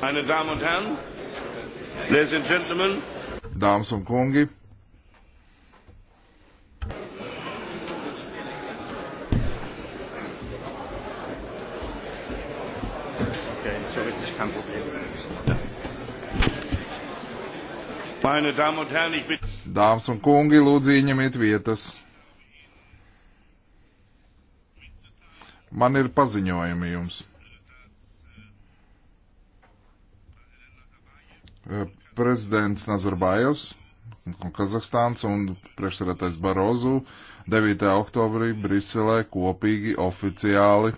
Meine Damen und Herren, Ladies and Gentlemen, Dāmas un kungi, juristisch kein Problem. Meine Damen und Herren, ich bitte. Dāmas un kungi, lūdzu, ieņemiet vietas. Man ir paziņojumi jums. Eh, prezidents Nazarbājevs un Kazahstāns un priekšsarētais Barozu 9. oktobrī Briselē kopīgi oficiāli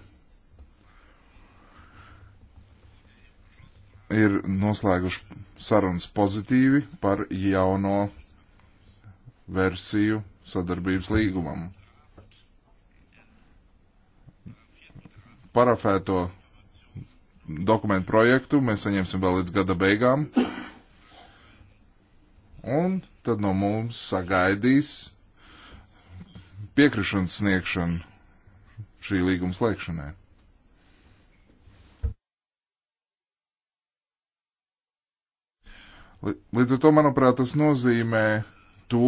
ir noslēguši sarunas pozitīvi par jauno versiju sadarbības līgumam. Parafēto dokumentu projektu mēs saņemsim vēl līdz gada beigām. Un tad no mums sagaidīs piekrišanas sniegšanu šī līguma slēgšanai. Līdz ar to, manuprāt, tas nozīmē to,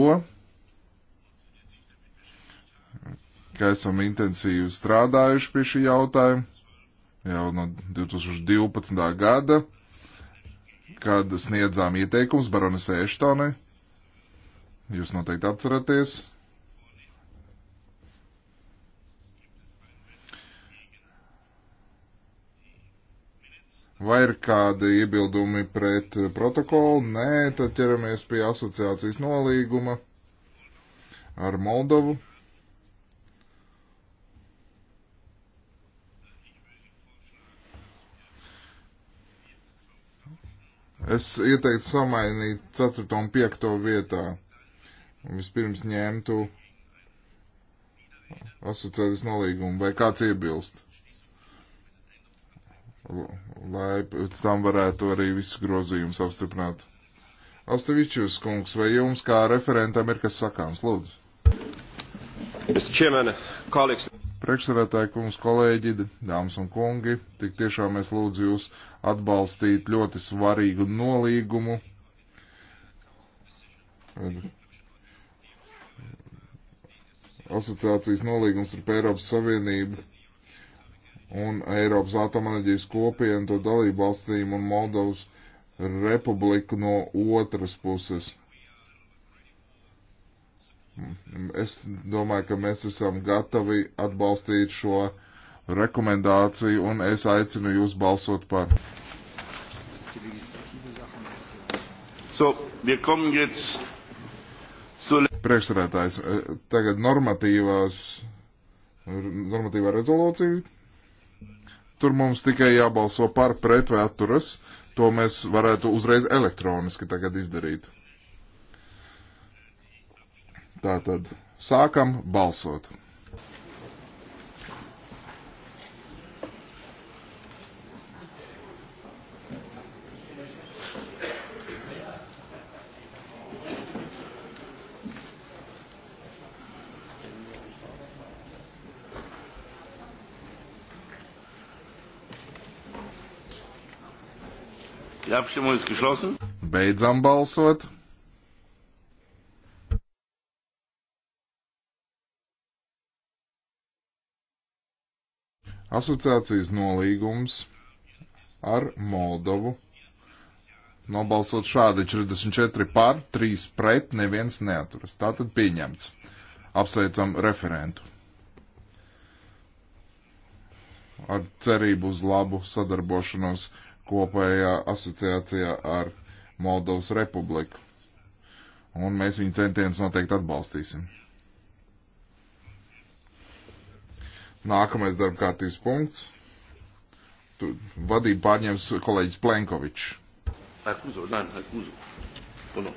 ka esam intensīvi strādājuši pie šī jautājuma jau no 2012. gada, kad sniedzām ieteikums baronisē Eštonai. Jūs noteikti atceraties. Vai ir kādi iebildumi pret protokolu? Nē, tad ķeramies pie asociācijas nolīguma ar Moldovu. Es ieteiktu samainīt 4. un 5. vietā. Vispirms ņemtu asociētas nolīgumu, vai kāds iebilst. Lai pēc tam varētu arī visus grozījumus apstiprināt. Astavičus kungs, vai jums kā referentam ir kas sakāms, lūdzu? Mr. Chairman, colleagues. Priekšsarētāji kungs, kolēģi, dāmas un kungi, tik tiešām es lūdzu jūs atbalstīt ļoti svarīgu nolīgumu. Asociācijas nolīgums ar Eiropas Savienību un Eiropas atomenerģijas kopienu to dalību valstīm un Moldovas republiku no otras puses. Es domāju, ka mēs esam gatavi atbalstīt šo rekomendāciju, un es aicinu jūs balsot par. So, wir kommen jetzt zu... Priekšsēdētājs, eh, tagad normatīvās, normatīvā rezolūcija. Tur mums tikai jābalso par, pret vai atturas. To mēs varētu uzreiz elektroniski tagad izdarīt. Tātad sākam balsot. Beidzam balsot. asociācijas nolīgums ar Moldovu. Nobalsot šādi 44 par, 3 pret, neviens neaturas. Tātad pieņemts. Apsveicam referentu. Ar cerību uz labu sadarbošanos kopējā asociācijā ar Moldovas Republiku. Un mēs viņu centienus noteikti atbalstīsim. Nākamais darba kārtības punkts. Tu, vadību pārņems kolēģis Plenkovičs. Akuzo, nē, akuzo. Puno.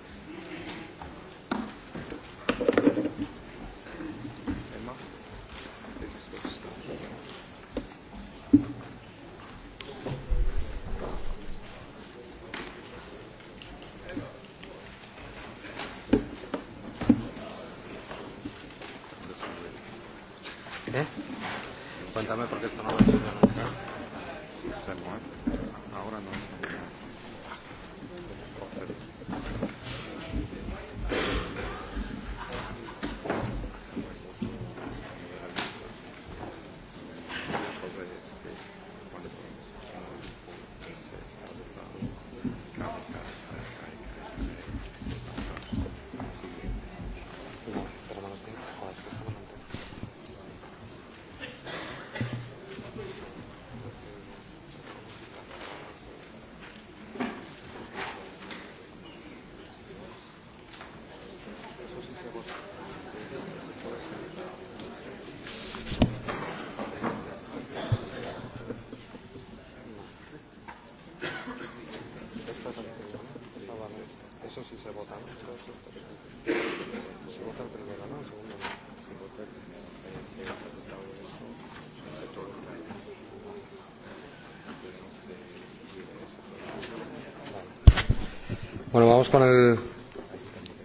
Vamos con el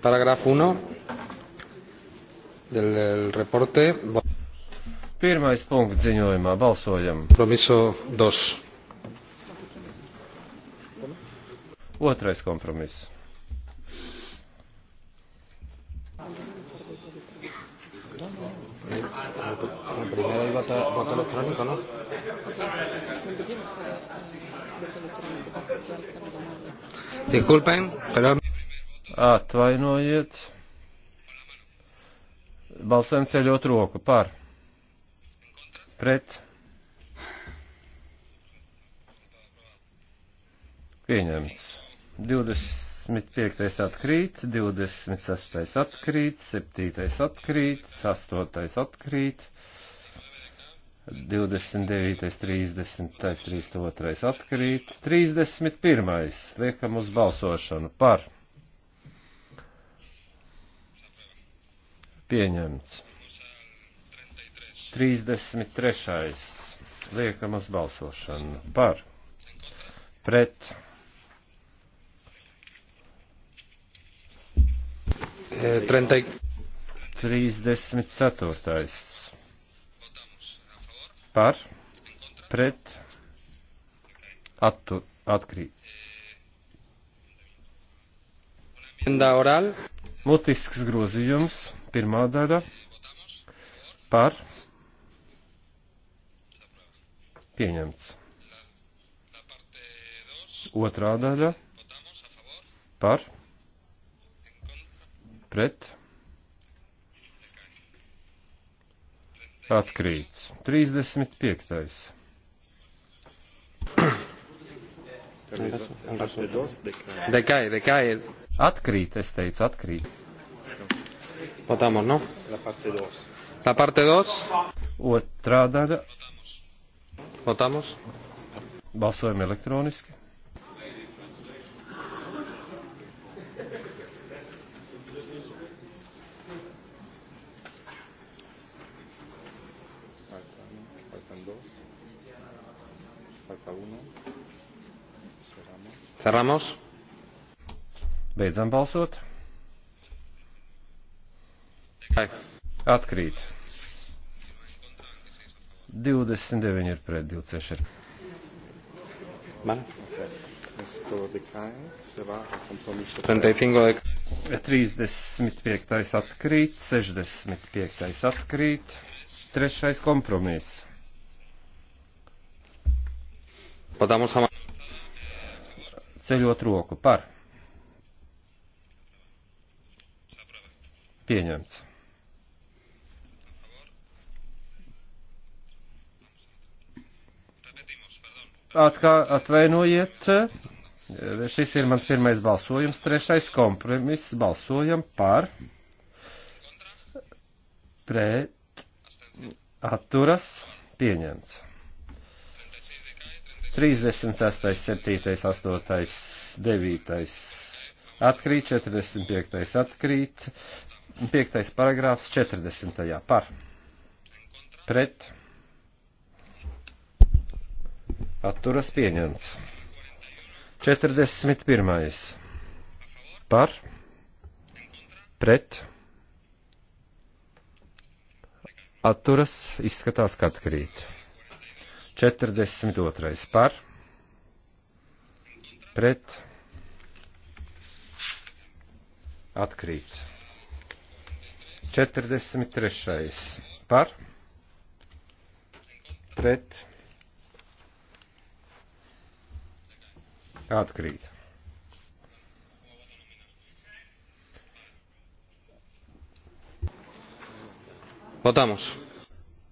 paragrafo 1 del reporte. Pirmais punkts ziņojumā balsojam. Kompromiso 2. Otrais kompromiss. Disculpen, pero... Atvainojiet. Balsēm ceļot roku par. Pret. Pieņemts. 25. atkrīt, 26. atkrīt, 7. atkrīt, 8. atkrīt. 29, 30, 32 atkrīt, 31. liekam uz balsošanu par. Pieņemts. 33. liekam uz balsošanu par. Pret. E, 34 par pret attur, atkrīt. Mutisks grozījums, pirmā daļa, par pieņemts. Otrā daļa, par pret atkrīt atkrīt. 35. Dekai, dekai. Atkrīt, es teicu, atkrīt. Votāmos, no? La parte 2. La parte 2. Otrā daļa. Votāmos. Balsojam elektroniski. Cerramos. Beidzam balsot. Atkrīt. 29 ir pret 26. Man? 35. 35. atkrīt, 65. atkrīt, 3. kompromiss. Padamos a ceļot roku par. Pieņemts. Atkā, atvainojiet, šis ir mans pirmais balsojums, trešais kompromiss, balsojam par, pret, atturas, pieņemts. 36, 7, 8, 9 atkrīt, 45 atkrīt, 5. paragrāfs 40. par pret atturas pieņemts. 41. par pret atturas izskatās, ka atkrīt. 42. par pret atkrīt. 43. par pret atkrīt. Votamos.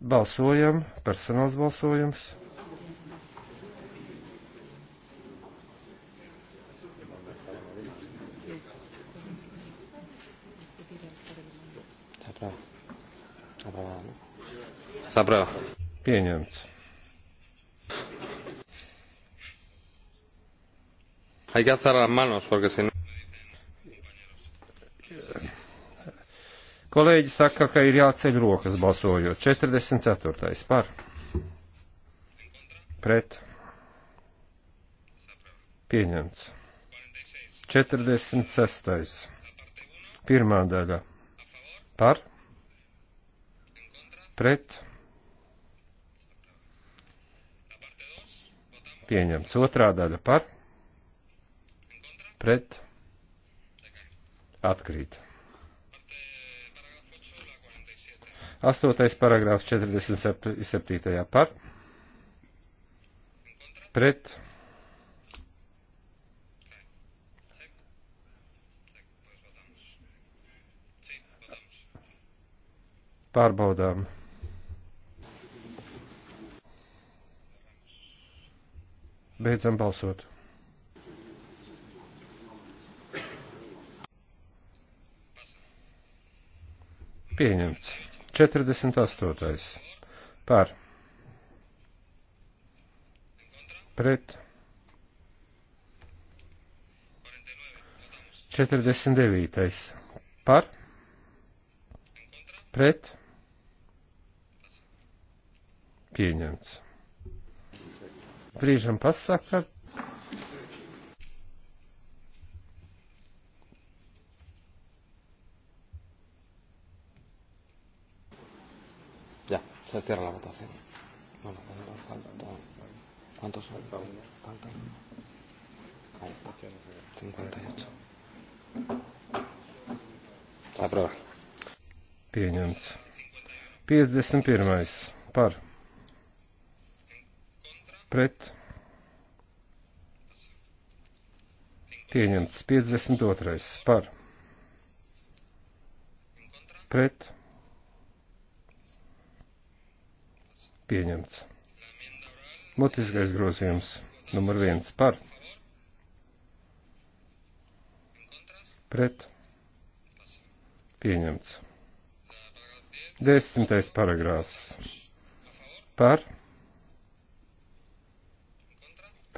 Balsojam, personāls balsojums. Stabra. Pieņemts. Hay que alzar las manos porque si nu- no. Kolēģi saka, ka ir jāceļ rokas balsojot. 44. par. Pret. Pieņemts. 46. Pirmā daļa. Par. Pret. pieņemts. Otrā daļa par, pret, atkrīt. Astotais paragrāfs 47. par, pret, pārbaudām. Beidzam balsot. Pieņemts. 48. Par. Pret. 49. Par. Pret. Pieņemts brīžam pasaka. Ya, se cierra la votación. Bueno, falta... ¿Cuántos son? Faltan. Ahí está. 58. Aprovē. Pieņemts. 51. par pret pieņemts 52. par pret pieņemts. Mutiskais grozījums numur 1 par pret pieņemts. Desmitais paragrāfs par pret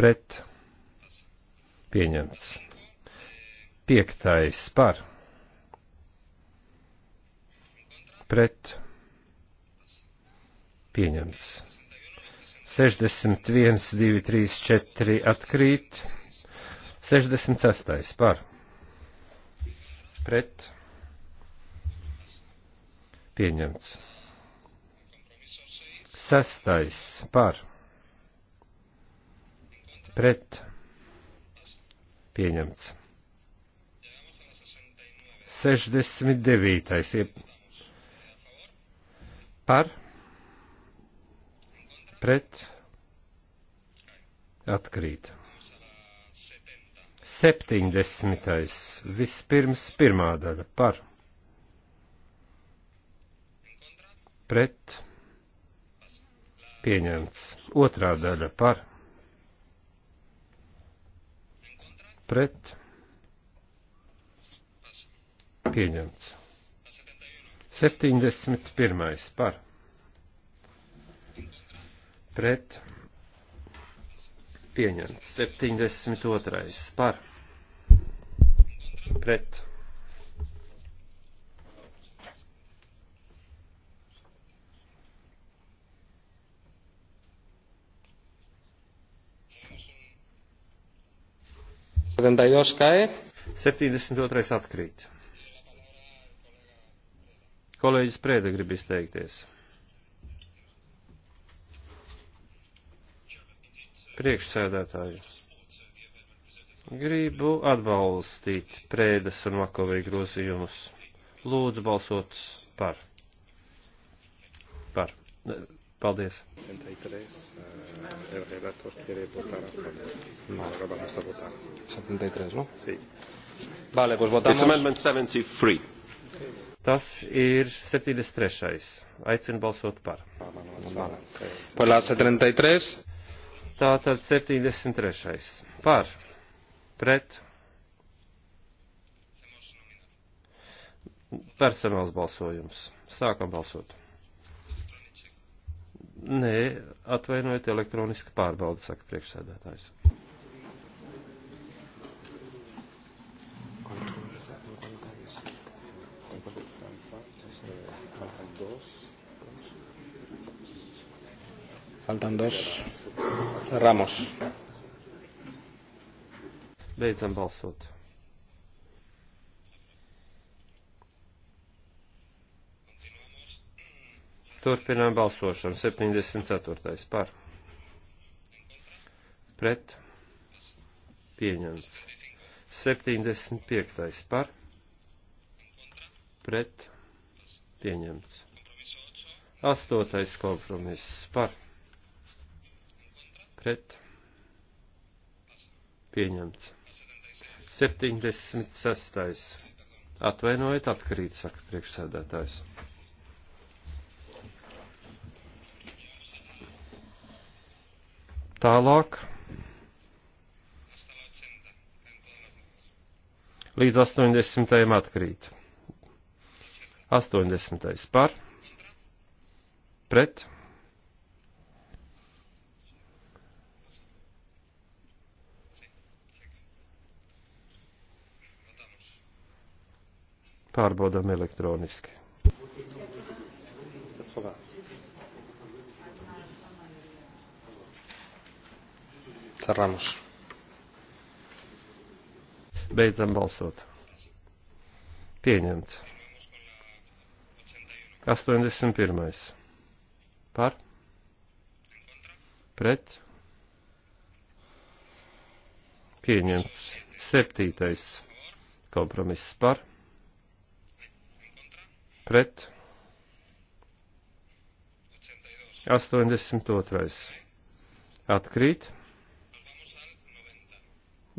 pret pieņemts. Piektais par pret pieņemts. 61, 2, 3, 4 atkrīt. 66 par pret pieņemts. Sestais par pret pieņemts. 69. par pret atkrīt. 70. vispirms pirmā daļa par pret pieņemts. Otrā daļa par pret pieņemts. 71. par pret pieņemts. 72. par pret 72 cae. 72 atkrīt. Kolēģis Prēda grib izteikties. Priekšsēdētāji. Gribu atbalstīt Prēdas un Makovī grozījumus. Lūdzu balsot par. Par. Paldies! Nu? Vale, pues votamos. It's amendment 73. Tas ir 73. Aicinu balsot par. Par la 73. Tātad 73. Par. Pret. Personāls balsojums. Sākam balsot. Nē, atvainojiet, elektroniska pārbauda, saka priekšsēdētājs. Faltan dos. Cerramos. Beidzam balsot. Turpinām balsošanu. 74. par. Pret. Pieņemts. 75. par. Pret. Pieņemts. 8. kompromiss par. Pret. Pieņemts. 76. Atvainojiet, atkrīt, saka priekšsēdētājs. Tālāk. Līdz 80. atkrīt. 80. par. Pret. Pārbaudām elektroniski. 80. Cerramos. Beidzam balsot. Pieņemts. 81. Par? Pret? Pieņemts. 7. Kompromiss par? Pret? 82. Atkrīt.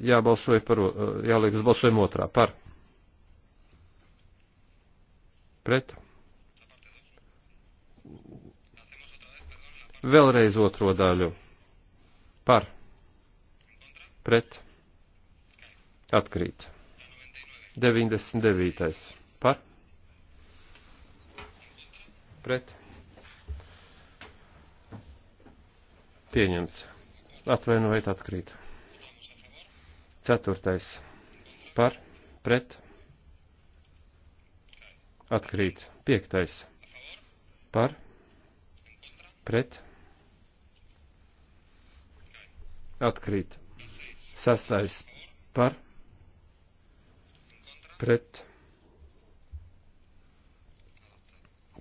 jābalsoja par, e, jāliek uz balsojumu otrā par. Pret. Vēlreiz otro daļu. Par. Pret. Atkrīt. 99. Par. Pret. Pieņemts. Atvainojiet, atkrīt. Ceturtais par, pret, atkrīt. Piektais par, pret, atkrīt. Sastais par, pret,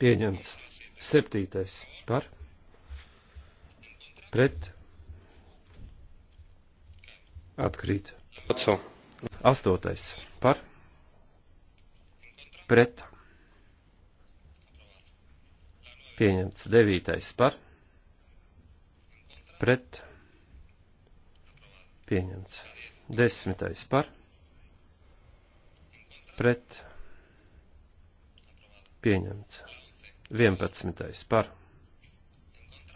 pieņemts. Septītais par, pret, atkrīt. Astotais par pret pieņemts. Devītais par pret pieņemts. Desmitais par pret pieņemts. Vienpadsmitais par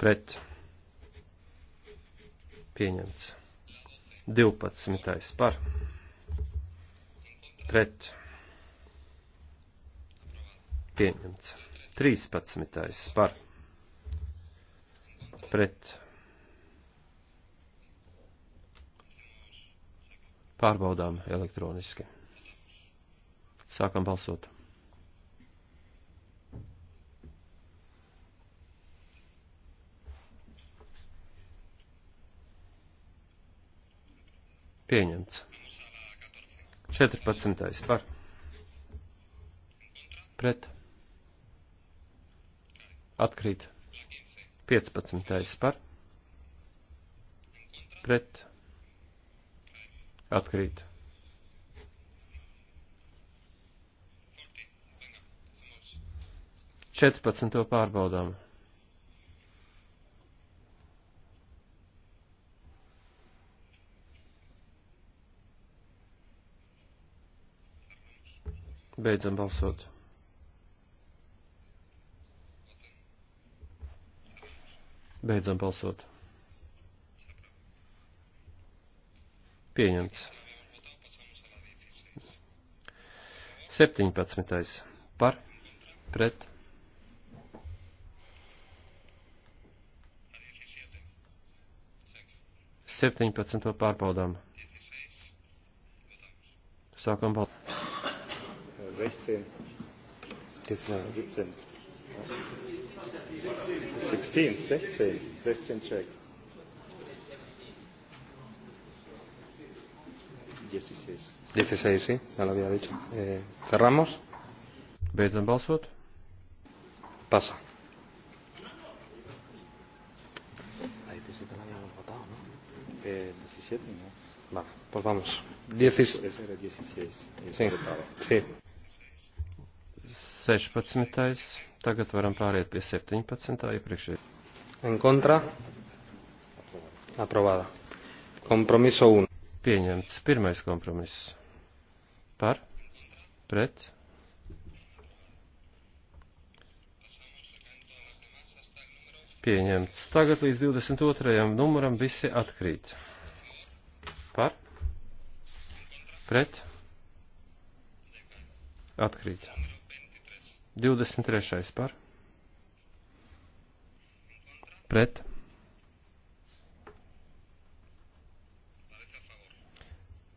pret pieņemts. 12. par pret pieņemts. 13. par pret pārbaudām elektroniski. Sākam balsot. Pieņemts. 14. par. Pret. Atkrīt. 15. par. Pret. Atkrīt. 14. pārbaudām. Beidzam balsot. Beidzam balsot. Pieņemts. 17. par pret. Septiņpadsmito pārbaudām. Sākam balsot. 16. Jetzt, ja. 17. 16, 16, 16 check. Dieciséis. 16, sí, ya lo había dicho. Eh, cerramos. Beidzam balsot. Pasa. La 17 la habíamos votado, ¿no? Eh, 17, ¿no? Vale, pues vamos. 16. Ese era 16. Sí, sí. 16. Tagad varam pāriet pie 17. iepriekšējā. En contra. Aprobada. Kompromiso 1. Pieņemts. Pirmais kompromiss. Par. Pret. Pieņemts. Tagad līdz 22. numuram visi atkrīt. Par. Pret. Atkrīt. 23. par. Pret.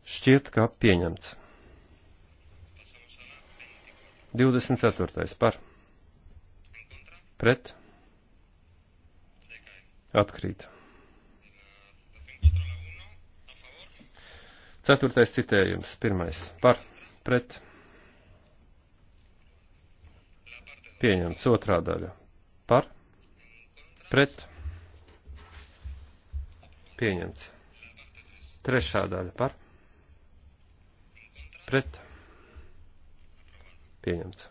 Šķiet, ka pieņemts. 24. par. Pret. Atkrīt. 4. citējums. 1. par. Pret Pieņemts otrā daļa. Par. Pret. Pieņemts. Trešā daļa par. Pret. Pieņemts.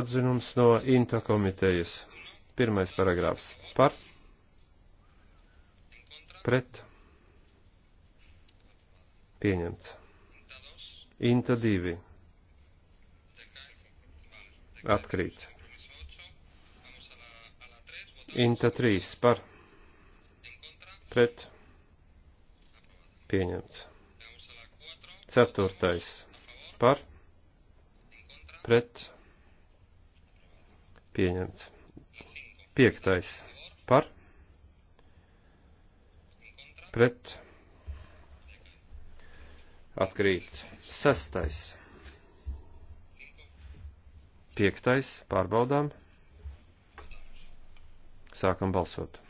Atzinums no INTA komitejas. Pirmais paragrāfs par. Pret. Pieņemts. Inta 2. Atkrīt. Inta 3 par. Pret. Pieņemts. Ceturtais par. Pret. Pieņemts. Piektais par. Pret. Atkrīt sestais. Piektais pārbaudām. Sākam balsot.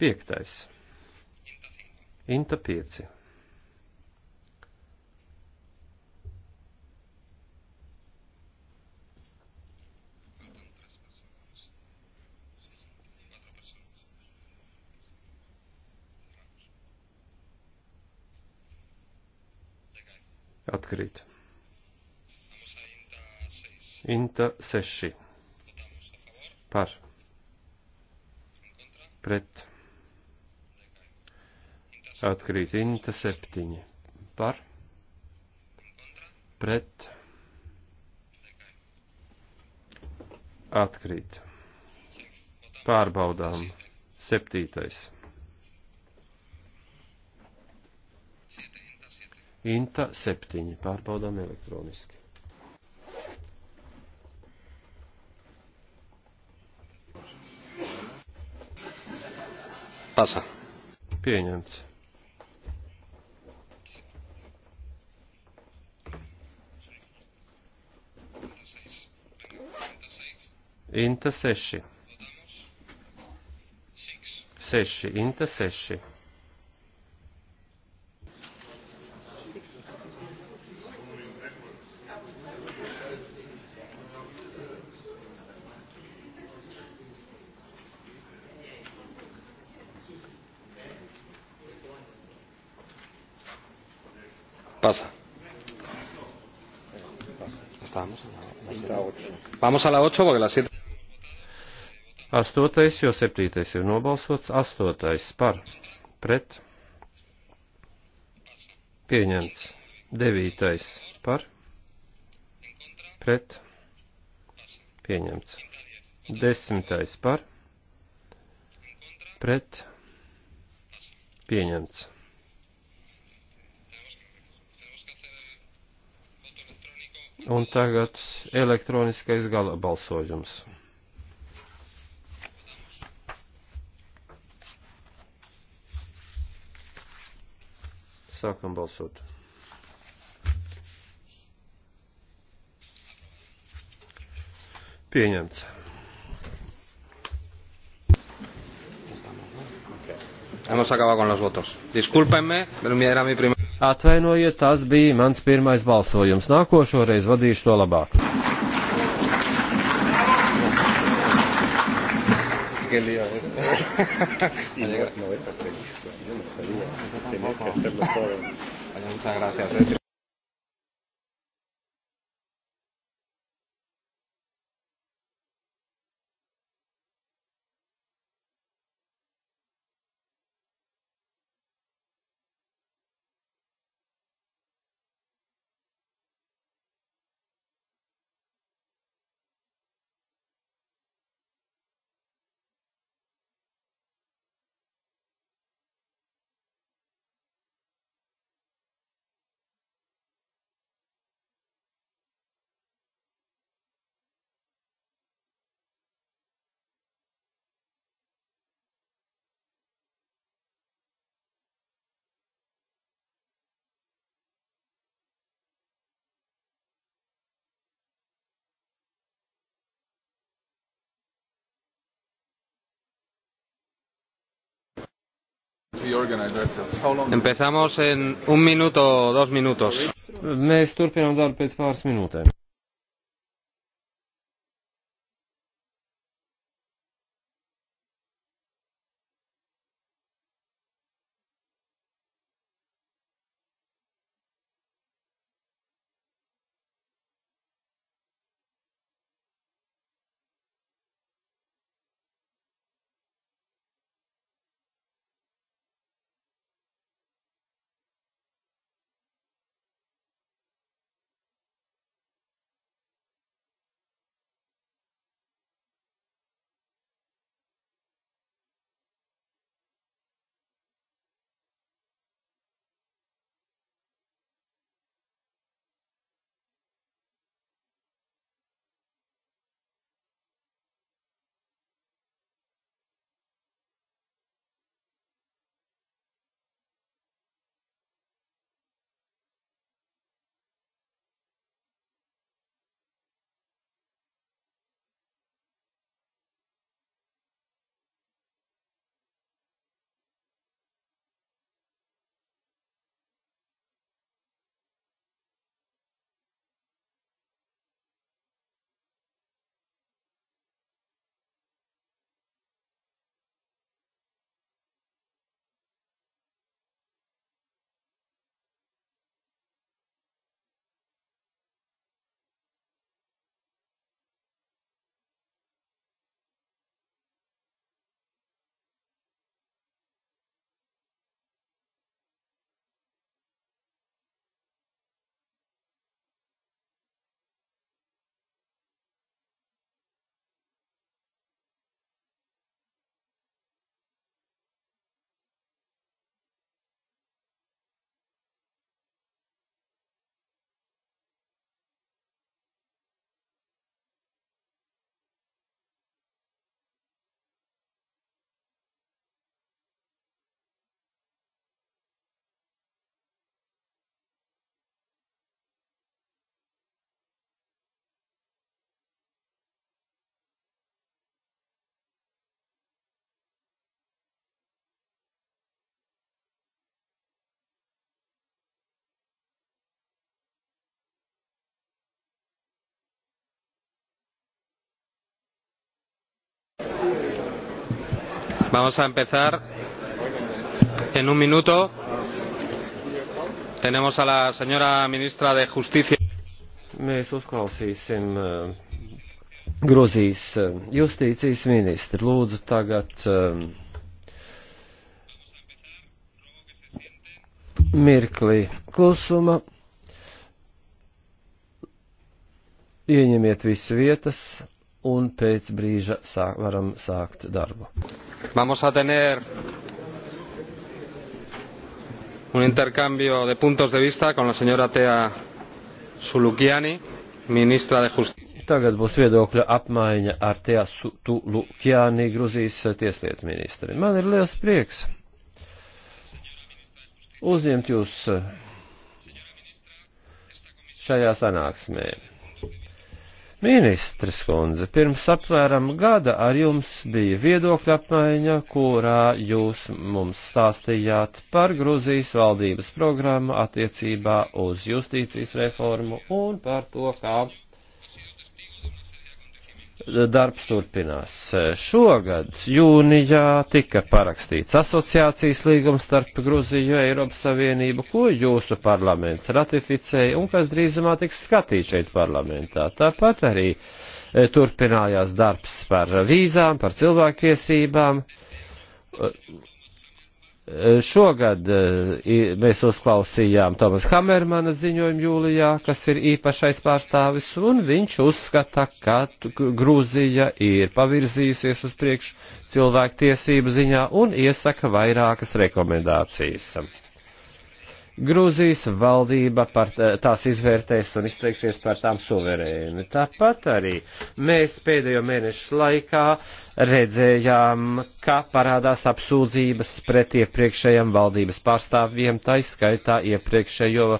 Piektais. Inta pieci. Atkrīt. Inta 6. Par. Pret. Atkrīt. Inta 7. Par. Pret. Atkrīt. Pārbaudām. Septītais. Inta 7. Pārbaudām elektroniski. Pasa. Pieņemts. Inta 6. 6. Inta 6. vamos a la 8, porque la 7. Astotais, jo septītais ir nobalsots, astotais par, pret, pieņemts, devītais par, pret, pieņemts, desmitais par, pret, pieņemts. Un tagad elektroniskais gala balsojums. Sākam balsot. Pieņemts. Hemos acabado con los votos. Discúlpenme, pero era mi primera. Atvainojiet, tas bija mans pirmais balsojums. Nākošo reizi vadīšu to labāk. que lío es. y no, no es perfecto. Yo no sabía. Tenía que hacerlo todo. Muchas gracias. Empezamos en un minuto, dos minutos. Mēs turpinām darbu pēc pāris minūtēm. Vamos a empezar en un minuto. Tenemos a la señora ministra de Justicia. Mēs uzklausīsim eh, Gruzijas eh, justīcijas ministru. Lūdzu, tagad eh, mirkli klusuma. Ieņemiet visas vietas un pēc brīža sāk, varam sākt darbu. Vamos a tener un intercambio de puntos de vista con la señora Tea Sulukiani, ministra de Justicia. Tagad būs viedokļa apmaiņa ar Tea Sulukiani, Gruzijas tieslietu ministri. Man ir liels prieks uzņemt jūs šajā sanāksmē. Ministres kundze, pirms apmēram gada ar jums bija viedokļa apmaiņa, kurā jūs mums stāstījāt par Grūzijas valdības programmu attiecībā uz justīcijas reformu un par to, kā darbs turpinās. Šogad jūnijā tika parakstīts asociācijas līgums starp Gruziju Eiropas Savienību, ko jūsu parlaments ratificēja un kas drīzumā tiks skatīts šeit parlamentā. Tāpat arī e, turpinājās darbs par vīzām, par cilvēktiesībām Šogad eh, mēs uzklausījām Tomas Hamermana ziņojumu jūlijā, kas ir īpašais pārstāvis, un viņš uzskata, ka Grūzija ir pavirzījusies uz priekšu cilvēku tiesību ziņā un iesaka vairākas rekomendācijas. Grūzijas valdība par tās izvērtēs un izteiksies par tām suverēni. Tāpat arī mēs pēdējo mēnešu laikā redzējām, ka parādās apsūdzības pret iepriekšējiem valdības pārstāvjiem, taiskaitā iepriekšējo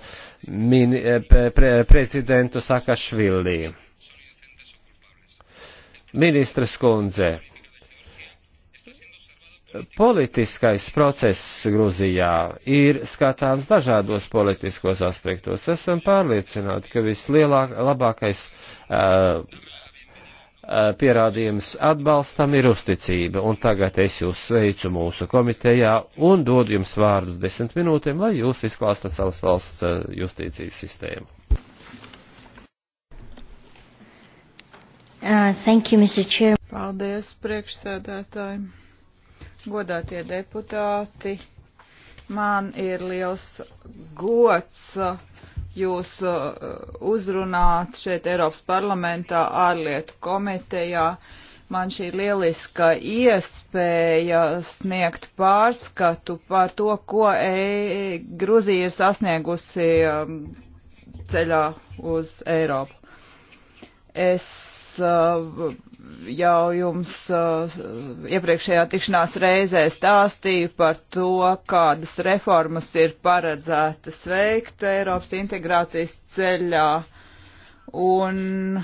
mini, e, pre, prezidentu Sakašvili. Ministras kundze politiskais process Gruzijā ir skatāms dažādos politiskos aspektos. Esam pārliecināti, ka vislabākais uh, pierādījums atbalstam ir uzticība, un tagad es jūs sveicu mūsu komitejā un dodu jums vārdus desmit minūtēm, lai jūs izklāstat savas valsts justīcijas sistēmu. Uh, thank you, Mr. Chair. Paldies, priekšsēdētāji godātie deputāti, man ir liels gods uh, jūs uh, uzrunāt šeit Eiropas parlamentā ārlietu komitejā. Man šī lieliska iespēja sniegt pārskatu par to, ko e Gruzija ir sasniegusi um, ceļā uz Eiropu. Es uh, jau jums uh, iepriekšējā tikšanās reizē stāstīju par to, kādas reformas ir paredzētas veikt Eiropas integrācijas ceļā. Un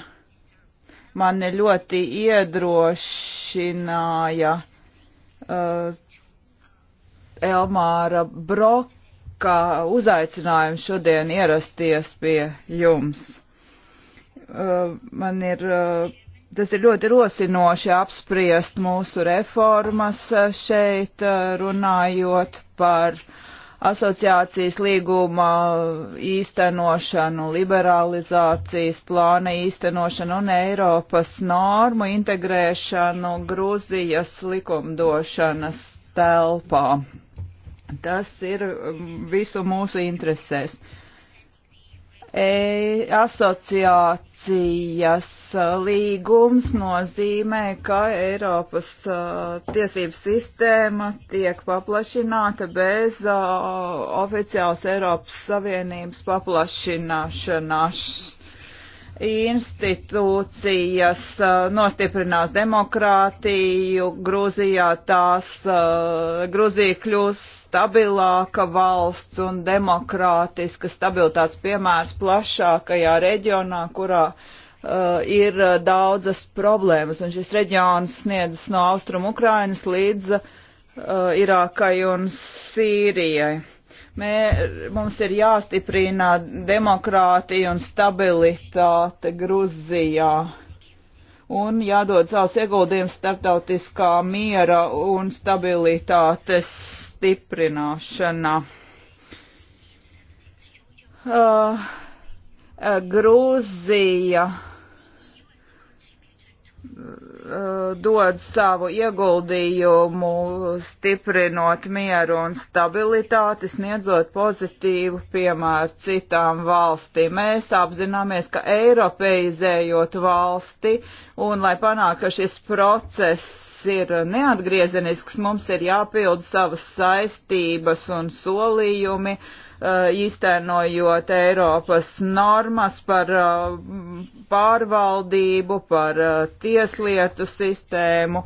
mani ļoti iedrošināja uh, Elmāra Broka uzaicinājums šodien ierasties pie jums. Eh, man ir, eh, tas ir ļoti rosinoši apspriest mūsu reformas eh, šeit, runājot par asociācijas līguma īstenošanu, liberalizācijas plāna īstenošanu un Eiropas normu integrēšanu Grūzijas likumdošanas telpā. Tas ir mm, visu mūsu interesēs. E, asociāt koncesijas līgums nozīmē, ka Eiropas tiesības sistēma tiek paplašināta bez oficiāls Eiropas Savienības paplašināšanās institūcijas nostiprinās demokrātiju, Grūzijā tās, Grūzija kļūs stabilāka valsts un demokrātiska stabilitātes piemērs plašākajā reģionā, kurā uh, ir daudzas problēmas, un šis reģions sniedzas no Austrum Ukrainas līdz uh, Irākai un Sīrijai Mē, mums ir jāstiprina demokrātija un stabilitāte Gruzijā un jādod savus ieguldījumus starptautiskā miera un stabilitātes stiprināšanā. Uh, Grūzija. Uh, Eh, dod savu ieguldījumu, stiprinot mieru un stabilitāti, sniedzot pozitīvu piemēru citām valstīm. Mēs apzināmies, ka eiropeizējot valsti un lai panāk, ka šis process ir neatgriezenisks, mums ir jāpild savas saistības un solījumi. Uh, īstenojot uh, Eiropas normas par uh, pārvaldību, par uh, tieslietu sistēmu.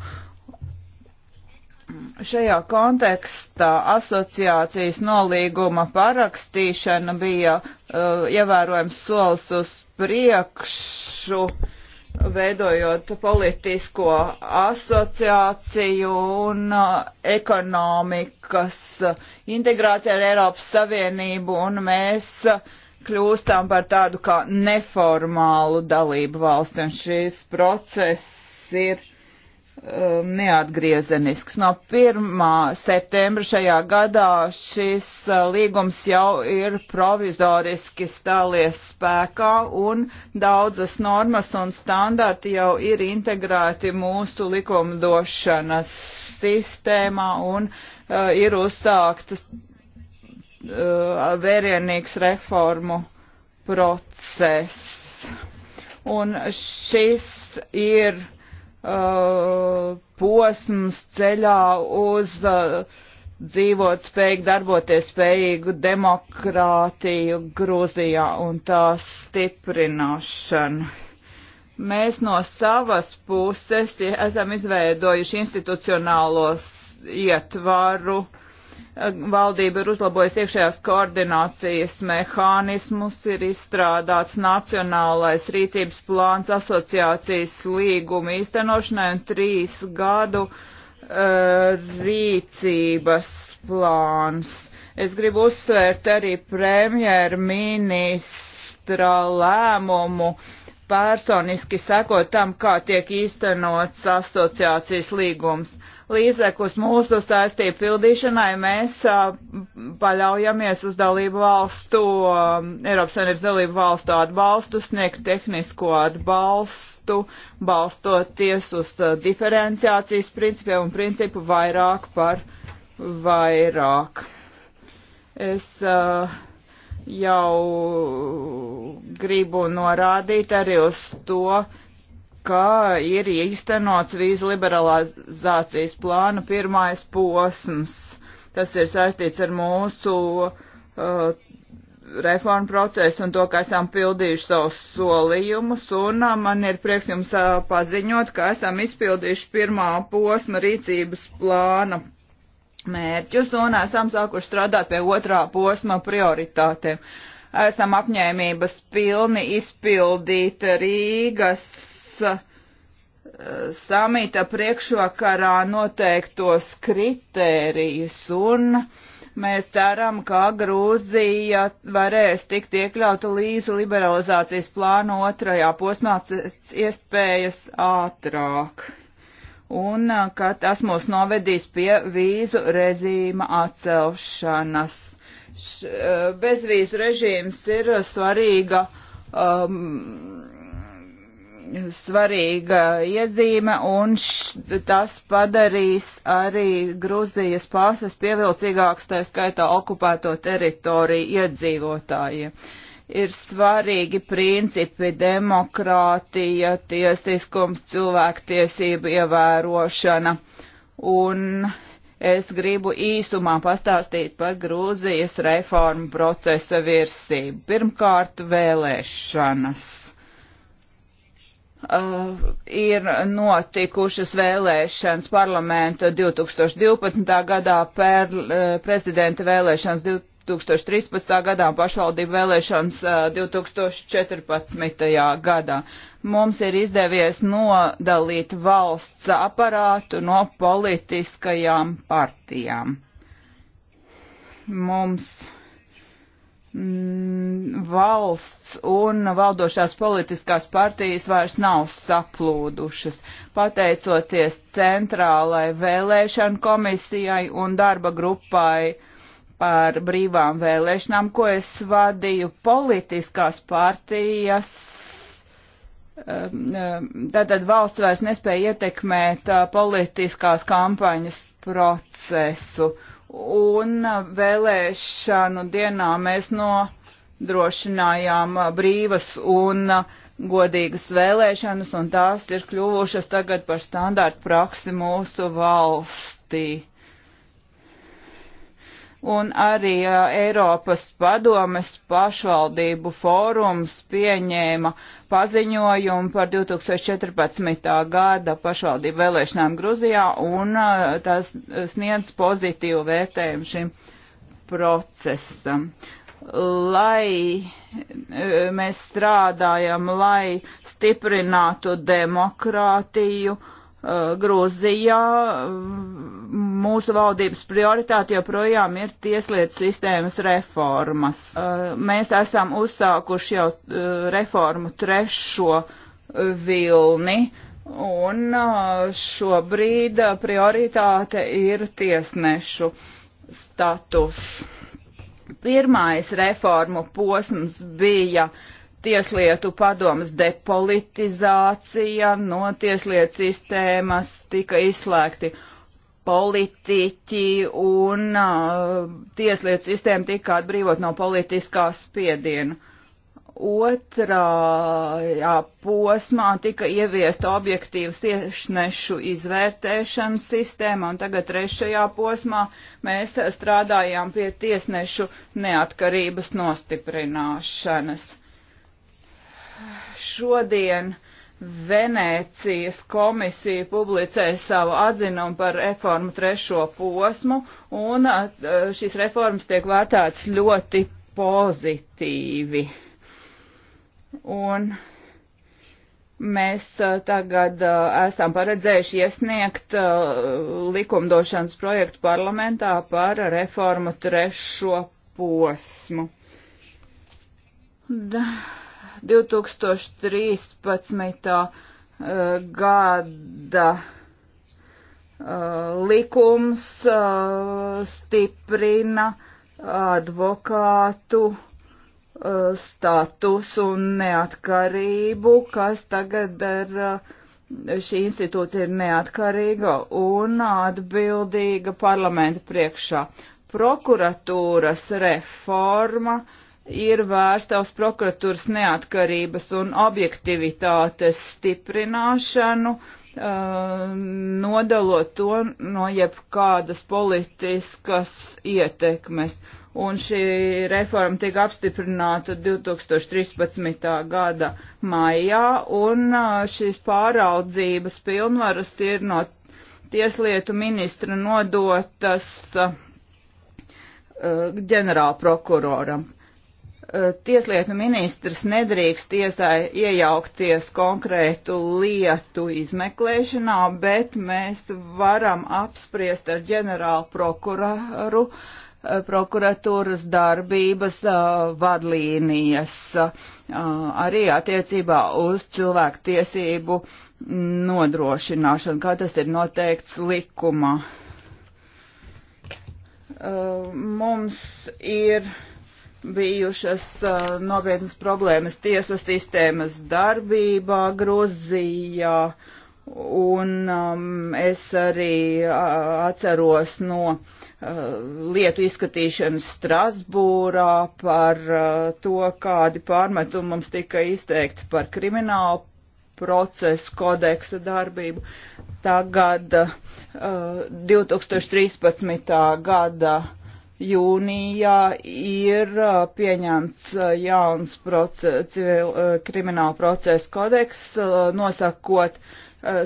Šajā kontekstā asociācijas nolīguma parakstīšana bija uh, ievērojams solis uz priekšu. Uh, veidojot politisko asociāciju un uh, ekonomikas uh, integrāciju ar Eiropas Savienību, un mēs uh, kļūstam par tādu kā neformālu dalību valsti, un šīs process ir Um, neatgriezenisks. No 1. septembra šajā gadā šis uh, līgums jau ir provizoriski stālies spēkā un daudzas normas un standarti jau ir integrēti mūsu likumdošanas sistēmā un uh, ir uzsāktas uh, vērienīgs reformu process. Un šis ir uh, uh, posms ceļā uz uh, dzīvot spējīgi, darboties spējīgu demokrātiju Grūzijā un tās stiprināšanu. Mēs no savas puses esam izveidojuši institucionālos ietvaru uh, valdība ir uzlabojusi iekšējās koordinācijas mehānismus, ir izstrādāts nacionālais rīcības plāns asociācijas līguma īstenošanai un trīs gadu uh, rīcības plāns. Es gribu uzsvērt arī premjerministra lēmumu uh, personiski sekot tam, kā tiek īstenots asociācijas līgums. Līdzekus mūsu saistību pildīšanai mēs paļaujamies uz dalību valstu, Eiropas Savienības dalību valstu atbalstu, sniegt tehnisko atbalstu, balstoties uz diferenciācijas principiem un principu vairāk par vairāk. Es uh, jau gribu norādīt arī uz to, ka ir īstenots vīzu liberalizācijas plāna pirmais posms. Tas ir saistīts ar mūsu uh, reformu procesu un to, ka esam pildījuši savus solījumus, un uh, man ir prieks jums uh, paziņot, ka esam izpildījuši pirmā posma rīcības plāna mērķus un esam sākuši strādāt pie otrā posma prioritātēm. Esam apņēmības pilni izpildīt Rīgas uh, samita priekšvakarā noteiktos kritērijus un mēs ceram, ka Grūzija varēs tikt iekļauta līzu liberalizācijas plānu otrajā posmā iespējas ātrāk un ka tas mūs novedīs pie vīzu režīma atcelšanas. Bezvīzu režīms ir svarīga, um, svarīga iezīme, un š, tas padarīs arī Gruzijas pāses pievilcīgāks, tā skaitā okupēto teritoriju iedzīvotājiem. Uh, ir svarīgi principi - demokrātija, tiesiskums, cilvēktiesība ievērošana. Un es gribu īsumā pastāstīt par Grūzijas reformu procesa virsību. Pirmkārt, vēlēšanas. Uh, ir notikušas vēlēšanas parlamenta 2012. gadā, per, uh, prezidenta vēlēšanas 2012 2013. gadā un pašvaldību vēlēšanas 2014. gadā. Mums ir izdevies nodalīt valsts aparātu no politiskajām partijām. Mums mm, valsts un valdošās politiskās partijas vairs nav saplūdušas, pateicoties centrālai vēlēšanu komisijai un darba grupai par brīvām vēlēšanām, ko es vadīju politiskās partijas. Um, um, tātad valsts vairs nespēja ietekmēt uh, politiskās kampaņas procesu. Un uh, vēlēšanu dienā mēs nodrošinājām uh, brīvas un godīgas vēlēšanas, un tās ir kļuvušas tagad par standārtu praksi mūsu valstī un arī uh, Eiropas padomes pašvaldību fórums pieņēma paziņojumu par 2014. gada pašvaldību vēlēšanām Gruzijā, un uh, tas sniedz pozitīvu vērtējumu šim procesam. Lai uh, mēs strādājam, lai stiprinātu demokrātiju, uh, Eh, Grūzijā mm, mūsu valdības prioritāte joprojām ir tieslietu sistēmas reformas. Eh, Mēs esam uzsākuši jau eh, reformu trešo vilni, un šobrīd prioritāte ir tiesnešu status. Pirmais reformu posms bija uh, Tieslietu padomas depolitizācija, no tieslietu sistēmas tika izslēgti politiķi un uh, tieslietu sistēma tika atbrīvot no politiskā spiediena. Otrajā posmā tika ieviesta objektīvas iešnešu izvērtēšanas sistēma, un tagad trešajā posmā mēs strādājām pie tiesnešu neatkarības nostiprināšanas šodien Venēcijas komisija publicēja savu atzinumu par reformu trešo posmu, un šīs reformas tiek vērtētas ļoti pozitīvi. Un mēs tagad esam paredzējuši iesniegt likumdošanas projektu parlamentā par reformu trešo posmu. Da 2013. gada uh, likums uh, stiprina advokātu uh, status un neatkarību, kas tagad ir šī institūcija ir neatkarīga un atbildīga parlamenta priekšā. Prokuratūras reforma uh, ir vērsta uz prokuratūras neatkarības un objektivitātes stiprināšanu, uh, nodalot to no jebkādas politiskas ietekmes. Un šī reforma tika apstiprināta 2013. gada maijā, un uh, šīs pāraudzības pilnvaras ir no tieslietu ministra nodotas uh, ģenerālprokuroram. Eh, tieslietu ministrs nedrīkst iesai, iejaukties konkrētu lietu izmeklēšanā, bet mēs varam apspriest ar ģenerālu prokuroru eh, prokuratūras darbības eh, vadlīnijas arī attiecībā uz cilvēku tiesību nodrošināšanu, kā tas ir noteikts likumā. Mums ir bijušas uh, nopietnas problēmas tiesu sistēmas darbībā Grozijā, un um, es arī uh, atceros no uh, lietu izskatīšanas Strasbūrā par to, kādi pārmetumi mums tika izteikti par kriminālu procesu kodeksa darbību. Tagad 2013. gada jūnijā ir pieņemts jauns proces, civil, krimināla procesa kodeks, nosakot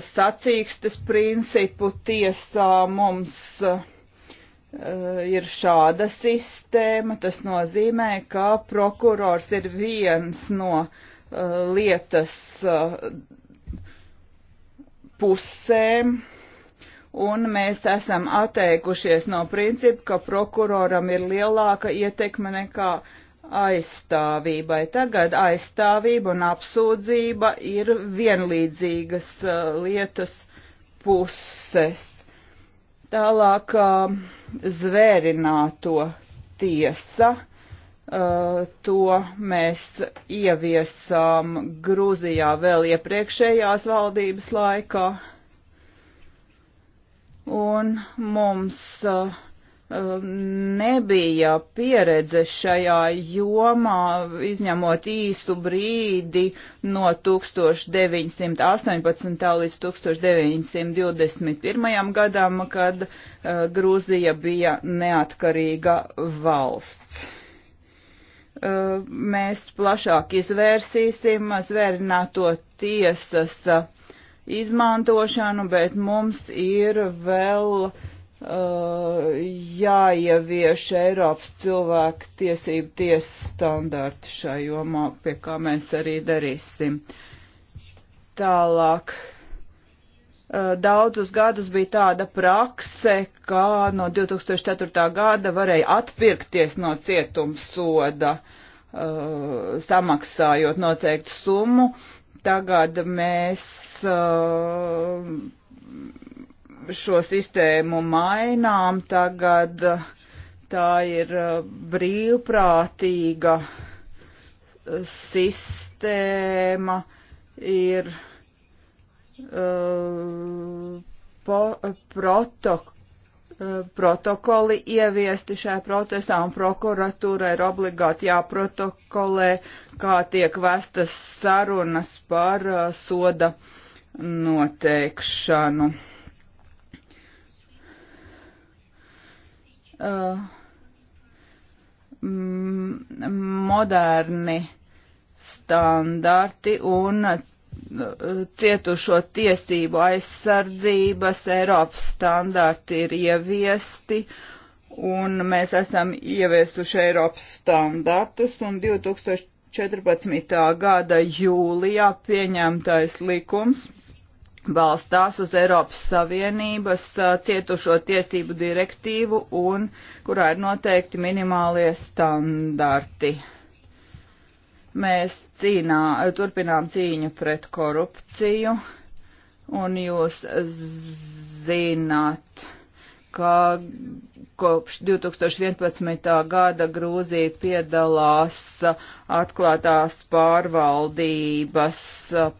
sacīkstes principu tiesā mums ir šāda sistēma. Tas nozīmē, ka prokurors ir viens no lietas pusēm un mēs esam atteikušies no principa, ka prokuroram ir lielāka ietekme nekā aizstāvībai. Tagad aizstāvība un apsūdzība ir vienlīdzīgas uh, lietas puses. Tālāk uh, zvērināto tiesa. Uh, to mēs ieviesām Grūzijā vēl iepriekšējās valdības laikā. Uh, un mums uh, um, nebija pieredze šajā jomā, izņemot īsu brīdi no 1918. līdz 1921. gadam, kad uh, Grūzija bija neatkarīga valsts. Uh, mēs plašāk izvērsīsim zvērināto tiesas uh, izmantošanu, bet mums ir vēl uh, jāievieš Eiropas cilvēku tiesību tiesas standarti šai jomā, pie kā mēs arī darīsim. Tālāk uh, daudzus gadus bija tāda prakse, ka no 2004. gada varēja atpirkties no cietums soda, uh, samaksājot noteiktu summu, Tagad mēs uh, šo sistēmu mainām, tagad uh, tā ir uh, brīvprātīga sistēma, ir uh, po, protok protokoli ieviesti šajā procesā un prokuratūrai ir obligāti jāprotokolē, kā tiek vestas sarunas par uh, soda noteikšanu. Uh, moderni standarti un cietušo tiesību aizsardzības Eiropas standarti ir ieviesti, un mēs esam ieviestuši Eiropas standartus, un 2014. gada jūlijā pieņemtais likums balstās uz Eiropas Savienības cietušo tiesību direktīvu un kurā ir noteikti minimālie standarti. Uh, Mēs cīnā, turpinām cīņu pret korupciju, un jūs zināt, ka kopš 2011. gada Grūzija piedalās atklātās pārvaldības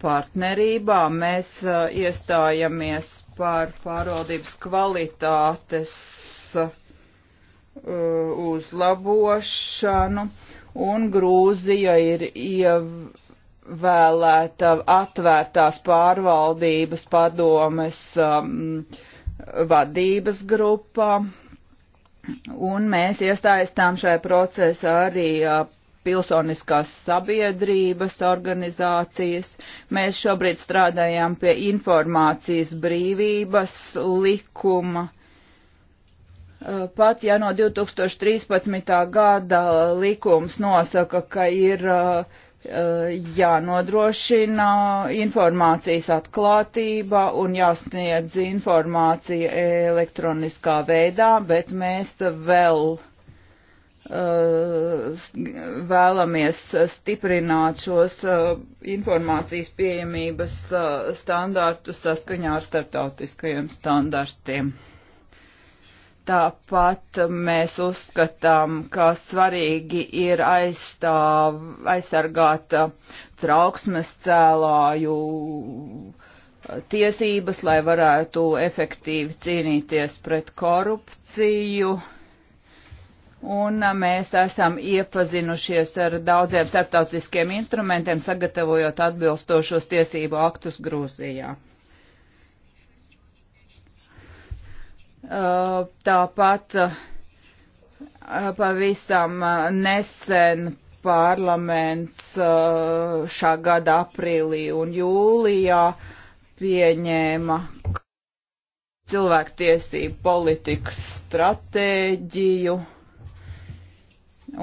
partnerībā. Mēs uh, iestājamies par pārvaldības kvalitātes uh, uzlabošanu un Grūzija ir ievēlēta atvērtās pārvaldības padomes um, vadības grupā, un mēs iesaistām šajā procesā arī uh, pilsoniskās sabiedrības organizācijas. Mēs šobrīd strādājam pie informācijas brīvības likuma. Uh, Eh, pat ja no 2013. gada likums nosaka, ka ir eh, eh, jānodrošina informācijas atklātība un jāsniedz informācija elektroniskā veidā, bet mēs vēl vēlamies stiprināt šos informācijas pieejamības standārtus saskaņā ar starptautiskajiem standartiem. Tāpat mēs uzskatām, ka svarīgi ir aizstāv, aizsargāt uh, trauksmes cēlāju uh, tiesības, lai varētu efektīvi cīnīties pret korupciju. Un uh, mēs esam iepazinušies ar daudziem starptautiskiem instrumentiem, sagatavojot atbilstošos tiesību aktus Grūzijā. Eh, tāpat eh, pavisam eh, nesen parlaments šā gada aprīlī un jūlijā pieņēma cilvēktiesību politikas stratēģiju,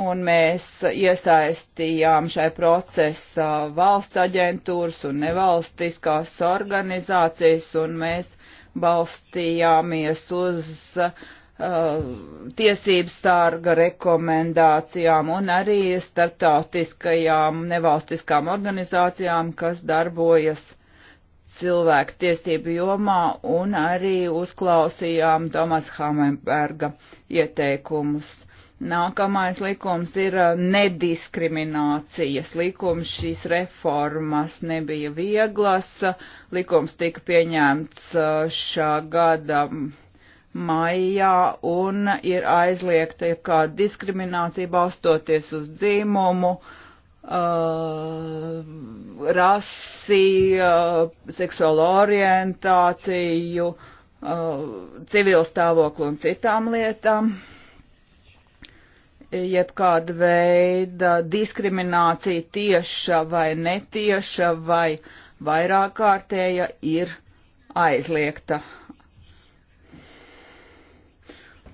un mēs iesaistījām šai procesā valsts aģentūras un nevalstiskās organizācijas, un mēs balstījāmies uz uh, tiesības sārga rekomendācijām un arī starptautiskajām nevalstiskām organizācijām, kas darbojas cilvēku tiesību jomā un arī uzklausījām Tomas Hamenberga ieteikumus. Nākamais likums ir uh, nediskriminācijas likums. Šīs reformas nebija vieglas. Likums tika pieņemts uh, šā gada maijā un ir aizliegta jebkāda diskriminācija balstoties uz dzīmumu, uh, rasi, uh, seksuālo orientāciju, uh, civilu stāvokli un citām lietām. Uh, jebkāda veida diskriminācija tieša vai netieša vai vairāk kārtēja ir aizliegta.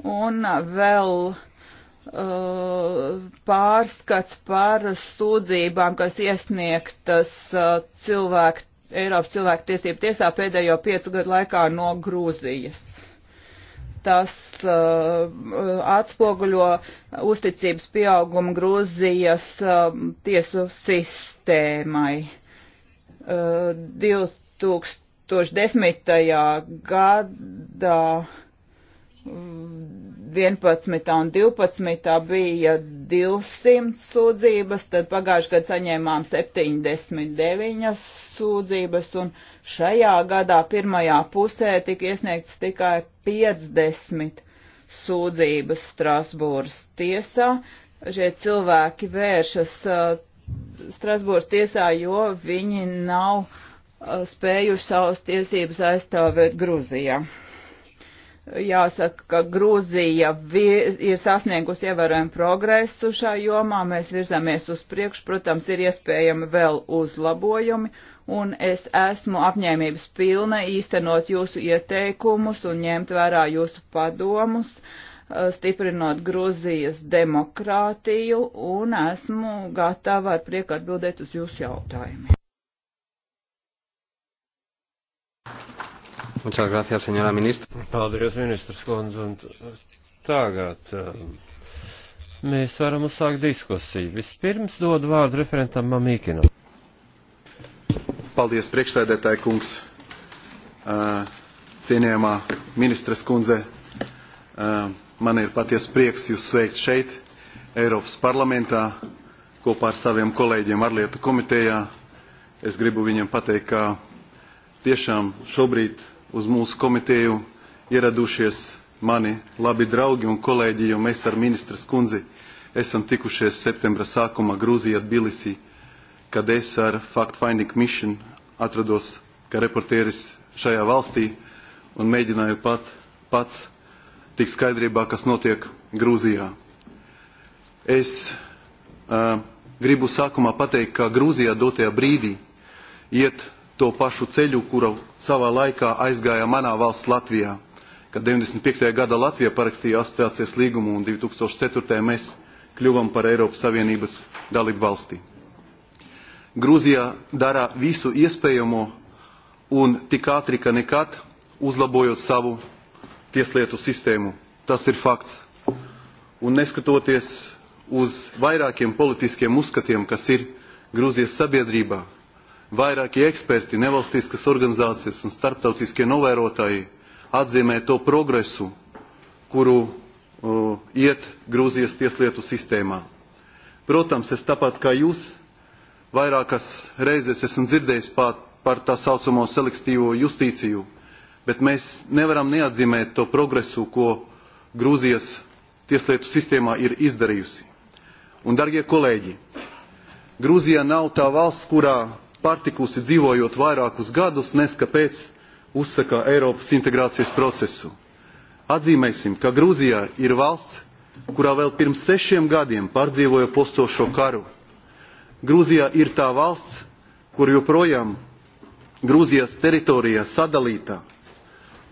Un vēl uh, pārskats par sūdzībām, kas iesniegtas uh, cilvēku, Eiropas cilvēku tiesību tiesā pēdējo piecu gadu laikā no Grūzijas tas uh, atspoguļo uzticības pieaugumu Grūzijas uh, tiesu sistēmai. Uh, 2010. gadā 11. un 12. bija 200 sūdzības, tad pagājušajā gadā saņēmām 79 sūdzības, un šajā gadā pirmajā pusē tika iesniegts tikai 50 sūdzības Strasbūras tiesā. Šie cilvēki vēršas uh, Strasbūras tiesā, jo viņi nav uh, spējuši savas tiesības aizstāvēt Gruzijā. Jāsaka, ka Grūzija ir sasniegusi ievērojumu progresu šā jomā, mēs virzamies uz priekšu, protams, ir iespējami vēl uzlabojumi, un es esmu apņēmības pilna īstenot jūsu ieteikumus un ņemt vērā jūsu padomus, eh, stiprinot Gruzijas demokrātiju, un esmu gatava ar prieku atbildēt uz jūsu jautājumiem. Muchas gracias, señora ministra. Paldies, ministrs Kundze. Un tagad um, mēs varam uzsākt diskusiju. Vispirms dodu vārdu referentam Mamīkinam. Paldies, priekšsēdētāji kungs, cienījamā ministras kundze. Man ir paties prieks jūs sveikt šeit, Eiropas parlamentā, kopā ar saviem kolēģiem ārlietu komitejā. Es gribu viņiem pateikt, ka tiešām šobrīd uz mūsu komiteju ieradušies mani labi draugi un kolēģi, jo mēs ar ministras kundzi esam tikušies septembra sākumā Grūzijā Tbilisī kad es ar Fact Finding Mission atrados kā reportieris šajā valstī un mēģināju pat, pats tikt skaidrībā, kas notiek Grūzijā. Es uh, gribu sākumā pateikt, ka Grūzijā dotajā brīdī iet to pašu ceļu, kuru savā laikā aizgāja manā valsts Latvijā, kad 95. gada Latvija parakstīja asociācijas līgumu un 2004. mēs kļuvam par Eiropas Savienības dalību valsti. Grūzija dara visu iespējamo un tik ātri kā nekad, uzlabojot savu tieslietu sistēmu. Tas ir fakts. Un neskatoties uz vairākiem politiskiem uzskatiem, kas ir Grūzijas sabiedrībā, vairāki eksperti, nevalstiskas organizācijas un starptautiskie novērotāji atzīmē to progresu, kuru uh, iet Grūzijas tieslietu sistēmā. Protams, es tāpat kā jūs Vairākas reizes esmu dzirdējis par, par tā saucamo selektīvo justīciju, bet mēs nevaram neatzīmēt to progresu, ko Grūzijas tieslietu sistēmā ir izdarījusi. Un, darbie kolēģi, Grūzija nav tā valsts, kurā partikusi dzīvojot vairākus gadus, nes kāpēc uzsaka Eiropas integrācijas procesu. Atzīmēsim, ka Grūzijā ir valsts, kurā vēl pirms sešiem gadiem pārdzīvoja postošo karu Grūzijā ir tā valsts, kur joprojām Grūzijas teritorija sadalīta.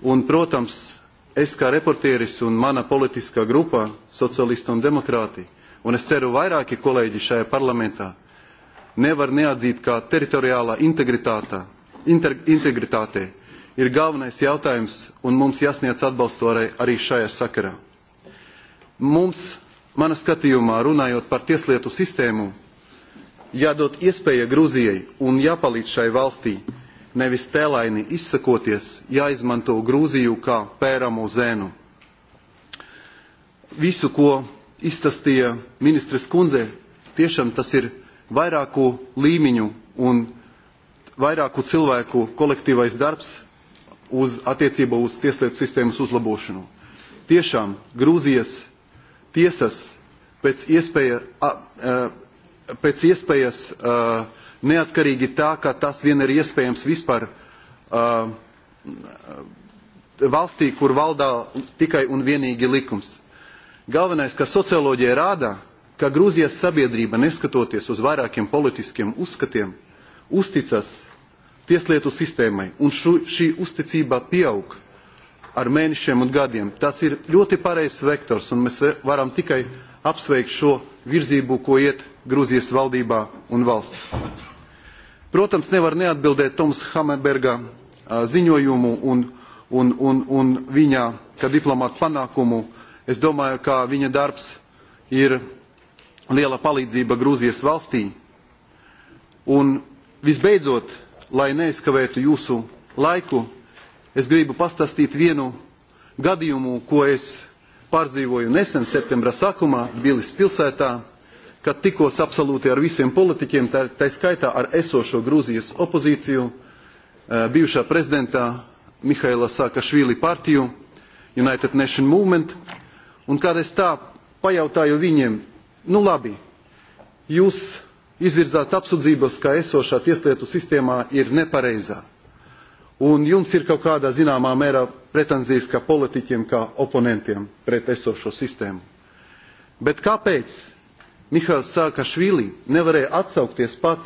Un, protams, es kā reportieris un mana politiskā grupa, socialisti un demokrāti, un es ceru vairāki kolēģi šajā parlamentā, nevar neatzīt, ka teritoriālā integritāte, inter, integritāte ir galvenais jautājums, un mums jāsniedz atbalstu arī, arī šajā sakarā. Mums, mana skatījumā, runājot par tieslietu sistēmu, jādod iespēja Grūzijai un jāpalīdz šai valstī, nevis tēlaini izsakoties, jāizmanto Grūziju kā pēramo zēnu. Visu, ko izstāstīja ministres kundze, tiešām tas ir vairāku līmeņu un vairāku cilvēku kolektīvais darbs uz attiecībā uz tieslietu sistēmas uzlabošanu. Tiešām Grūzijas tiesas pēc iespēja a, a, e, pēc iespējas uh, neatkarīgi tā, ka tas vien ir iespējams vispār uh, valstī, kur valdā tikai un vienīgi likums. Galvenais, ka socioloģija rāda, ka Grūzijas sabiedrība, neskatoties uz vairākiem politiskiem uzskatiem, uzticas tieslietu sistēmai, un šu, šī uzticība pieaug ar mēnešiem un gadiem. Tas ir ļoti pareizs vektors, un mēs varam tikai uh, apsveikt šo virzību, ko iet Grūzijas valdībā un valsts. Protams, nevar neatbildēt Toms Hamerberga ziņojumu un, un, un, un viņa, kā diplomāta panākumu. Es domāju, ka viņa darbs ir liela palīdzība Grūzijas valstī. Un visbeidzot, lai neizkavētu jūsu laiku, es gribu pastāstīt vienu gadījumu, ko es pārdzīvoju nesen septembra sākumā Bilis pilsētā, kad tikos absolūti ar visiem politiķiem, tā, tā skaitā ar esošo Grūzijas opozīciju, eh, bijušā prezidenta Mihaila Saakašvili partiju, United Nation Movement, un kad es tā pajautāju viņiem, nu labi, jūs izvirzāt apsūdzības, ka esošā tieslietu sistēmā ir nepareizā un jums ir kaut kādā zināmā mērā pretenzijas kā politiķiem, kā oponentiem pret esošo sistēmu. Bet kāpēc Mihails Sākašvili nevarēja atsaukties pat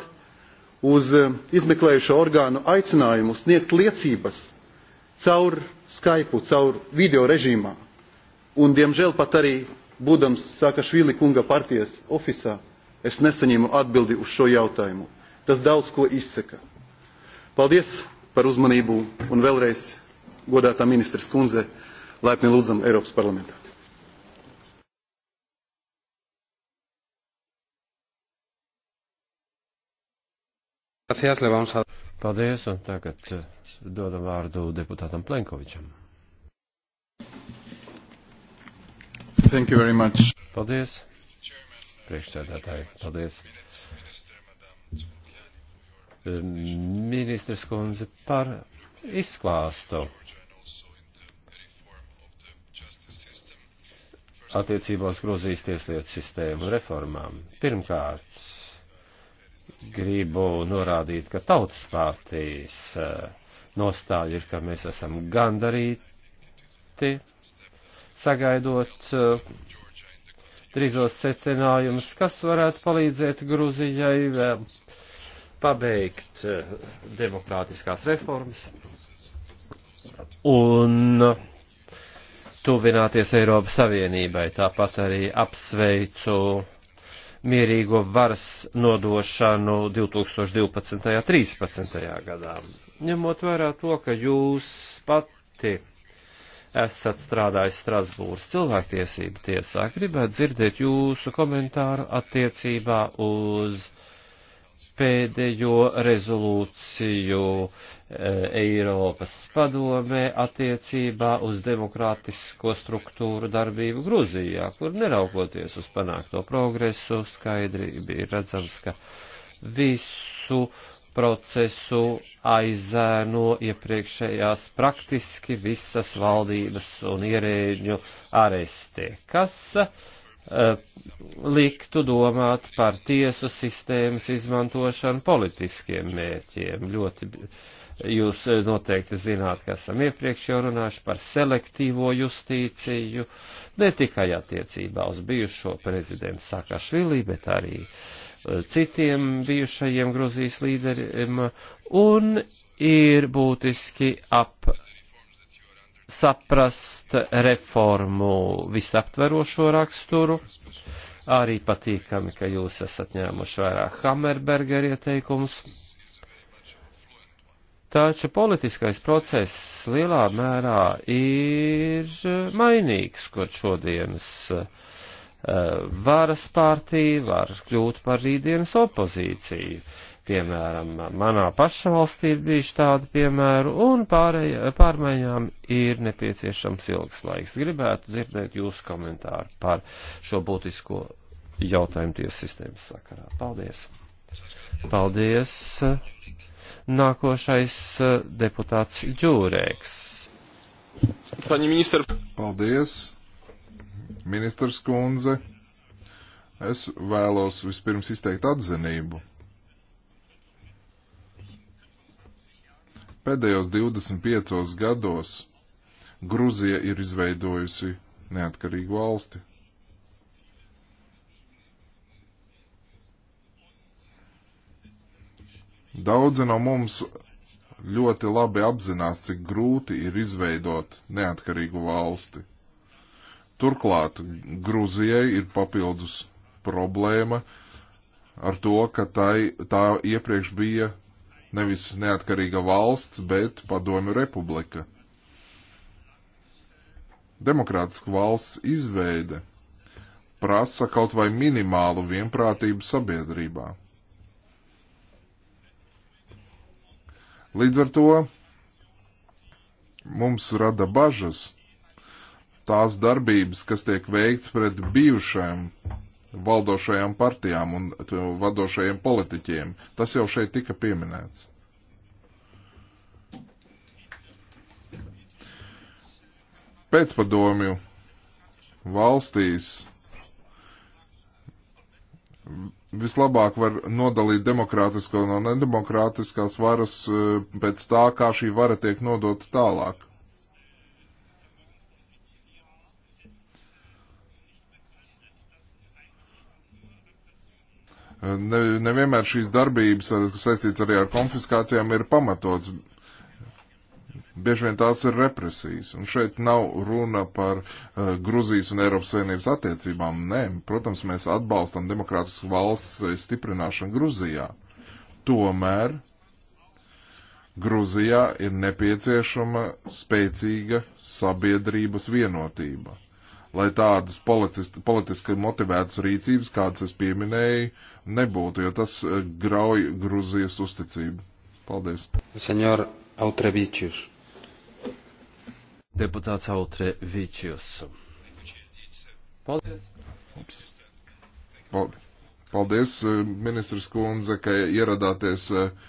uz eh, izmeklējušo orgānu aicinājumu sniegt liecības caur Skype, caur video režīmā, un diemžēl pat arī būdams Sākašvili kunga partijas ofisā, es nesaņēmu atbildi uz šo jautājumu. Tas daudz ko izsaka. Paldies! par uzmanību un vēlreiz godātā ministres kundze laipni lūdzam Eiropas parlamentā. Paldies, un tagad eh, dodam vārdu deputātam Plenkovičam. Thank you very much. Paldies, priekšsēdētāji. Paldies, ministres kundze par izklāstu attiecībās Grūzijas tieslietu sistēmu reformām. Pirmkārt, gribu norādīt, ka tautas partijas eh, nostāja ir, ka mēs esam gandarīti, sagaidot eh, drīzos secinājumus, kas varētu palīdzēt Grūzijai eh, pabeigt eh, demokrātiskās reformas un tuvināties Eiropas Savienībai. Tāpat arī apsveicu mierīgo varas nodošanu 2012. un 2013. gadā. Ņemot vērā to, ka jūs pati esat strādājis Strasbūras cilvēktiesību tiesā, gribētu dzirdēt jūsu komentāru attiecībā uz pēdējo rezolūciju e, Eiropas padomē attiecībā uz demokrātisko struktūru darbību Gruzijā, kur neraugoties uz panākto progresu, skaidri bija redzams, ka visu procesu aizēno iepriekšējās praktiski visas valdības un ierēģu arestē. Kas uh, Eh, liktu domāt par tiesu sistēmas izmantošanu politiskiem mērķiem. Ļoti jūs eh, noteikti zināt, ka esam iepriekš jau runājuši par selektīvo justīciju, ne tikai attiecībā uz bijušo prezidentu Sakašvili, bet arī eh, citiem bijušajiem Gruzijas līderiem, un ir būtiski ap saprast reformu visaptverošo raksturu. Arī patīkami, ka jūs esat ņēmuši vērā Hammerberger ieteikumus. Taču politiskais process lielā mērā ir mainīgs, kur šodienas uh, varas pārtī var kļūt par rītdienas opozīciju. Uh, Piemēram, manā paša valstī ir bijuši tādi piemēru, un pārēj, pārmaiņām ir nepieciešams ilgs laiks. Gribētu dzirdēt jūsu komentāru par šo būtisko jautājumu tiesu sistēmas sakarā. Paldies! Paldies! Nākošais eh, deputāts Ģūrēks. Paņi ministra. Paldies, ministrs kundze. Es vēlos vispirms izteikt atzinību Pēdējos 25 gados Gruzija ir izveidojusi neatkarīgu valsti. Daudzi no mums ļoti labi apzinās, cik grūti ir izveidot neatkarīgu valsti. Turklāt Gruzijai ir papildus problēma ar to, ka tai, tā iepriekš bija nevis neatkarīga valsts, bet padomju republika. Demokrātiska valsts izveide prasa kaut vai minimālu vienprātību sabiedrībā. Līdz ar to mums rada bažas tās darbības, kas tiek veikts pret bijušajām valdošajām partijām un vadošajiem politiķiem. Tas jau šeit tika pieminēts. Pēcpadomju valstīs vislabāk var nodalīt demokrātisko no nedemokrātiskās varas e, pēc tā, kā šī vara tiek nodota tālāk. Ne, nevienmēr šīs darbības saistīts arī ar konfiskācijām ir pamatots. Bieži vien tās ir represijas, un šeit nav runa par uh, Gruzijas un Eiropas Savienības attiecībām. Nē, protams, mēs atbalstam demokrātisku valsts stiprināšanu Gruzijā. Tomēr Gruzijā ir nepieciešama spēcīga sabiedrības vienotība lai tādas politiski motivētas rīcības, kādas es pieminēju, nebūtu, jo tas eh, grauj Gruzijas uzticību. Paldies. Senjor Autrevičius. Deputāts Autrevičius. Paldies. Ups. Paldies. Paldies, eh, ministrs kundze, ka ieradāties eh,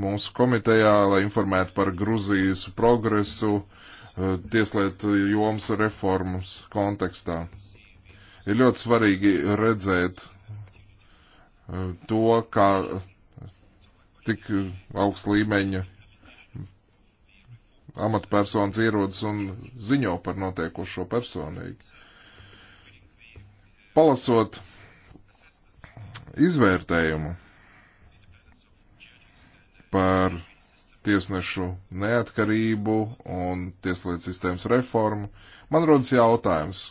mūsu komitejā, lai informētu par Gruzijas progresu Uh, tieslietu jomas reformas kontekstā. Ir ļoti svarīgi redzēt uh, to, kā tik augsts līmeņa amatpersonas ierodas un ziņo par notiekošo personīgi. Palasot izvērtējumu par tiesnešu neatkarību un tieslietu sistēmas reformu. Man rodas jautājums,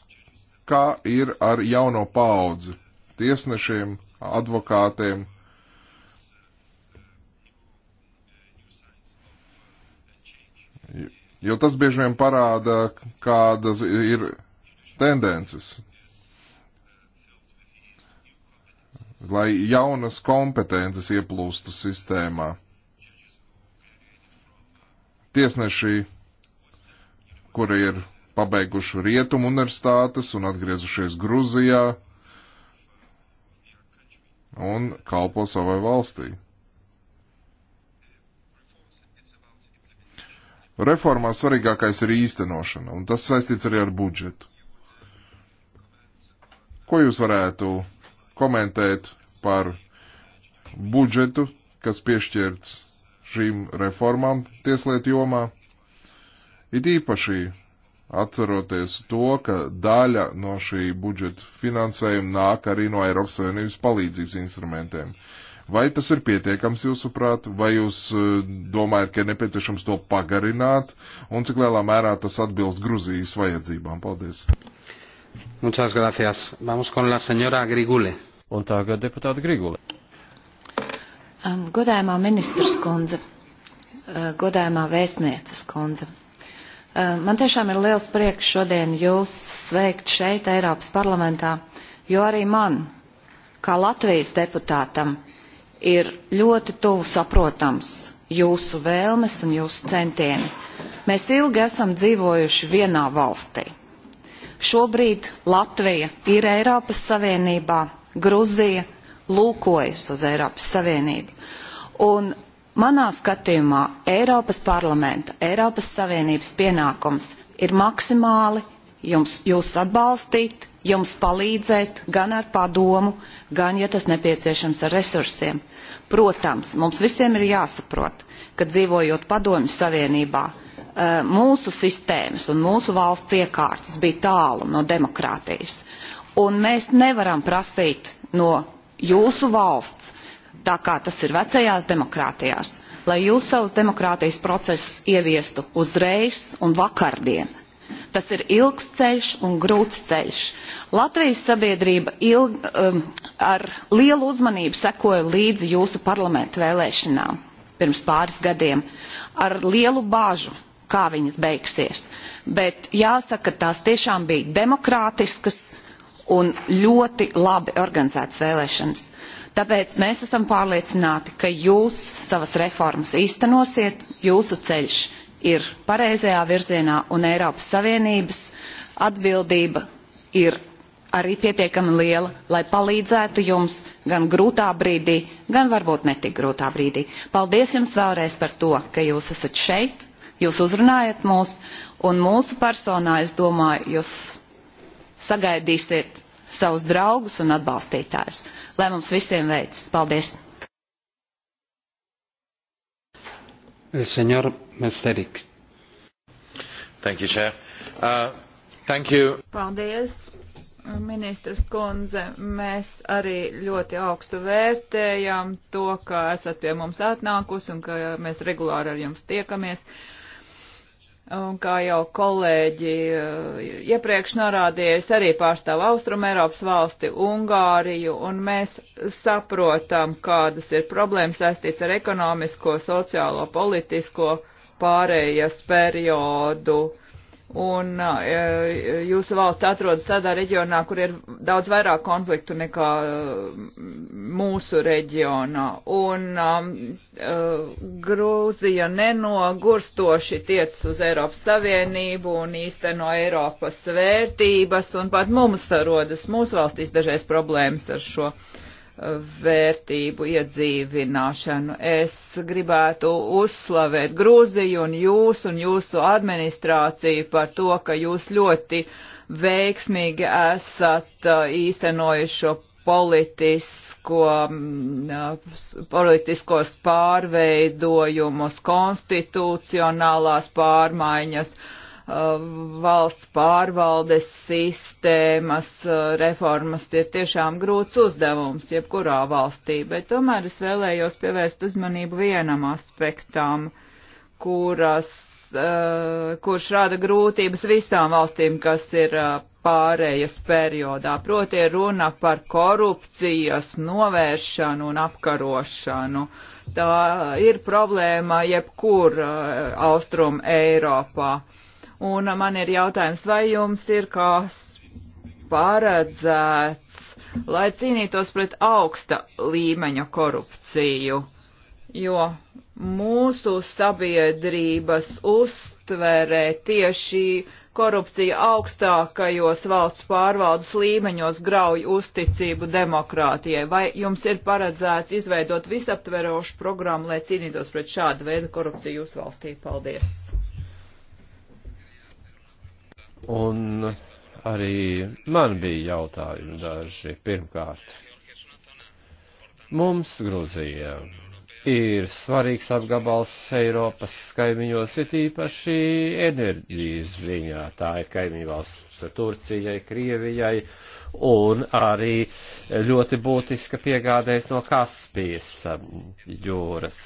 kā ir ar jauno paudzi tiesnešiem, advokātiem? Jo tas bieži vien parāda, kādas ir tendences. Lai jaunas kompetences ieplūstu sistēmā tiesneši, kuri ir pabeiguši rietumu universitātes un atgriezušies Gruzijā un kalpo savai valstī. Reformā svarīgākais ir īstenošana, un tas saistīts arī ar budžetu. Ko jūs varētu komentēt par budžetu, kas piešķirts šīm reformām tieslietu jomā. It īpaši atceroties to, ka daļa no šī budžeta finansējuma nāk arī no Eiropas Savienības palīdzības instrumentiem. Vai tas ir pietiekams jūsuprāt, vai jūs e, domājat, ka ir nepieciešams to pagarināt, un cik lielā mērā tas atbilst Gruzijas vajadzībām? Paldies! Muchas gracias. Vamos con la señora Grigule. Un tagad deputāta Grigule. Godājumā ministrs kundze, eh, godājumā vēstnieces kundze. Man tiešām ir liels prieks šodien jūs sveikt šeit, Eiropas parlamentā, jo arī man, kā Latvijas deputātam, ir ļoti tuvu saprotams jūsu vēlmes un jūsu centieni. Mēs ilgi esam dzīvojuši vienā valstī. Šobrīd Latvija ir Eiropas Savienībā, Gruzija, lūkojas uz Eiropas Savienību. Un manā skatījumā Eiropas parlamenta, Eiropas Savienības pienākums ir maksimāli jums, jūs atbalstīt, jums palīdzēt gan ar padomu, gan, ja tas nepieciešams, ar resursiem. Protams, mums visiem ir jāsaprot, ka dzīvojot padomju savienībā, eh, mūsu sistēmas un mūsu valsts iekārtas bija tālu no demokrātijas. Un mēs nevaram prasīt no jūsu valsts, tā kā tas ir vecajās demokrātijās, lai jūs savus demokrātijas procesus ieviestu uzreiz un vakardien. Tas ir ilgs ceļš un grūts ceļš. Latvijas sabiedrība ilg, um, ar lielu uzmanību sekoja līdzi jūsu parlamentu vēlēšanām pirms pāris gadiem ar lielu bāžu, kā viņas beigsies. Bet jāsaka, tās tiešām bija demokrātiskas, un ļoti labi organizētas vēlēšanas. Tāpēc mēs esam pārliecināti, ka jūs savas reformas īstenosiet, jūsu ceļš ir pareizajā virzienā un Eiropas Savienības atbildība ir arī pietiekami liela, lai palīdzētu jums gan grūtā brīdī, gan varbūt netik grūtā brīdī. Paldies jums vēlreiz par to, ka jūs esat šeit, jūs uzrunājat mūs, un mūsu personā, es domāju, jūs sagaidīsiet savus draugus un atbalstītājus. Lai mums visiem veicas! Paldies! Eh, Senjor Mesterik. Thank you, Chair. Uh, thank you. Paldies, ministrs kundze. Mēs arī ļoti augstu vērtējam to, ka esat pie mums atnākus un ka mēs regulāri ar jums tiekamies. Uh, Un kā jau kolēģi uh, iepriekš norādīja, es arī pārstāvu Austrum Eiropas valsti, Ungāriju, un mēs saprotam, kādas ir problēmas saistīts ar ekonomisko, sociālo, politisko pārējas periodu. Uh, un eh, jūsu valsts atrodas tādā reģionā, kur ir daudz vairāk konfliktu nekā eh, mūsu reģionā. Un um, eh, Grūzija nenogurstoši tiec uz Eiropas Savienību un īsteno Eiropas vērtības, un pat mums rodas mūsu valstīs dažreiz problēmas ar šo. Uh, vērtību iedzīvināšanu. Es gribētu uzslavēt Grūziju un jūs un jūsu administrāciju par to, ka jūs ļoti veiksmīgi esat uh, īstenojuši šo politisko, mm, uh, politiskos pārveidojumus, konstitucionālās pārmaiņas, uh, Uh, valsts pārvaldes sistēmas uh, reformas ir tiešām grūts uzdevums jebkurā valstī, bet tomēr es vēlējos pievērst uzmanību vienam aspektam, kuras, uh, kurš rada grūtības visām valstīm, kas ir pārējas periodā. Proti ir runa par korupcijas novēršanu un apkarošanu. Tā ir problēma jebkur Austrum Eiropā. Uh, Un man ir jautājums, vai jums ir kāds paredzēts, lai cīnītos pret augsta līmeņa korupciju, jo mūsu sabiedrības uztverē tieši korupcija augstākajos valsts pārvaldes līmeņos grauj uzticību demokrātijai. Vai jums ir paredzēts izveidot visaptverošu programmu, lai cīnītos pret šādu veidu korupciju jūsu valstī? Paldies! Un arī man bija jautājumi daži. Pirmkārt, mums Gruzija ir svarīgs apgabals Eiropas kaimiņos, ir īpaši enerģijas ziņā. Tā ir kaimiņvalsts Turcijai, Krievijai. Uh, un arī ļoti būtiska piegādējas no Kaspijas jūras.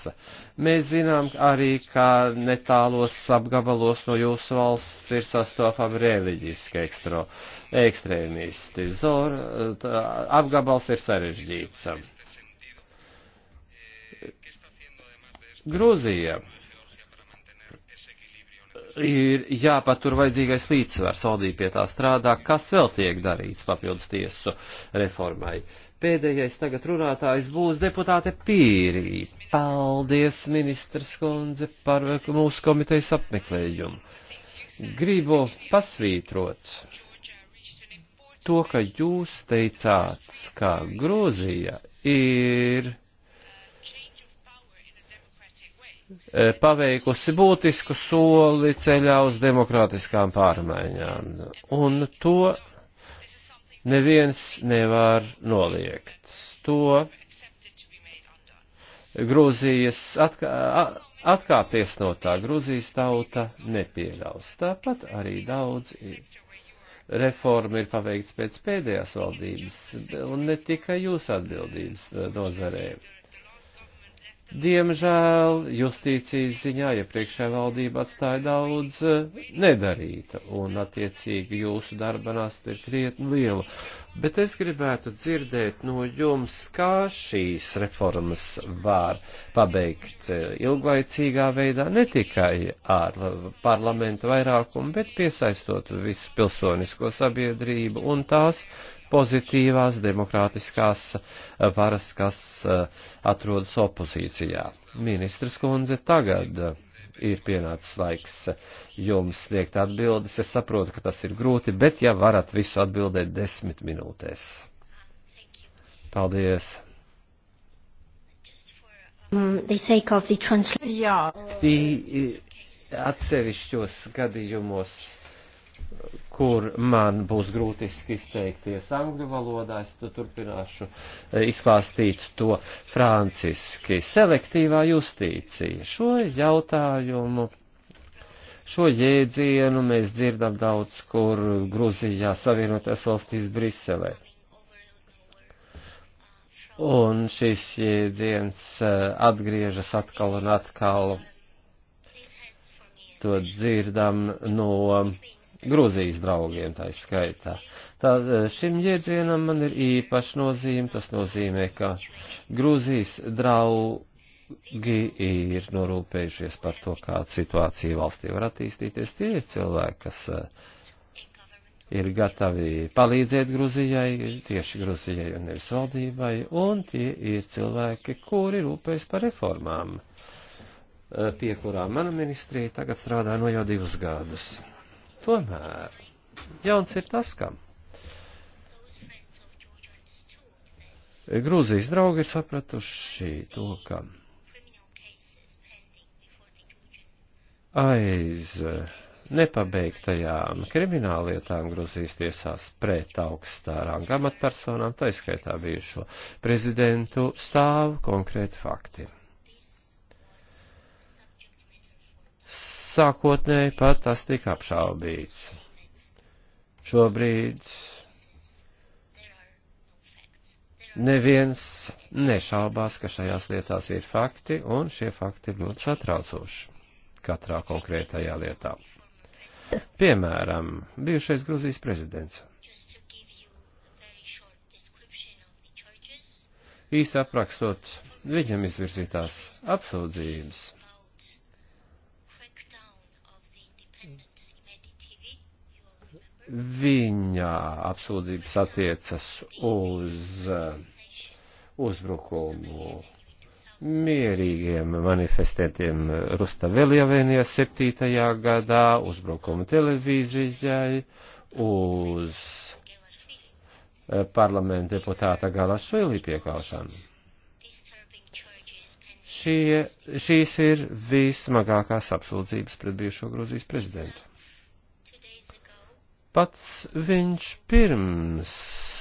Mēs zinām arī, ka netālos apgabalos no jūsu valsts ir sastopami reliģiski ekstro, ekstrēmisti. Zor, tā, apgabals ir sarežģīts. Grūzija ir jāpatur vajadzīgais līdzsvars, valdība pie tā strādā, kas vēl tiek darīts papildus tiesu reformai. Pēdējais tagad runātājs būs deputāte Pīrī. Paldies, ministrs Kundze, par mūsu komitejas apmeklējumu. Gribu pasvītrot to, ka jūs teicāt, ka Grūzija ir Eh, paveikusi būtisku soli ceļā uz demokrātiskām pārmaiņām, un to neviens nevar noliegt. To Grūzijas atkā, atkāpties no tā Grūzijas tauta nepieļaus. Tāpat arī daudz reforma ir paveikts pēc pēdējās valdības, un ne tikai jūs atbildības nozarē. No Diemžēl justīcijas ziņā iepriekšējā ja valdība atstāja daudz eh, nedarīta, un attiecīgi jūsu darba nasta ir krietni liela. Bet es gribētu dzirdēt no jums, kā šīs reformas var pabeigt eh, ilglaicīgā veidā, ne tikai ar parlamentu vairākumu, bet piesaistot visu pilsonisko sabiedrību un tās pozitīvās demokrātiskās eh, varas, kas eh, atrodas opozīcijā. Ministrs kundze tagad eh, ir pienācis laiks jums sniegt atbildes. Es saprotu, ka tas ir grūti, bet ja varat visu atbildēt desmit minūtēs. Paldies! Um, Jā, tī atsevišķos gadījumos kur man būs grūti izteikties angļu valodā, es tu turpināšu e, izklāstīt to franciski. Selektīvā justīcija. Šo jautājumu, šo jēdzienu mēs dzirdam daudz, kur Gruzijā, Savienotās valstīs, Briselē. Un šis jēdziens e, atgriežas atkal un atkal to dzirdam no Grūzijas draugiem, tā skaitā. Tad eh, šim jēdzienam man ir īpaši nozīme, tas nozīmē, ka Grūzijas draugi ir norūpējušies par to, kāda situācija valstī var attīstīties. Tie ir cilvēki, kas eh, ir gatavi palīdzēt Grūzijai, tieši Grūzijai un nevis valdībai, un tie ir cilvēki, kuri rūpējas par reformām Eh, pie kurām mana ministrija tagad strādā no jau divus gadus. Tomēr jauns ir tas, ka Grūzijas draugi ir sapratuši to, ka aiz nepabeigtajām krimināllietām Grūzijas tiesās pret augstā ranga amatpersonām, taiskaitā bijušo prezidentu, stāv konkrēti fakti. Sākotnēji pat tas tika apšaubīts. Šobrīd neviens nešaubās, ka šajās lietās ir fakti, un šie fakti ir ļoti satraucoši katrā konkrētajā lietā. Piemēram, bijušais Gruzijas prezidents. Īsi aprakstot viņam izvirzītās apsūdzības. viņa apsūdzības attiecas uz uh, uzbrukumu mierīgiem manifestantiem Rustaveljavēnijā 7. gadā, uzbrukumu televīzijai, uz uh, parlamenta deputāta Galašvili piekaušanu. Šie, šīs ir vismagākās apsūdzības pret bijušo Grūzijas prezidentu. Pats viņš pirms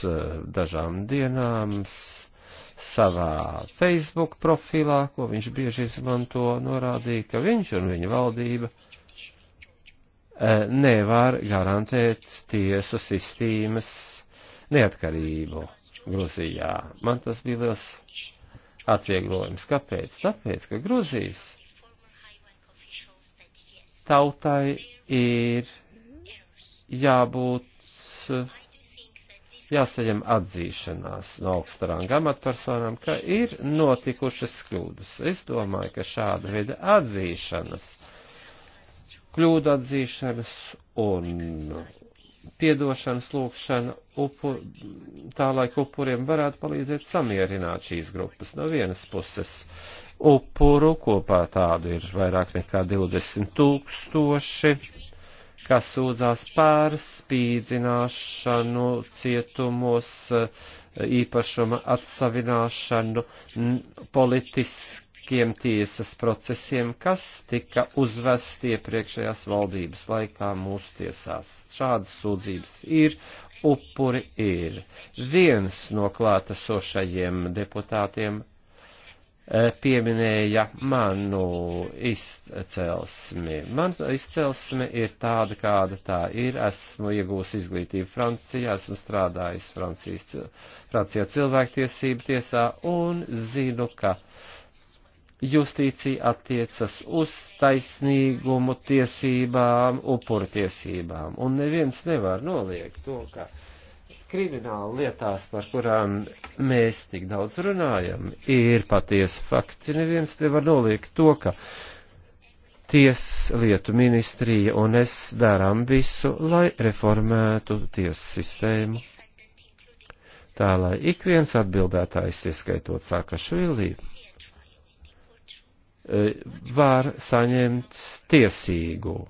eh, dažām dienām savā Facebook profilā, ko viņš bieži izmanto, norādīja, ka viņš un viņa valdība eh, nevar garantēt tiesu sistēmas neatkarību Gruzijā. Man tas bija liels atvieglojums. Kāpēc? Tāpēc, ka Gruzijas tautai ir jābūt, jāsaņem atzīšanās no augstarāga amatpersonām, ka ir notikušas kļūdas. Es domāju, ka šāda veida atzīšanas, kļūdu atzīšanas un piedošanas lūkšana upu, tā, lai upuriem varētu palīdzēt samierināt šīs grupas. No vienas puses upuru kopā tādu ir vairāk nekā 20 tūkstoši kas sūdzās par spīdzināšanu, cietumos, īpašuma atsavināšanu, politiskiem tiesas procesiem, kas tika uzvesti iepriekšējās valdības laikā mūsu tiesās. Šādas sūdzības ir, upuri ir. Viens no klātesošajiem deputātiem E, pieminēja manu izcelsmi. Mans izcelsme ir tāda, kāda tā ir. Esmu iegūs izglītību Francijā, esmu strādājis Francijas, Francijā cilvēktiesību tiesā un zinu, ka justīcija attiecas uz taisnīgumu tiesībām, upuru tiesībām. Un neviens nevar noliegt to, ka. Uh, krimināla lietās, par kurām mēs tik daudz runājam, ir patiesi fakti. Neviens nevar noliegt to, ka tieslietu ministrija un es darām visu, lai reformētu tiesu sistēmu. Tā lai ik viens atbildētājs, ieskaitot Sakašvili, e, var saņemt tiesīgu, e,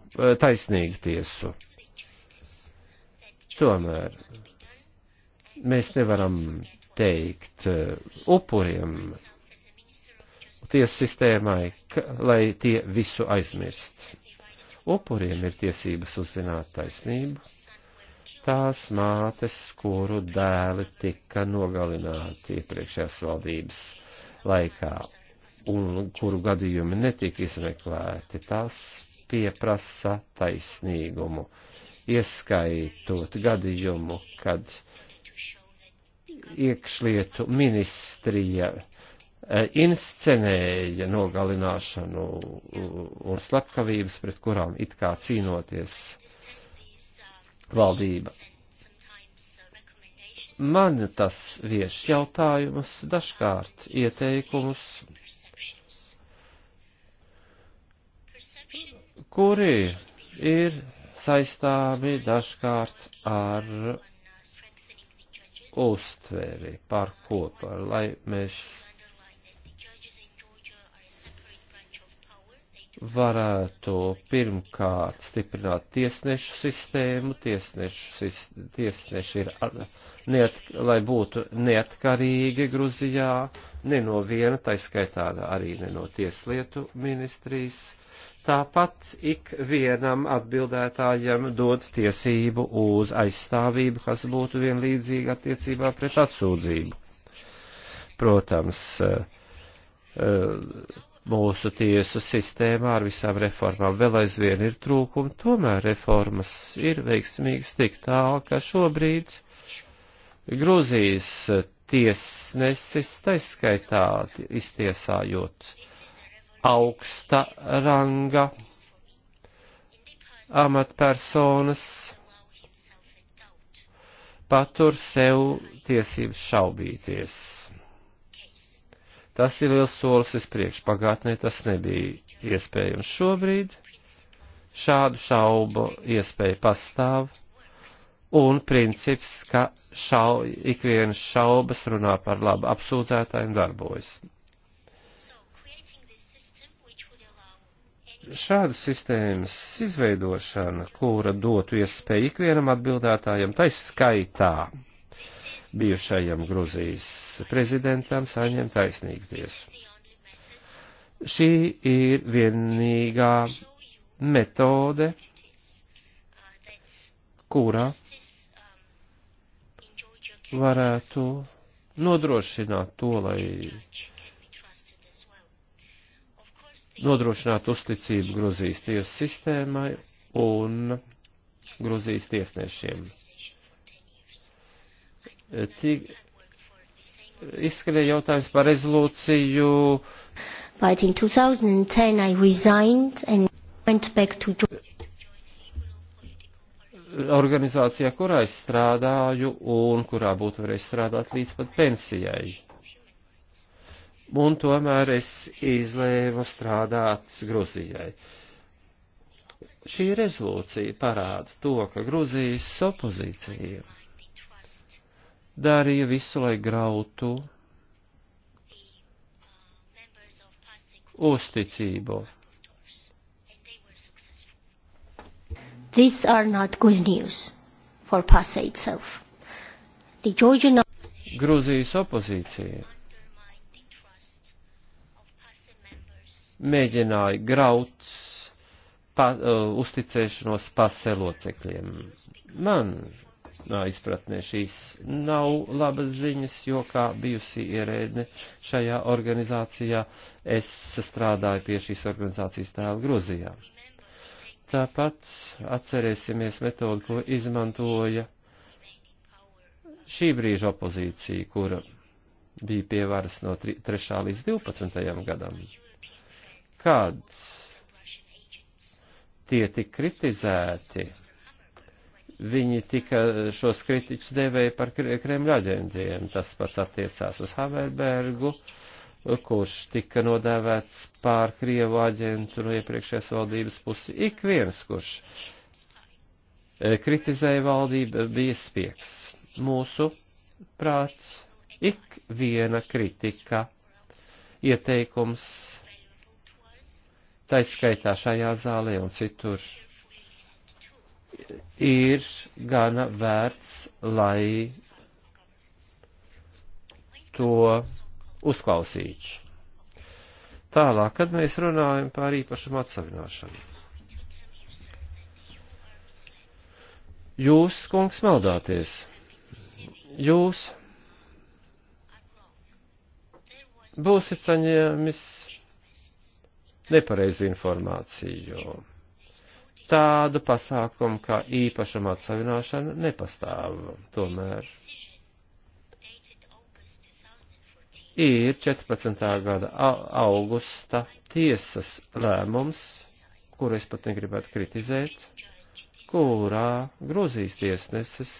taisnīgu tiesu. Tomēr Mēs nevaram teikt eh, upuriem tiesu sistēmai, ka, lai tie visu aizmirst. Upuriem ir tiesības uzzināt taisnību. Tās mātes, kuru dēli tika nogalināti iepriekšējās valdības laikā un kuru gadījumi netika izmeklēti, tas pieprasa taisnīgumu, ieskaitot gadījumu, kad iekšlietu ministrija e, inscenēja nogalināšanu un slepkavības, pret kurām it kā cīnoties valdība. Man tas vieš jautājumus, dažkārt ieteikumus, kuri ir saistāmi dažkārt ar uztvēri, par ko, par lai mēs varētu pirmkārt stiprināt tiesnešu sistēmu, tiesnešu, tiesneši ir, neat, lai būtu neatkarīgi Gruzijā, ne no viena, taiskaitā arī ne no tieslietu ministrijas Tāpat ik vienam atbildētājam dod tiesību uz aizstāvību, kas būtu vienlīdzīga attiecībā pret atsūdzību. Protams, eh, eh, mūsu tiesu sistēmā ar visām reformām vēl aizvien ir trūkumi, tomēr reformas ir veiksmīgas tik tālu, ka šobrīd Grūzijas tiesnesis taiskaitā iztiesājot augsta ranga amatpersonas patur sev tiesības šaubīties. Tas ir liels solis uz priekšu. Pagātnē tas nebija iespējams. Šobrīd šādu šaubu iespēja pastāv, un princips, ka šau, ikvienas šaubas runā par labu apsūdzētājiem darbojas. šādas sistēmas izveidošana, kura dotu iespēju ikvienam atbildētājam, tai skaitā bijušajam Gruzijas prezidentam saņemt taisnīgu tiesu. Šī ir vienīgā metode, kurā varētu nodrošināt to, lai nodrošināt uzticību Gruzijas tiesu sistēmai un Gruzijas tiesnešiem. Tik izskanēja jautājums par rezolūciju. But in 2010 I resigned and went back to organizācijā, kurā es strādāju un kurā būtu varējis strādāt līdz pat pensijai un tomēr es izlēmu strādāt Gruzijai. Šī rezolūcija parāda to, ka Gruzijas opozīcija darīja visu, lai grautu uzticību. These are not good news for PASA itself. The Georgian Grūzijas opozīcija mēģināja graut pa, uh, uzticēšanos pasē locekļiem. Man nā, izpratnē šīs nav labas ziņas, jo kā bijusi ierēdne šajā organizācijā, es strādāju pie šīs organizācijas tēla Gruzijā. Tāpat atcerēsimies metodu, ko izmantoja šī brīža opozīcija, kura bija pie varas no 3. līdz 12. gadam kad tie tik kritizēti, viņi tika šos kritiķus devēja par Kremļa aģentiem. Tas pats attiecās uz Haverbergu, kurš tika nodēvēts pār Krievu aģentu no iepriekšējās valdības pusi. Ik viens, kurš e, kritizēja valdību, bija spieks. Mūsu prāts, ik viena kritika, ieteikums taiskaitā šajā zālē un citur, ir gana vērts, lai to uzklausītu. Tālāk, kad mēs runājam par īpašumu atsavināšanu. Jūs, kungs, maldāties. Jūs būsiet saņēmis nepareizu informāciju. Tādu pasākumu kā īpašuma atsavināšana nepastāv. Tomēr ir 14. gada augusta tiesas lēmums, kuru es pat negribētu kritizēt, kurā Grūzijas tiesneses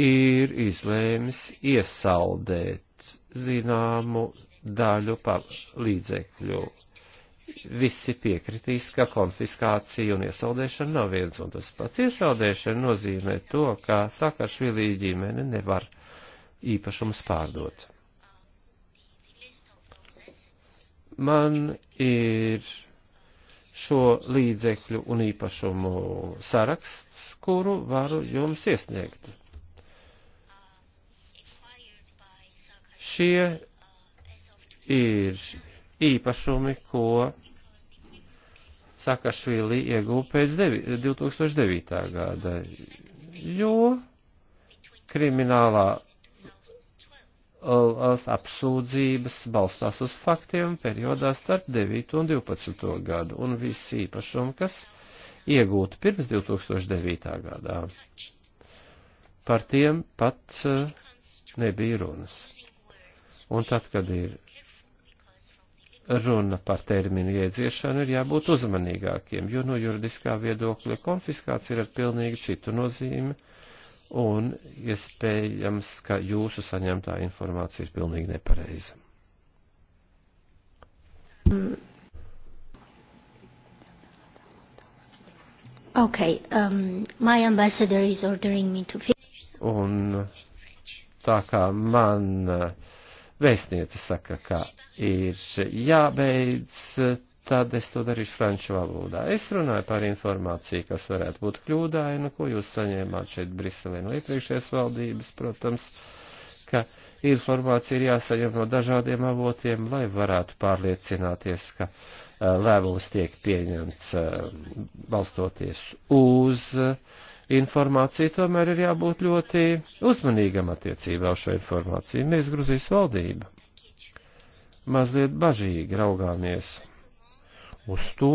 ir izlēmis iesaldēt zināmu daļu līdzekļu. Visi piekritīs, ka konfiskācija un iesaldēšana nav viens un tas pats. Iesaldēšana nozīmē to, ka Sakašvilī ģimene nevar īpašums pārdot. Man ir šo līdzekļu un īpašumu saraksts, kuru varu jums iesniegt. Šie ir īpašumi, ko Sakašvili ieguva pēc 2009. gada, jo kriminālā apsūdzības balstās uz faktiem periodā starp 9 un 12 gadu, un visi īpašumi, kas iegūti pirms 2009. gadā, par tiem pat eh, nebija runas. Un tad, kad ir runa par terminu iedziešanu, ir jābūt uzmanīgākiem, jo no juridiskā viedokļa konfiskācija ir ar pilnīgi citu nozīmi, un iespējams, ka jūsu saņemtā informācija ir pilnīgi nepareiza. Okay, um, my ambassador is ordering me to finish. Un tā kā man uh, Vēstniece saka, ka ir jābeidz, tad es to darīšu franču valodā. Es runāju par informāciju, kas varētu būt kļūdaina, ko jūs saņēmāt šeit Briselē no iepriekšējās valdības, protams, ka informācija ir jāsaņem no dažādiem avotiem, lai varētu pārliecināties, ka uh, lēmums tiek pieņemts uh, balstoties uz uh, informāciju, tomēr ir jābūt ļoti uzmanīgam attiecībā uz šo informāciju. Mēs Gruzijas valdība mazliet bažīgi raugāmies uz to,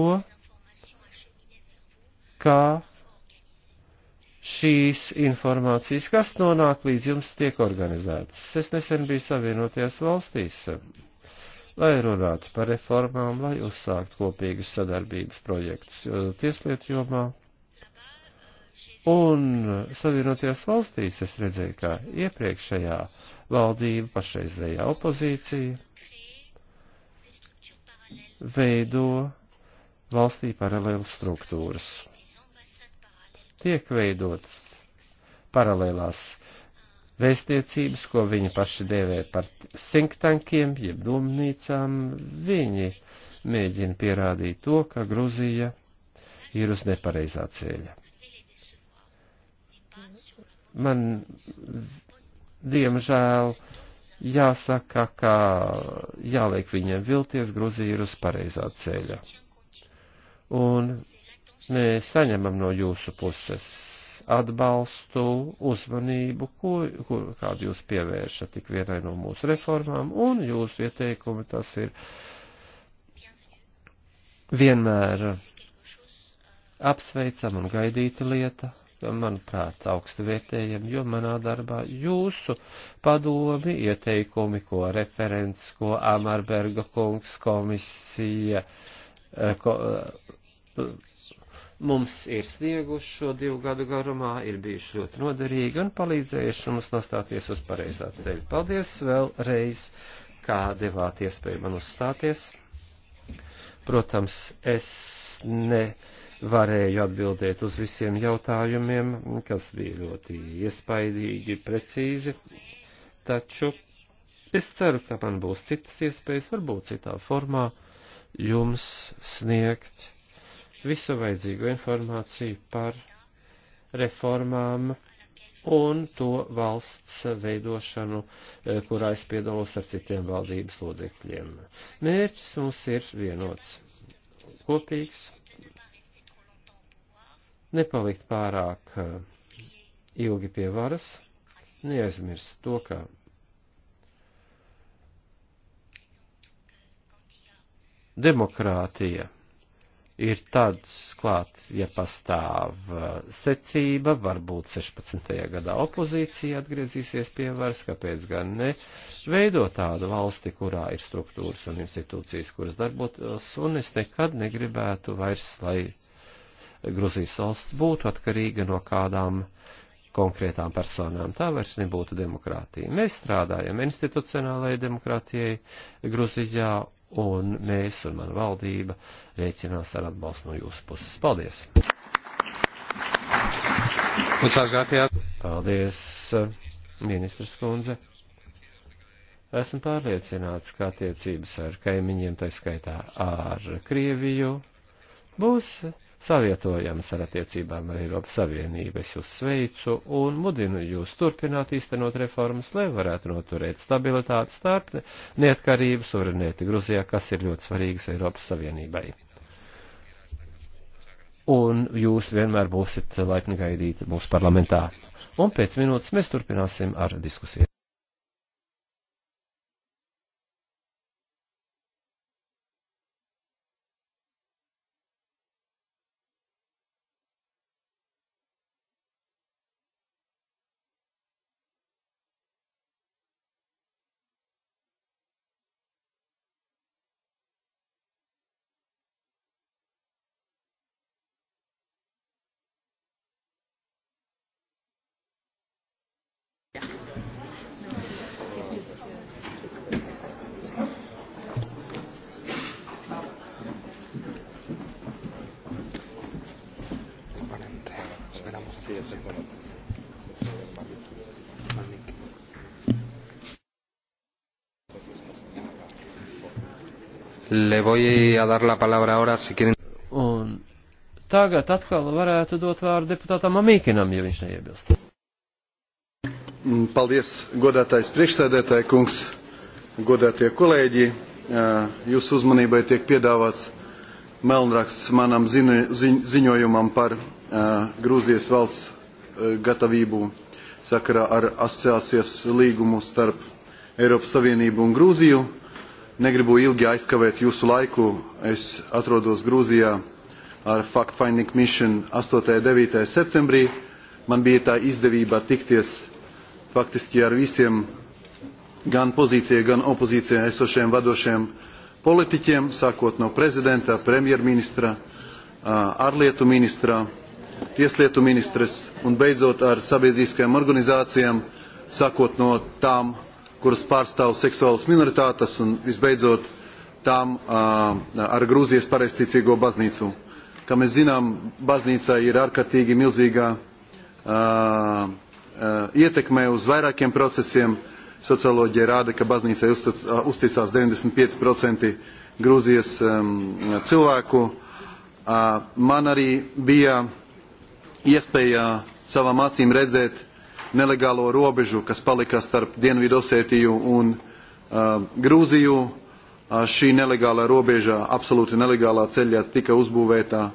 kā šīs informācijas, kas nonāk līdz jums, tiek organizētas. Es nesen biju Savienotajās valstīs, lai runātu par reformām, lai uzsākt kopīgus sadarbības projektus tieslietu jomā Un Savienotajās valstīs es redzēju, ka iepriekšējā valdība, pašreizējā opozīcija veido valstī paralēlas struktūras. Tiek veidotas paralēlās vēstniecības, ko viņi paši dēvē par think tankiem, jeb domnīcām. Viņi mēģina pierādīt to, ka Gruzija ir uz nepareizā ceļa. Man, diemžēl, jāsaka, ka jāliek viņiem vilties Gruzija ir uz pareizā ceļa. Un mēs saņemam no jūsu puses atbalstu, uzmanību, ko, ko, kādu jūs pievēršat tik vienai no mūsu reformām, un jūsu ieteikumi tas ir vienmēr apsveicam un gaidīta lieta, manuprāt, augstu vērtējam, jo manā darbā jūsu padomi, ieteikumi, ko referents, ko Amarberga kungs, komisija, eh, ko, eh, mums ir snieguši šo divu gadu garumā, ir bijuši ļoti noderīgi un palīdzējuši mums nostāties uz pareizā ceļa. Paldies vēlreiz, kā devāt iespēju man uzstāties. Protams, es ne varēju atbildēt uz visiem jautājumiem, kas bija ļoti iespaidīgi, precīzi, taču es ceru, ka man būs citas iespējas, varbūt citā formā, jums sniegt visu vajadzīgo informāciju par reformām un to valsts veidošanu, eh, kurā es piedalos ar citiem valdības locekļiem. Mērķis mums ir vienots, kopīgs nepalikt pārāk eh, ilgi pie varas, neaizmirst to, ka demokrātija ir tad klāt, ja pastāv eh, secība, varbūt 16. gadā opozīcija atgriezīsies pie varas, kāpēc gan ne, veido tādu valsti, kurā ir struktūras un institūcijas, kuras darbotos, un es nekad negribētu vairs, lai Gruzijas valsts būtu atkarīga no kādām konkrētām personām. Tā vairs nebūtu demokrātija. Mēs strādājam institucionālajai demokrātijai Gruzijā, un mēs un man valdība rēķinās ar atbalstu no jūsu puses. Paldies! Paldies, ministrs kundze! Esmu pārliecināts, ka attiecības ar kaimiņiem, tā skaitā ar Krieviju, būs savietojams ar attiecībām ar Eiropas Savienību. Es jūs sveicu un mudinu jūs turpināt īstenot reformas, lai varētu noturēt stabilitāti starp neatkarību suverenieti Gruzijā, kas ir ļoti svarīgs Eiropas Savienībai. Un jūs vienmēr būsiet laipni gaidīti mūsu parlamentā. Un pēc minūtes mēs turpināsim ar diskusiju. Le voy a dar la palabra ahora, si quieren. Un tagad atkal varētu dot vārdu deputātam Amīkinam, ja viņš neiebilst. Mm, paldies, godātais priekšsēdētāji kungs, godātie kolēģi. Jūsu uzmanībai tiek piedāvāts melnraksts manam ziņo, ziņ, ziņojumam par Grūzijas valsts gatavību sakarā ar asociācijas līgumu starp Eiropas Savienību un Grūziju negribu ilgi aizkavēt jūsu laiku. Es atrodos Grūzijā ar Fact Finding Mission 8. un 9. septembrī. Man bija tā izdevība tikties faktiski ar visiem gan pozīcijā, gan opozīcijā esošiem vadošiem politiķiem, sākot no prezidenta, premjerministra, ārlietu ministra, tieslietu ministres un beidzot ar sabiedriskajām organizācijām, sākot no tām kuras pārstāv seksuālas minoritātes un visbeidzot tām ar grūzijas pareizticīgo baznīcu. kā mēs zinām baznīca ir ārkārtīgi milzīga ietekmē uz vairākiem procesiem socioloģija rāda ka baznīcai uzticās deviņdesmit pieci procenti grūzijas cilvēku. man arī bija iespēja savām acīm redzēt nelegālo robežu, kas palika starp Dienvidosētiju un uh, Grūziju. Uh, šī nelegālā robeža, absolūti nelegālā ceļā tika uzbūvēta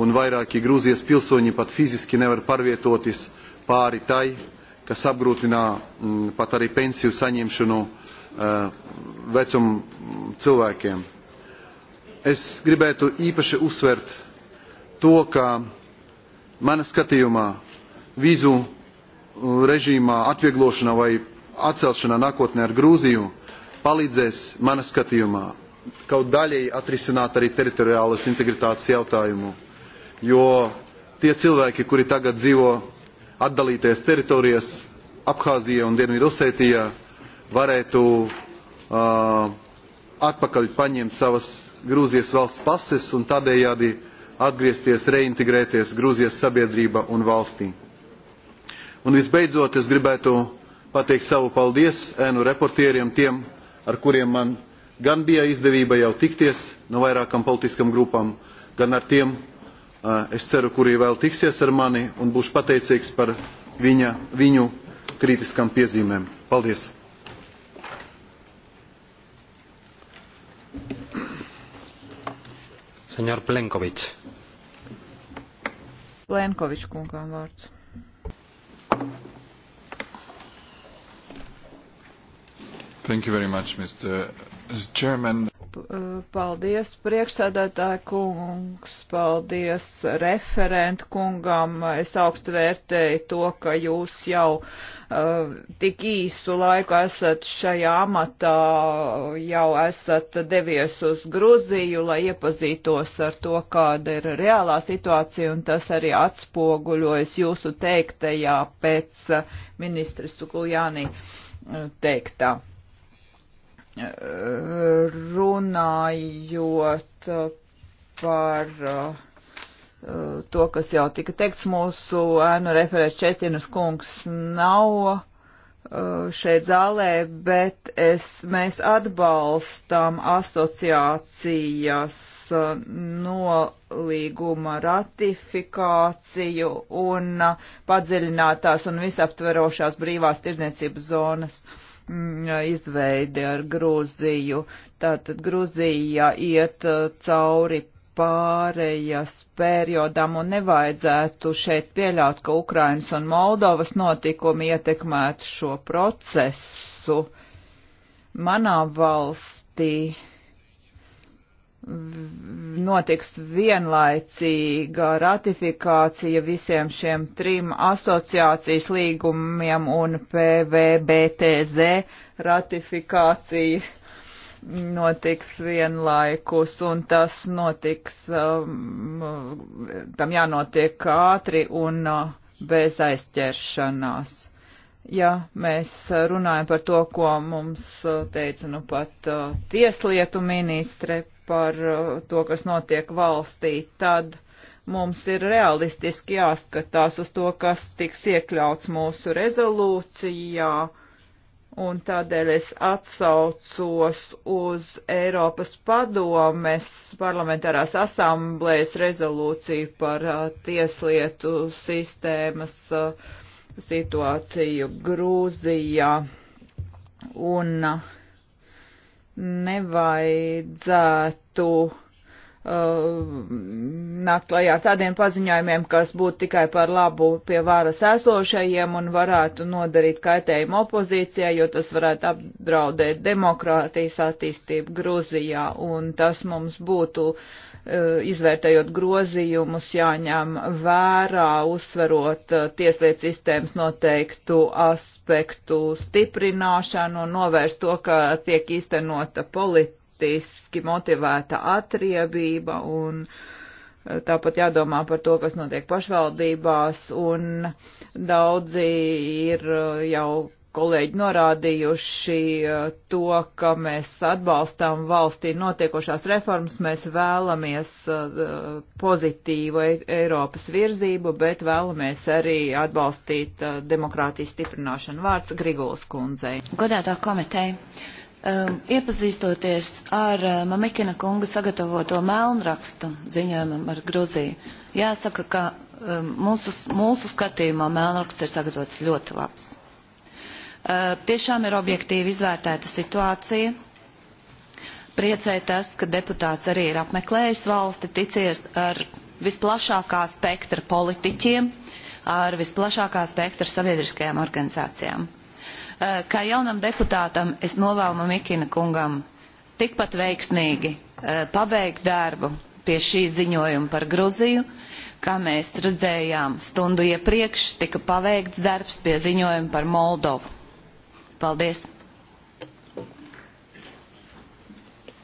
un vairāki Grūzijas pilsoņi pat fiziski nevar pārvietoties pāri tai, kas apgrūtinā m, mm, pat arī pensiju saņemšanu uh, vecumu cilvēkiem. Es gribētu īpaši uzsvert to, ka mana skatījumā vīzu režīmā atvieglošana vai atcelšana nākotnē ar Grūziju palīdzēs, mana skatījumā, kaut daļēji atrisināt arī teritoriālas integritātes jautājumu, jo tie cilvēki, kuri tagad dzīvo atdalīties teritorijas Abhāzija un Dienvidosetija, varētu uh, atpakaļ paņemt savas Grūzijas valsts pases un tādējādi atgriezties, reintegrēties Grūzijas sabiedrībā un valstī. Un visbeidzot, es gribētu pateikt savu paldies ēnu reportieriem, tiem, ar kuriem man gan bija izdevība jau tikties no vairākām politiskām grupām, gan ar tiem, es ceru, kuri vēl tiksies ar mani un būšu pateicīgs par viņa, viņu kritiskām piezīmēm. Paldies! Senjor Plenković. Plenković kungām vārds. Thank you very much, Mr. Chairman. Uh, paldies priekšsēdētāju kungs, paldies referentu kungam. Es augstu vērtēju to, ka jūs jau uh, tik īsu laiku esat šajā amatā, jau esat devies uz Gruziju, lai iepazītos ar to, kāda ir reālā situācija, un tas arī atspoguļojas jūsu teiktajā pēc ministra Sukujānī uh, teiktā. Uh, runājot par uh, to, kas jau tika teikts, mūsu ēnu referēts Četinas kungs nav uh, šeit zālē, bet es, mēs atbalstam asociācijas uh, nolīguma ratifikāciju un padziļinātās un visaptverošās brīvās tirdzniecības zonas uh, Mm, izveidi ar Grūziju. Tātad Grūzija iet uh, cauri pārējas periodam un nevajadzētu šeit pieļaut, ka Ukrainas un Moldovas notikumi ietekmētu šo procesu. Manā valstī notiks vienlaicīga ratifikācija visiem šiem trim asociācijas līgumiem un PVBTZ ratifikācija notiks vienlaikus un tas notiks, um, tam jānotiek ātri un uh, bez aizķeršanās ja mēs runājam par to, ko mums uh, teica nu pat uh, tieslietu ministre par uh, to, kas notiek valstī, tad mums ir realistiski jāskatās uz to, kas tiks iekļauts mūsu rezolūcijā, un tādēļ es atsaucos uz Eiropas padomes parlamentārās asamblējas rezolūciju par uh, tieslietu sistēmas uh, situāciju Grūzijā. Un uh, nevajadzētu uh, Uh, nākt klajā ar tādiem paziņojumiem, kas būtu tikai par labu pie varas esošajiem un varētu nodarīt kaitējumu opozīcijai, jo tas varētu apdraudēt demokrātijas attīstību Gruzijā, un tas mums būtu, uh, izvērtējot grozījumus, jāņem vērā, uzsverot uh, tieslietu sistēmas noteiktu aspektu stiprināšanu un novērst to, ka tiek īstenota politika politiski motivēta atriebība un eh, tāpat jādomā par to, kas notiek pašvaldībās un daudzi ir eh, jau kolēģi norādījuši eh, to, ka mēs atbalstām valstī notiekošās reformas, mēs vēlamies pozitīvu e-, Eiropas virzību, bet vēlamies arī atbalstīt demokrātijas stiprināšanu vārds Grigulas kundzei. Godātā komiteja, Um, iepazīstoties ar uh, Mamikina kunga sagatavoto melnrakstu ziņojumam ar Gruziju, jāsaka, ka um, mūsu, mūsu skatījumā melnraksts ir sagatavots ļoti labs. Uh, tiešām ir objektīvi izvērtēta situācija. Priecē tas, ka deputāts arī ir apmeklējis valsti, ticies ar visplašākā spektra politiķiem, ar visplašākā spektra sabiedriskajām organizācijām. Eh, kā jaunam deputātam es novēlu Mikina kungam tikpat veiksmīgi eh, pabeigt darbu pie šī ziņojuma par Gruziju. Kā mēs redzējām stundu iepriekš, tika paveikts darbs pie ziņojuma par Moldovu. Paldies!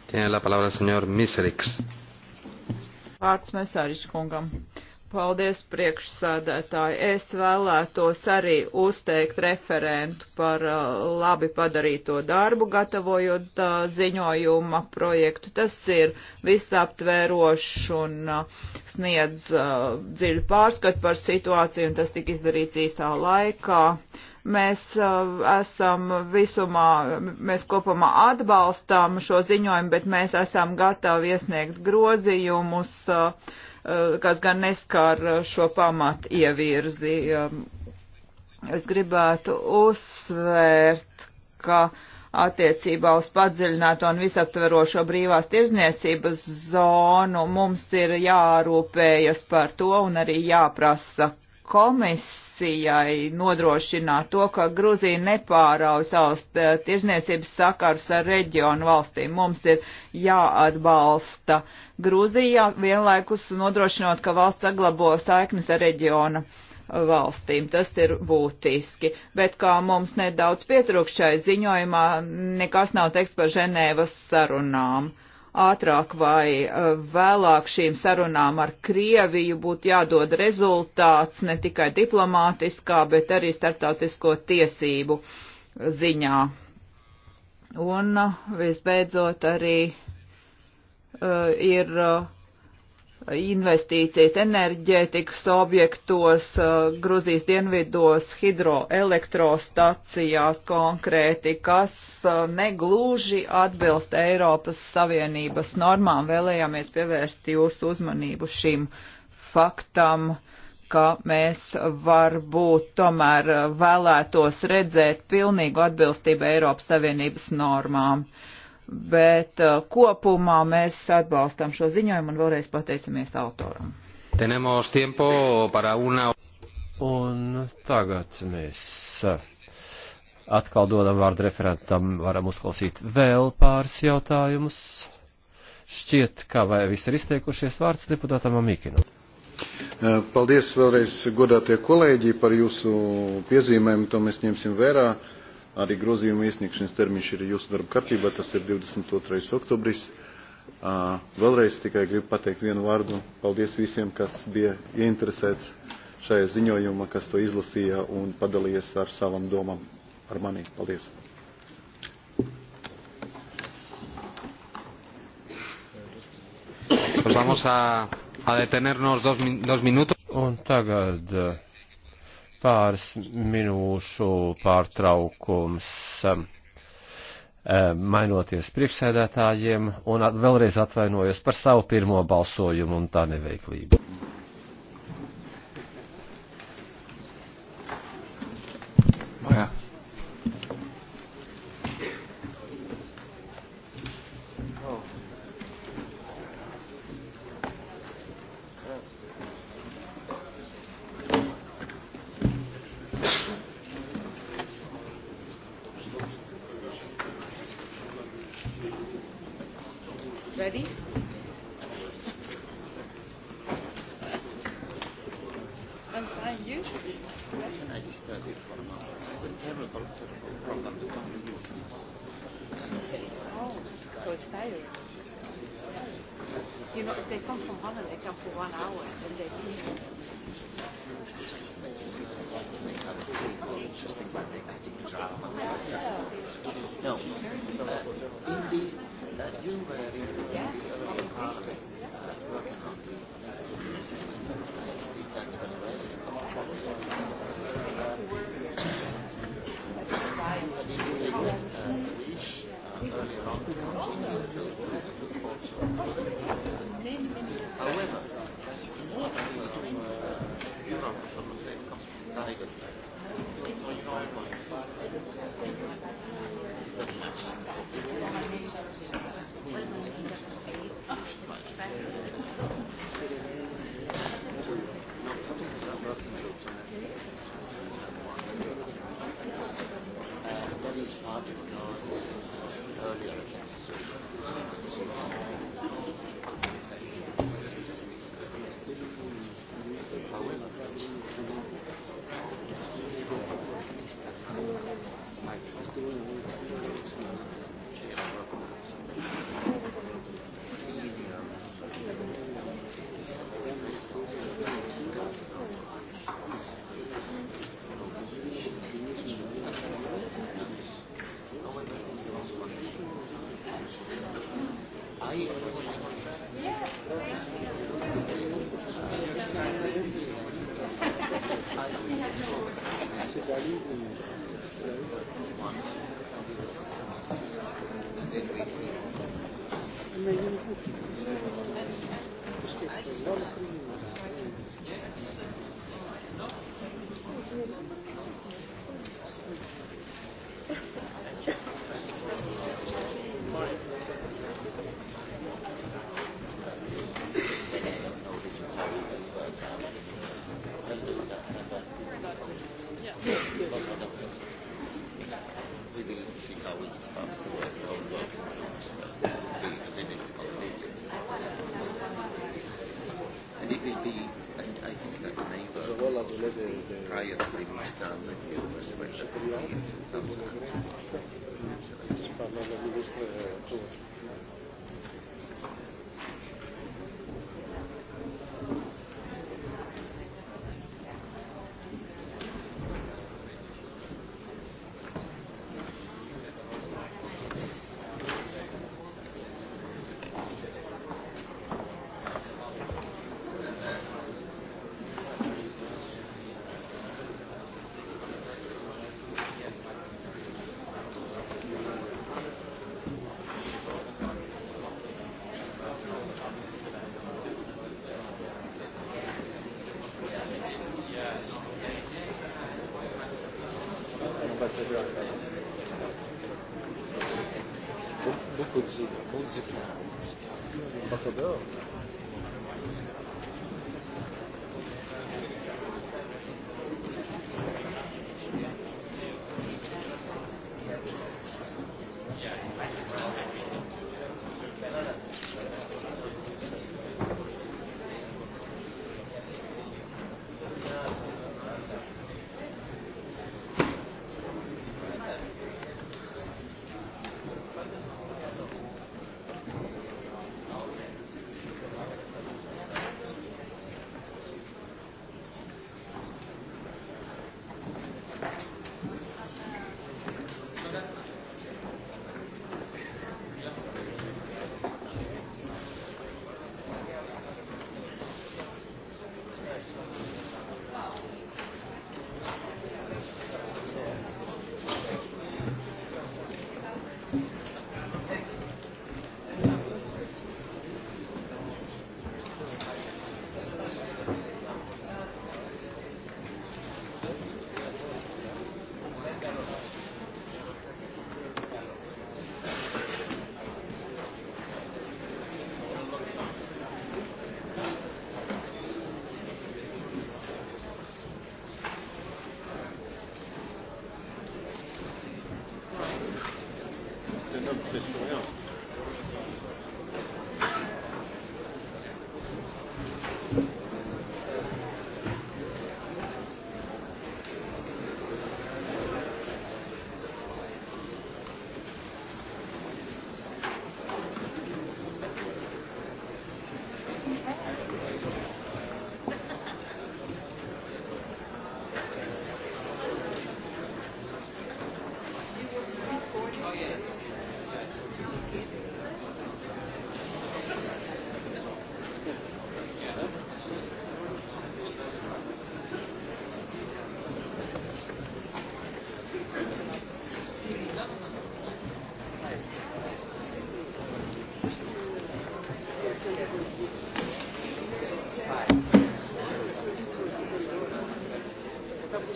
Tiene la palabra el señor Miserix. Vārds Mesāriš kungam. Uh, Paldies, priekšsādētāji. Es vēlētos arī uzteikt referentu par uh, labi padarīto darbu, gatavojot uh, ziņojuma projektu. Tas ir visaptvērošs un uh, sniedz dziļu pārskatu par situāciju, un tas tika izdarīts īsā laikā. Mēs esam visumā, mēs kopumā atbalstām šo ziņojumu, bet mēs esam gatavi iesniegt grozījumus. Uh, Eh, kas gan neskār eh, šo pamat ievirzi. Eh, es gribētu uzsvērt, ka attiecībā uz padziļināto un visaptverošo brīvās tirzniecības zonu mums ir jārūpējas par to un arī jāprasa komisija komisijai nodrošināt to, ka Gruzija nepārauj savus eh, tirzniecības sakars ar reģionu valstīm. Mums ir jāatbalsta Gruzija, vienlaikus nodrošinot, ka valsts saglabo saiknes ar reģionu eh, valstīm. Tas ir būtiski. Bet kā mums nedaudz pietrūkšai ziņojumā, nekas nav teiks par Ženēvas sarunām. Uh, ātrāk vai eh, vēlāk šīm sarunām ar Krieviju būtu jādod rezultāts ne tikai diplomātiskā, bet arī starptautisko tiesību ziņā. Un eh, visbeidzot arī uh, ir uh, investīcijas enerģētikas objektos, uh, Gruzijas dienvidos, hidroelektrostacijās konkrēti, kas uh, negluži atbilst Eiropas Savienības normām. Vēlējāmies pievērst jūsu uzmanību šim faktam, ka mēs varbūt tomēr uh, vēlētos redzēt pilnīgu atbilstību Eiropas Savienības normām. Uh, bet uh, kopumā mēs atbalstam šo ziņojumu un vēlreiz pateicamies autoram. Tenemos tiempo para una. Un tagad mēs uh, atkal dodam vārdu referentam, varam uzklausīt vēl pāris jautājumus. Šķiet, kā vai visi ir izteikušies vārds deputātam Amikinam. Uh, paldies vēlreiz godātie kolēģi par jūsu piezīmēm, to mēs ņemsim vērā. Uh, Arī grozījuma iesniegšanas termiņš ir jūsu darba kārtībā, tas ir 22. oktobris. Vēlreiz tikai gribu pateikt vienu vārdu. Paldies visiem, kas bija ieinteresēts šajā ziņojumā, kas to izlasīja un padalījies ar savam domam ar mani. Paldies! Pues vamos a, a detenernos dos, dos minutos. Un tagad. Uh pāris minūšu pārtraukums um, um, mainoties priekšsēdētājiem un vēlreiz atvainojos par savu pirmo balsojumu un tā neveiklību.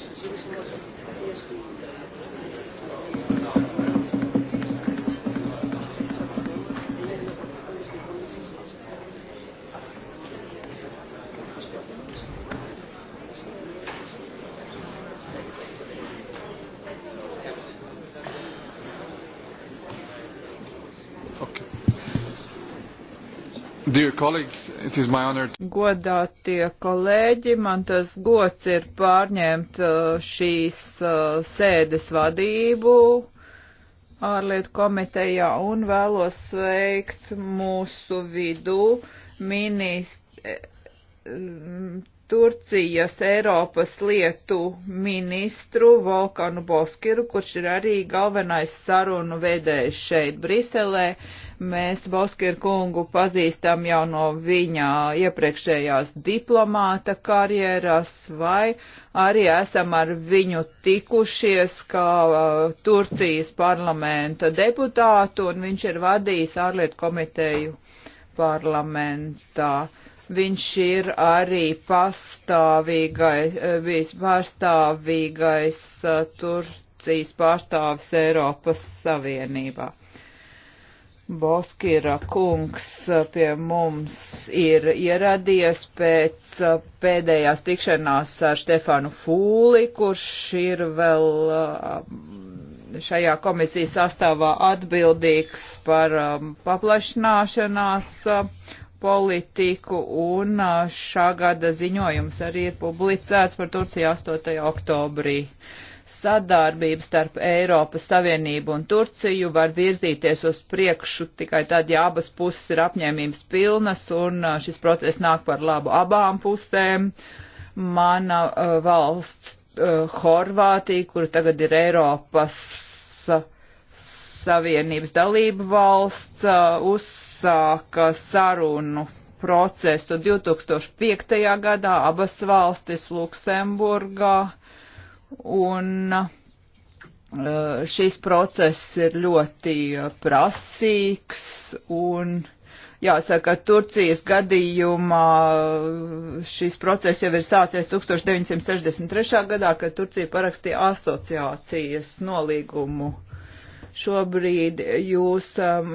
Thank you. Godātie kolēģi, man tas gods ir pārņemt uh, šīs uh, sēdes vadību ārlietu komitejā un vēlos sveikt mūsu vidū ministru eh, Turcijas Eiropas lietu ministru Volkanu Boskiru, kurš ir arī galvenais sarunu vedējs šeit Briselē. Mēs Boskiru kungu pazīstam jau no viņa iepriekšējās diplomāta karjeras, vai arī esam ar viņu tikušies kā uh, Turcijas parlamenta deputātu, un viņš ir vadījis ārlietu komiteju parlamentā. Uh, viņš ir arī pastāvīgai, vispārstāvīgais eh, eh, Turcijas pārstāvis Eiropas Savienībā. Boskira kungs eh, pie mums ir ieradies pēc pēdējās tikšanās ar Stefanu Fūli, kurš ir vēl šajā komisijas sastāvā atbildīgs par paplašināšanās politiku, un šā gada ziņojums arī ir publicēts par Turciju 8. oktobrī. Sadarbība starp Eiropas Savienību un Turciju var virzīties uz priekšu tikai tad, ja abas puses ir apņēmības pilnas, un šis process nāk par labu abām pusēm. Mana uh, valsts uh, Horvātija, kura tagad ir Eiropas uh, Savienības dalība valsts, uh, uz uzsāka sarunu procesu 2005. gadā abas valstis Luksemburgā, un e, šis process ir ļoti prasīgs, un jāsaka, Turcijas gadījumā šis process jau ir sācies 1963. gadā, kad Turcija parakstīja asociācijas nolīgumu Šobrīd jūs um,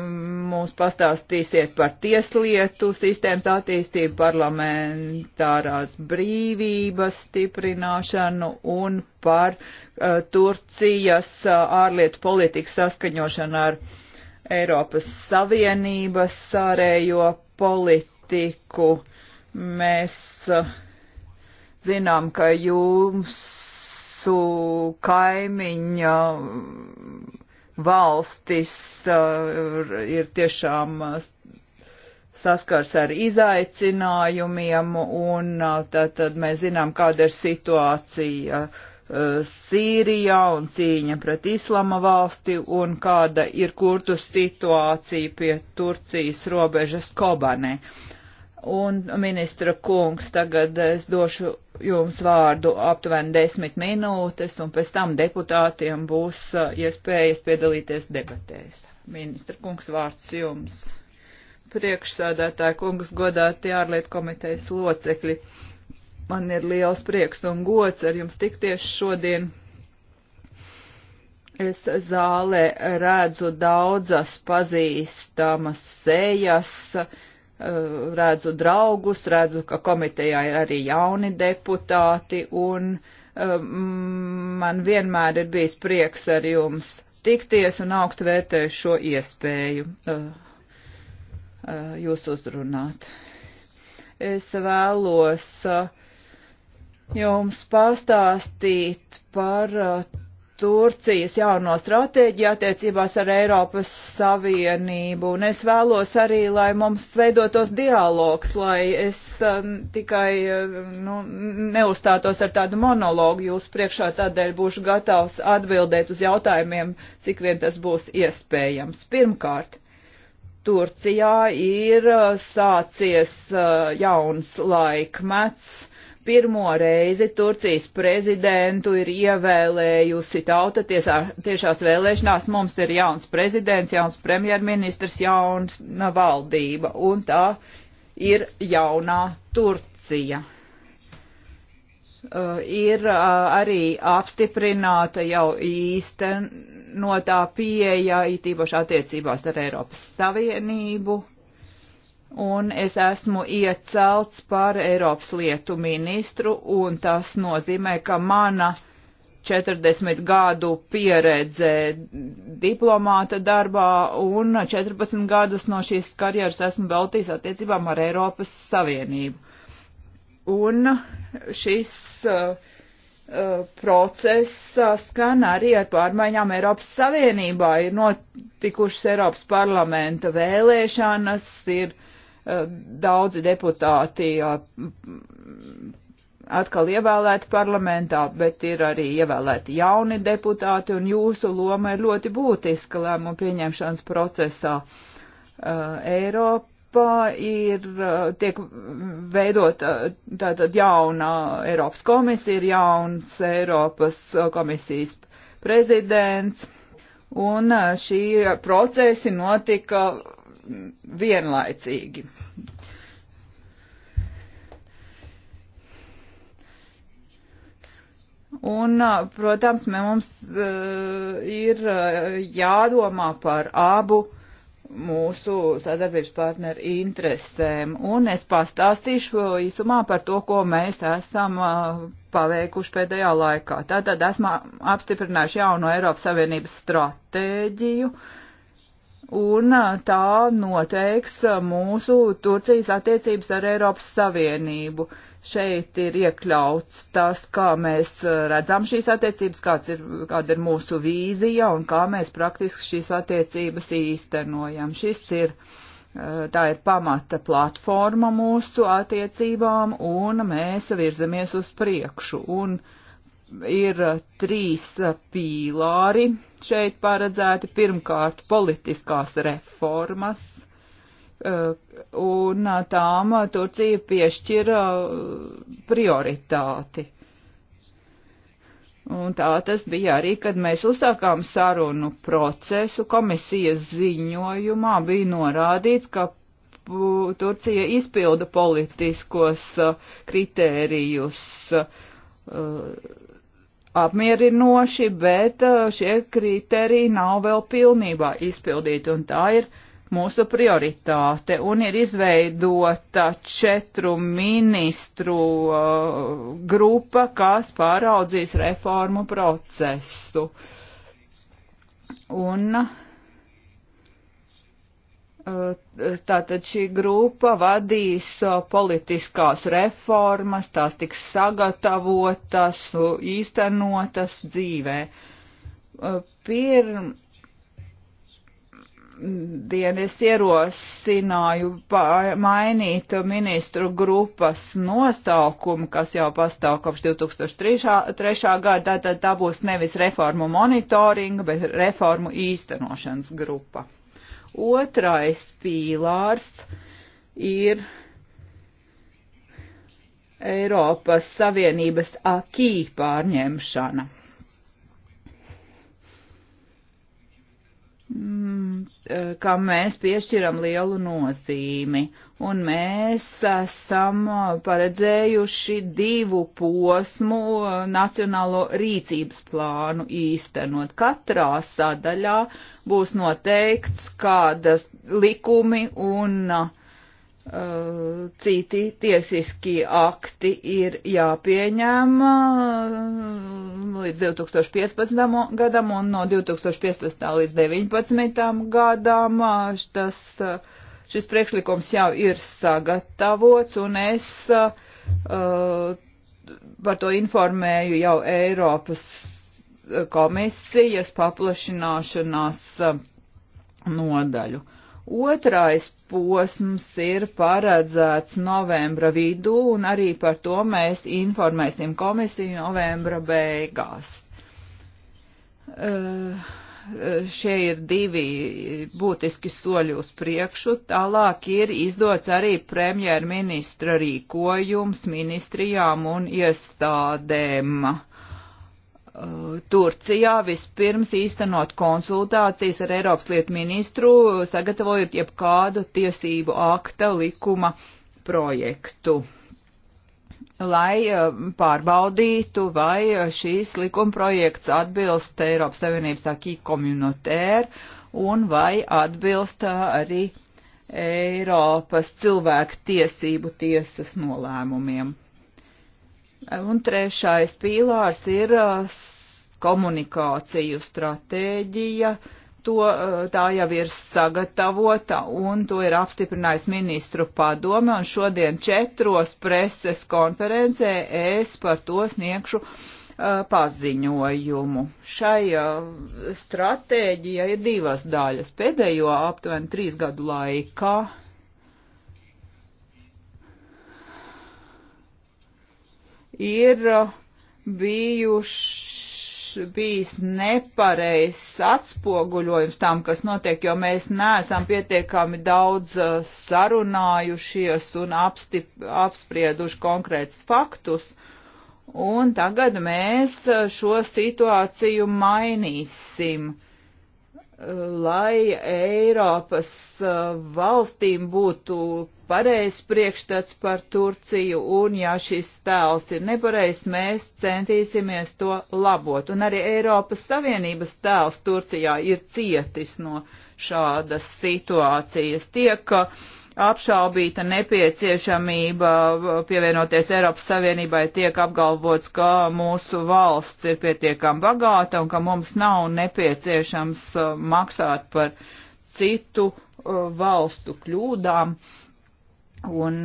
mums pastāstīsiet par tieslietu sistēmas attīstību, parlamentārās brīvības stiprināšanu un par uh, Turcijas uh, ārlietu politikas saskaņošanu ar Eiropas Savienības sārējo politiku. Mēs uh, zinām, ka jums mūsu kaimiņa valstis uh, ir tiešām uh, saskars ar izaicinājumiem, un uh, tad, tad mēs zinām, kāda ir situācija Sīrijā un cīņa pret islama valsti, un kāda ir kurtu situācija pie Turcijas robežas Kobanē. Un ministra kungs, tagad es došu jums vārdu aptuveni desmit minūtes, un pēc tam deputātiem būs uh, iespējas piedalīties debatēs. Ministra kungs vārds jums. Priekšsādātāja kungs godāti ārlietu komitejas locekļi. Man ir liels prieks un gods ar jums tikties šodien. Es zālē redzu daudzas pazīstamas sejas, uh, Eh, redzu draugus, redzu, ka komitejā ir arī jauni deputāti, un eh, man vienmēr ir bijis prieks ar jums tikties un augstu vērtēju šo iespēju eh, jūs uzrunāt. Es vēlos jums pastāstīt par Turcijas jauno stratēģiju attiecībās ar Eiropas Savienību, un es vēlos arī, lai mums veidotos dialogs, lai es um, tikai uh, nu, neuzstātos ar tādu monologu jūsu priekšā, tādēļ būšu gatavs atbildēt uz jautājumiem, cik vien tas būs iespējams. Pirmkārt, Turcijā ir uh, sācies uh, jauns laikmets pirmo reizi Turcijas prezidentu ir ievēlējusi tauta tiesā, tiešās vēlēšanās. Mums ir jauns prezidents, jauns premjerministrs, jauna valdība, un tā ir jaunā Turcija. Uh, ir uh, arī apstiprināta jau īstenotā pieeja, it īpaši attiecībās ar Eiropas Savienību un es esmu iecelts par Eiropas lietu ministru, un tas nozīmē, ka mana 40 gadu pieredze diplomāta darbā un 14 gadus no šīs karjeras esmu veltījis attiecībām ar Eiropas Savienību. Un šis uh, uh, process uh, skan arī ar pārmaiņām Eiropas Savienībā. Ir notikušas Eiropas parlamenta vēlēšanas, ir uh, daudzi deputāti atkal ievēlēti parlamentā, bet ir arī ievēlēti jauni deputāti, un jūsu loma ir ļoti būtiska lēmumu pieņemšanas procesā. Eiropā ir, tiek veidot tātad jauna Eiropas komisija, ir jauns Eiropas komisijas prezidents, un šī procesi notika vienlaicīgi. Un, protams, mums ir jādomā par abu mūsu sadarbības partneru interesēm. Un es pastāstīšu īsumā par to, ko mēs esam paveikuši pēdējā laikā. Tātad esmu apstiprinājuši jauno Eiropas Savienības stratēģiju. Uh, un tā noteiks mūsu Turcijas attiecības ar Eiropas Savienību. Šeit ir iekļauts tas, kā mēs redzam šīs attiecības, kāds ir, kāda ir mūsu vīzija un kā mēs praktiski šīs attiecības īstenojam. Šis ir, tā ir pamata platforma mūsu attiecībām un mēs virzamies uz priekšu. Un, uh, ir eh, trīs eh, pīlāri šeit paredzēti. Pirmkārt, politiskās reformas, eh, un tām Turcija piešķira prioritāti. Un tā tas bija arī, kad mēs uzsākām sarunu procesu. Komisijas ziņojumā bija norādīts, ka Turcija izpilda politiskos kritērijus apmierinoši, bet uh, šie kriteriji nav vēl pilnībā izpildīti, un tā ir mūsu prioritāte. Un ir izveidota četru ministru uh, grupa, kas pāraudzīs reformu procesu. Un uh, Eh, tātad šī grupa vadīs eh, politiskās reformas, tās tiks sagatavotas, nu, īstenotas dzīvē. Eh, Pirm, šodien es ierosināju mainīt ministru grupas nosaukumu, kas jau pastāv kopš 2003. gada, tātad tā būs nevis reformu monitoringa, bet reformu īstenošanas grupa. Otrais pīlārs ir Eiropas Savienības akī pārņemšana. Eh, kam mēs piešķiram lielu nozīmi. Un mēs esam eh, paredzējuši divu posmu eh, nacionālo rīcības plānu īstenot. Katrā sadaļā būs noteikts, kādas likumi un uh, Eh, citi tiesiski akti ir jāpieņem eh, līdz 2015. gadam un no 2015. līdz 2019. gadam eh, tas, šis priekšlikums jau ir sagatavots un es uh, par to informēju jau Eiropas komisijas paplašināšanās nodaļu. Uh, Otrais posms ir paredzēts novembra vidū, un arī par to mēs informēsim komisiju novembra beigās. Uh, šie ir divi būtiski soļi uz priekšu. Tālāk ir izdots arī premjerministra rīkojums ministrijām un iestādēm. Uh, Eh, Turcijā vispirms īstenot konsultācijas ar Eiropas lietu ministru, sagatavojot jebkādu tiesību akta likuma projektu, lai eh, pārbaudītu, vai šīs likuma projekts atbilst Eiropas Savienības akī komunitēr un vai atbilst eh, arī Eiropas cilvēku tiesību tiesas nolēmumiem. Un trešais pīlārs ir komunikāciju stratēģija. To, tā jau ir sagatavota un to ir apstiprinājis ministru padome, un šodien četros preses konferencē es par to sniegšu uh, paziņojumu. Šai uh, stratēģijai ir divas daļas. Pēdējo aptuveni trīs gadu laikā uh, ir uh, bijuši, bijis nepareizs atspoguļojums tam, kas notiek, jo mēs neesam pietiekami daudz uh, sarunājušies un apstip, apsprieduši konkrētus faktus. Un tagad mēs uh, šo situāciju mainīsim. Uh, lai Eiropas uh, valstīm būtu pareizs priekšstats par Turciju, un ja šis tēls ir nepareizs, mēs centīsimies to labot. Un arī Eiropas Savienības tēls Turcijā ir cietis no šādas situācijas. Tiek uh, apšaubīta nepieciešamība pievienoties Eiropas Savienībai tiek apgalvots, ka mūsu valsts ir pietiekami bagāta un ka mums nav nepieciešams uh, maksāt par citu uh, valstu kļūdām. Un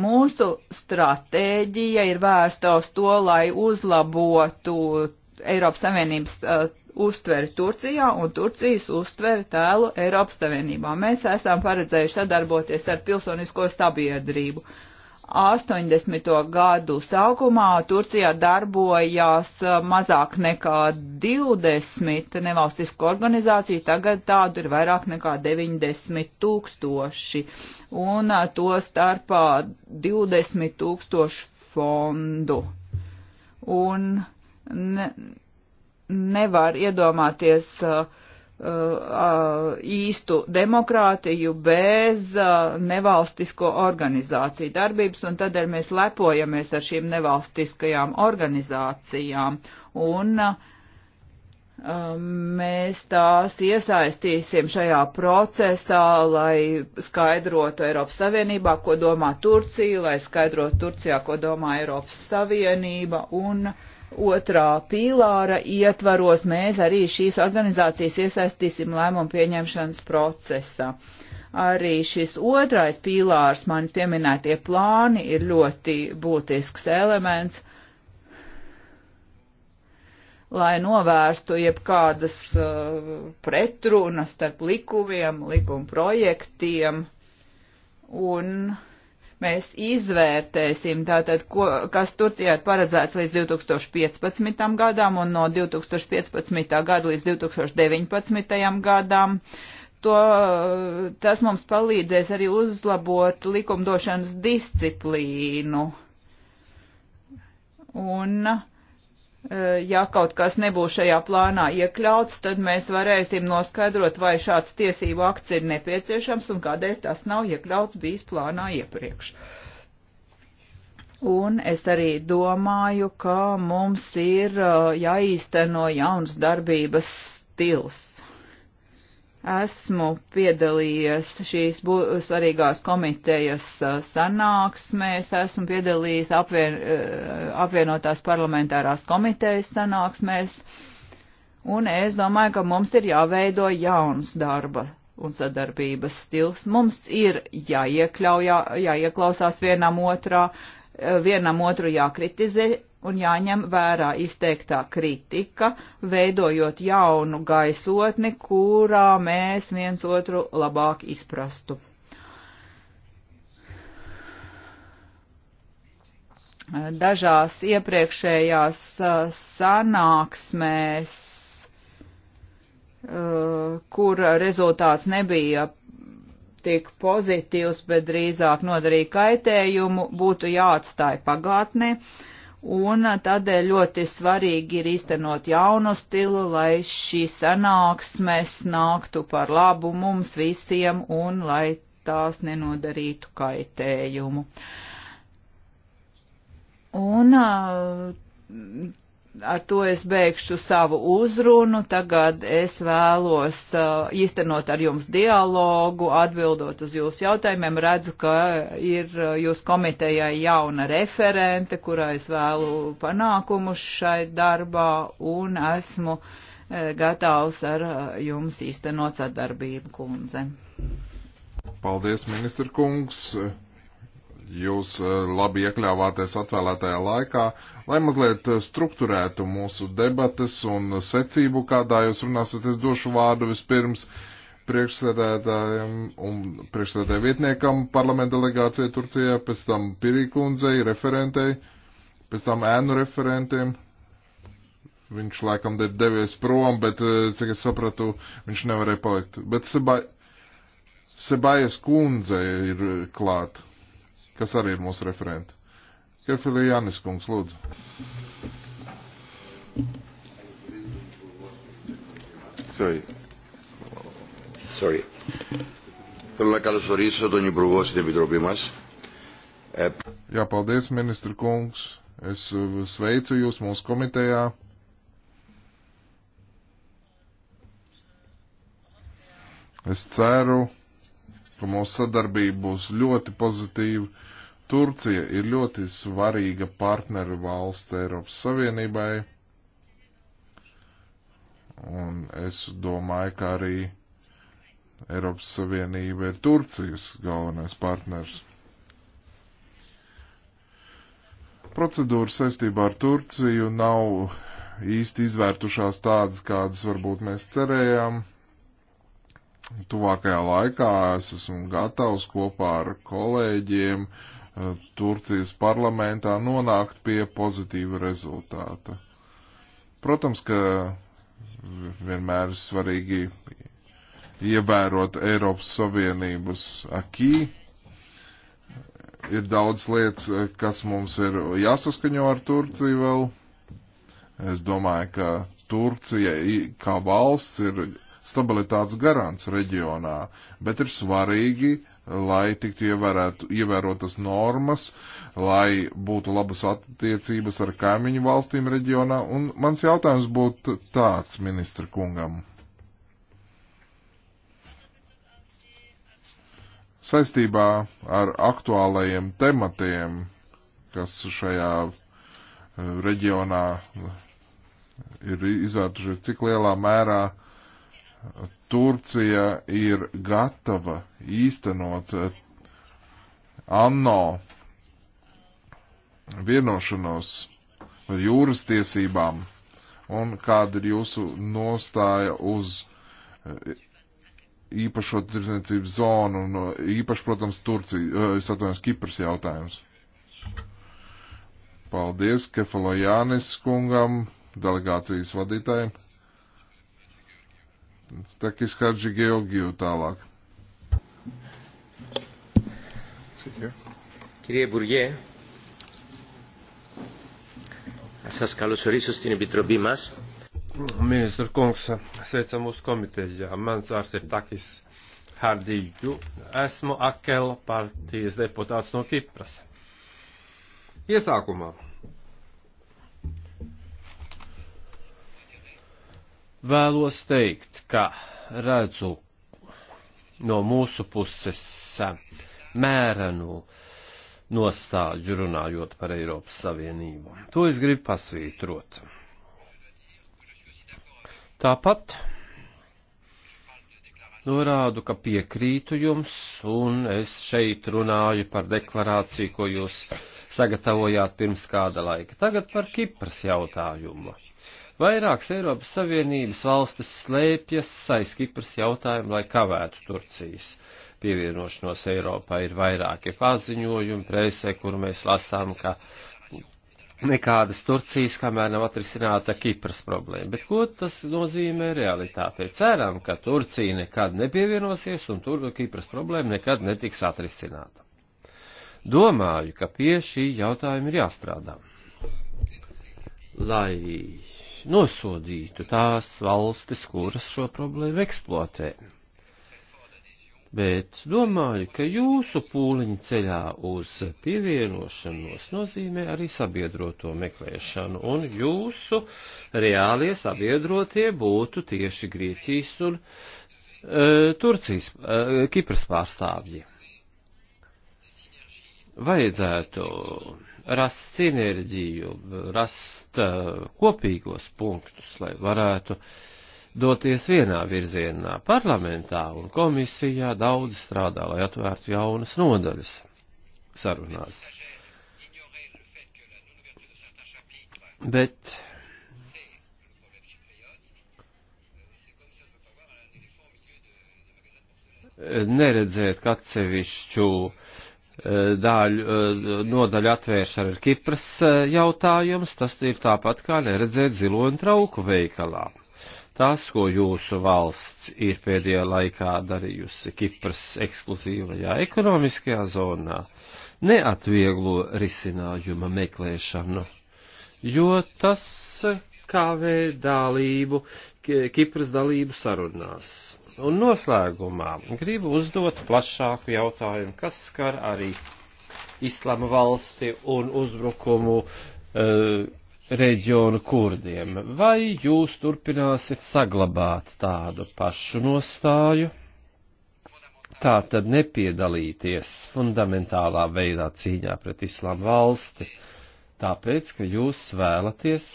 mūsu stratēģija ir vērsta uz to, lai uzlabotu Eiropas Savienības uh, uztveri Turcijā un Turcijas uztveri tēlu Eiropas Savienībā. Mēs esam paredzējuši sadarboties ar pilsonisko sabiedrību. 80. gadu sākumā Turcijā darbojās uh, mazāk nekā 20 nevalstisku organizāciju, tagad tādu ir vairāk nekā 90 tūkstoši, un uh, to starpā 20 tūkstošu fondu. Un ne, nevar iedomāties uh, uh, īstu demokrātiju bez uh, nevalstisko organizāciju darbības, un tādēļ mēs lepojamies ar šīm nevalstiskajām organizācijām. Un uh, um, mēs tās iesaistīsim šajā procesā, lai skaidrotu Eiropas Savienībā, ko domā Turcija, lai skaidrotu Turcijā, ko domā Eiropas Savienība un uh, otrā pīlāra ietvaros mēs arī šīs organizācijas iesaistīsim lēmumu pieņemšanas procesā. Arī šis otrais pīlārs, manis pieminētie plāni, ir ļoti būtisks elements, lai novērstu jebkādas uh, pretrunas starp likumiem, likuma projektiem un uh, mēs izvērtēsim, tātad, ko, kas Turcijā ir paredzēts līdz 2015. gadam un no 2015. gada līdz 2019. gadam. To, tas mums palīdzēs arī uzlabot likumdošanas disciplīnu. Un uh, Eh, ja kaut kas nebūs šajā plānā iekļauts, tad mēs varēsim noskaidrot, vai šāds tiesību akts ir nepieciešams un kādēļ tas nav iekļauts bijis plānā iepriekš. Un es arī domāju, ka mums ir eh, jāīsteno jauns darbības stils. Esmu piedalījies šīs svarīgās komitejas uh, sanāksmēs, esmu piedalījies apvien, uh, apvienotās parlamentārās komitejas sanāksmēs, un es domāju, ka mums ir jāveido jauns darba un sadarbības stils. Mums ir jāiekļaujā, jāieklausās vienam otrā, vienam otru jākritizē, un jāņem vērā izteiktā kritika, veidojot jaunu gaisotni, kurā mēs viens otru labāk izprastu. Dažās iepriekšējās uh, sanāksmēs, uh, kur rezultāts nebija tik pozitīvs, bet drīzāk nodarīja kaitējumu, būtu jāatstāja pagātnē. Uh, un tādēļ ļoti svarīgi ir īstenot jaunu stilu, lai šī sanāksmes nāktu par labu mums visiem un lai tās nenodarītu kaitējumu. Un ar to es beigšu savu uzrunu. Tagad es vēlos uh, īstenot ar jums dialogu, atbildot uz jūsu jautājumiem. Redzu, ka ir uh, jūs komitejai jauna referente, kurā es vēlu panākumus šai darbā, un esmu uh, gatavs ar uh, jums īstenot sadarbību, kundze. Paldies, ministra kungs! Jūs eh, labi iekļāvāties atvēlētajā laikā, lai mazliet eh, strukturētu mūsu debates un secību, kādā jūs runāsiet. Es došu vārdu vispirms priekšsēdētājiem un priekšsēdētāju vietniekam parlamenta delegācija Turcijā, pēc tam Pirīkundzei, referentei, pēc tam ēnu referentiem. Viņš laikam ir devies prom, bet, eh, cik es sapratu, viņš nevarēja palikt. Bet Seba... Sebajas kundze ir klāta kas arī ir mūsu referenta. Kefilī Jānis Kungs, lūdzu. Sorry. Sorry. Θέλω να καλωσορίσω τον Υπουργό στην Επιτροπή μας. Jā, paldies, ministra kungs. Es uh, sveicu jūs mūsu komitejā. Es ceru, ka mūsu sadarbība būs ļoti pozitīva Turcija ir ļoti svarīga partneru valsts Eiropas Savienībai, un es domāju, ka arī Eiropas Savienība ir Turcijas galvenais partners. Procedūra saistībā ar Turciju nav īsti izvērtušās tādas, kādas varbūt mēs cerējām. Tuvākajā laikā es esmu gatavs kopā ar kolēģiem uh, Turcijas parlamentā nonākt pie pozitīva rezultāta. Protams, ka vienmēr ir svarīgi ievērot Eiropas Savienības akī. Ir daudz lietas, kas mums ir jāsaskaņo ar Turciju vēl. Es domāju, ka Turcija kā valsts ir stabilitātes garants reģionā, bet ir svarīgi lai tiktu ievērētu, ievērotas normas, lai būtu labas attiecības ar kaimiņu valstīm reģionā. Un mans jautājums būtu tāds ministra kungam. Saistībā ar aktuālajiem tematiem, kas šajā eh, reģionā ir izvērtuši, cik lielā mērā Turcija ir gatava īstenot eh, ANO vienošanos par jūras tiesībām un kāda ir jūsu nostāja uz eh, īpašo tirdzniecības zonu un eh, īpaši, protams, Turcija, es atvainojos, Kipras jautājums. Paldies Kefalojānis kungam, delegācijas vadītājiem. Takis Hadži Georgiju tālāk. Κύριε Υπουργέ, να σας καλωσορίσω στην Επιτροπή μας. Ministru kungs, sveicam mūsu komitejā. Mans vārds ir Takis Hardīģu. Esmu Akela partijas deputāts no Kipras. Iesākumā Vēlos teikt, ka redzu no mūsu puses eh, mērenu nostāju runājot par Eiropas Savienību. To es gribu pasvītrot. Tāpat norādu, ka piekrītu jums, un es šeit runāju par deklarāciju, ko jūs sagatavojāt pirms kāda laika. Tagad par Kipras jautājumu. Vairākas Eiropas Savienības valstis slēpjas aiz Kipras jautājumu, lai kavētu Turcijas pievienošanos Eiropā. Ir vairāki paziņojumi presē, kur mēs lasām, ka nekādas Turcijas, kamēr nav atrisināta Kipras problēma. Bet ko tas nozīmē realitātei? Ceram, ka Turcija nekad nepievienosies un tur Kipras problēma nekad netiks atrisināta. Domāju, ka pie šī jautājuma ir jāstrādā. Lai nosodītu tās valstis, kuras šo problēmu eksploatē. Bet domāju, ka jūsu pūliņi ceļā uz pievienošanos nozīmē arī sabiedroto meklēšanu, un jūsu reālie sabiedrotie būtu tieši Grieķijas un e, Turcijas, e, Kipras pārstāvji. Vajadzētu rast sinerģiju, rast eh, kopīgos punktus, lai varētu doties vienā virzienā. Parlamentā un komisijā daudz strādā, lai atvērtu jaunas nodaļas sarunās. Bet neredzēt atsevišķu uh, daļu, eh, nodaļu atvēršana ir Kipras eh, jautājums, tas ir tāpat kā neredzēt ziloņu trauku veikalā. Tas, ko jūsu valsts ir pēdējā laikā darījusi Kipras ekskluzīvajā ekonomiskajā zonā, neatvieglo risinājuma meklēšanu, jo tas eh, kavē dalību, Kipras dalību sarunās. Un noslēgumā gribu uzdot plašāku jautājumu, kas skar arī islama valsti un uzbrukumu uh, reģionu kurdiem. Vai jūs turpināsiet saglabāt tādu pašu nostāju? Tā tad nepiedalīties fundamentālā veidā cīņā pret islāma valsti, tāpēc, ka jūs vēlaties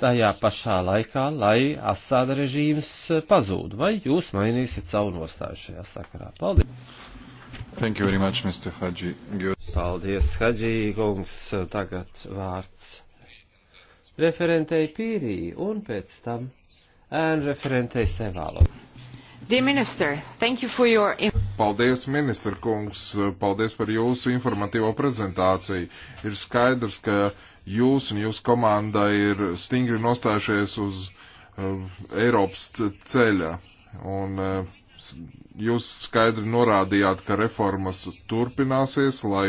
tajā pašā laikā, lai Asāda režīms eh, pazūd? Vai jūs mainīsiet savu nostāju šajā sakarā? Paldies! Thank you very much, Mr. Hadži. Paldies, Hadži kungs. Tagad vārds referentei Pīrī un pēc tam ēnu referentei Sevālo. Dear Minister, thank you for your... Paldies, ministra kungs, paldies par jūsu informatīvo prezentāciju. Ir skaidrs, ka uh, jūs un jūsu komanda ir stingri nostājušies uz uh, Eiropas ceļa. Un uh, jūs skaidri norādījāt, ka reformas turpināsies, lai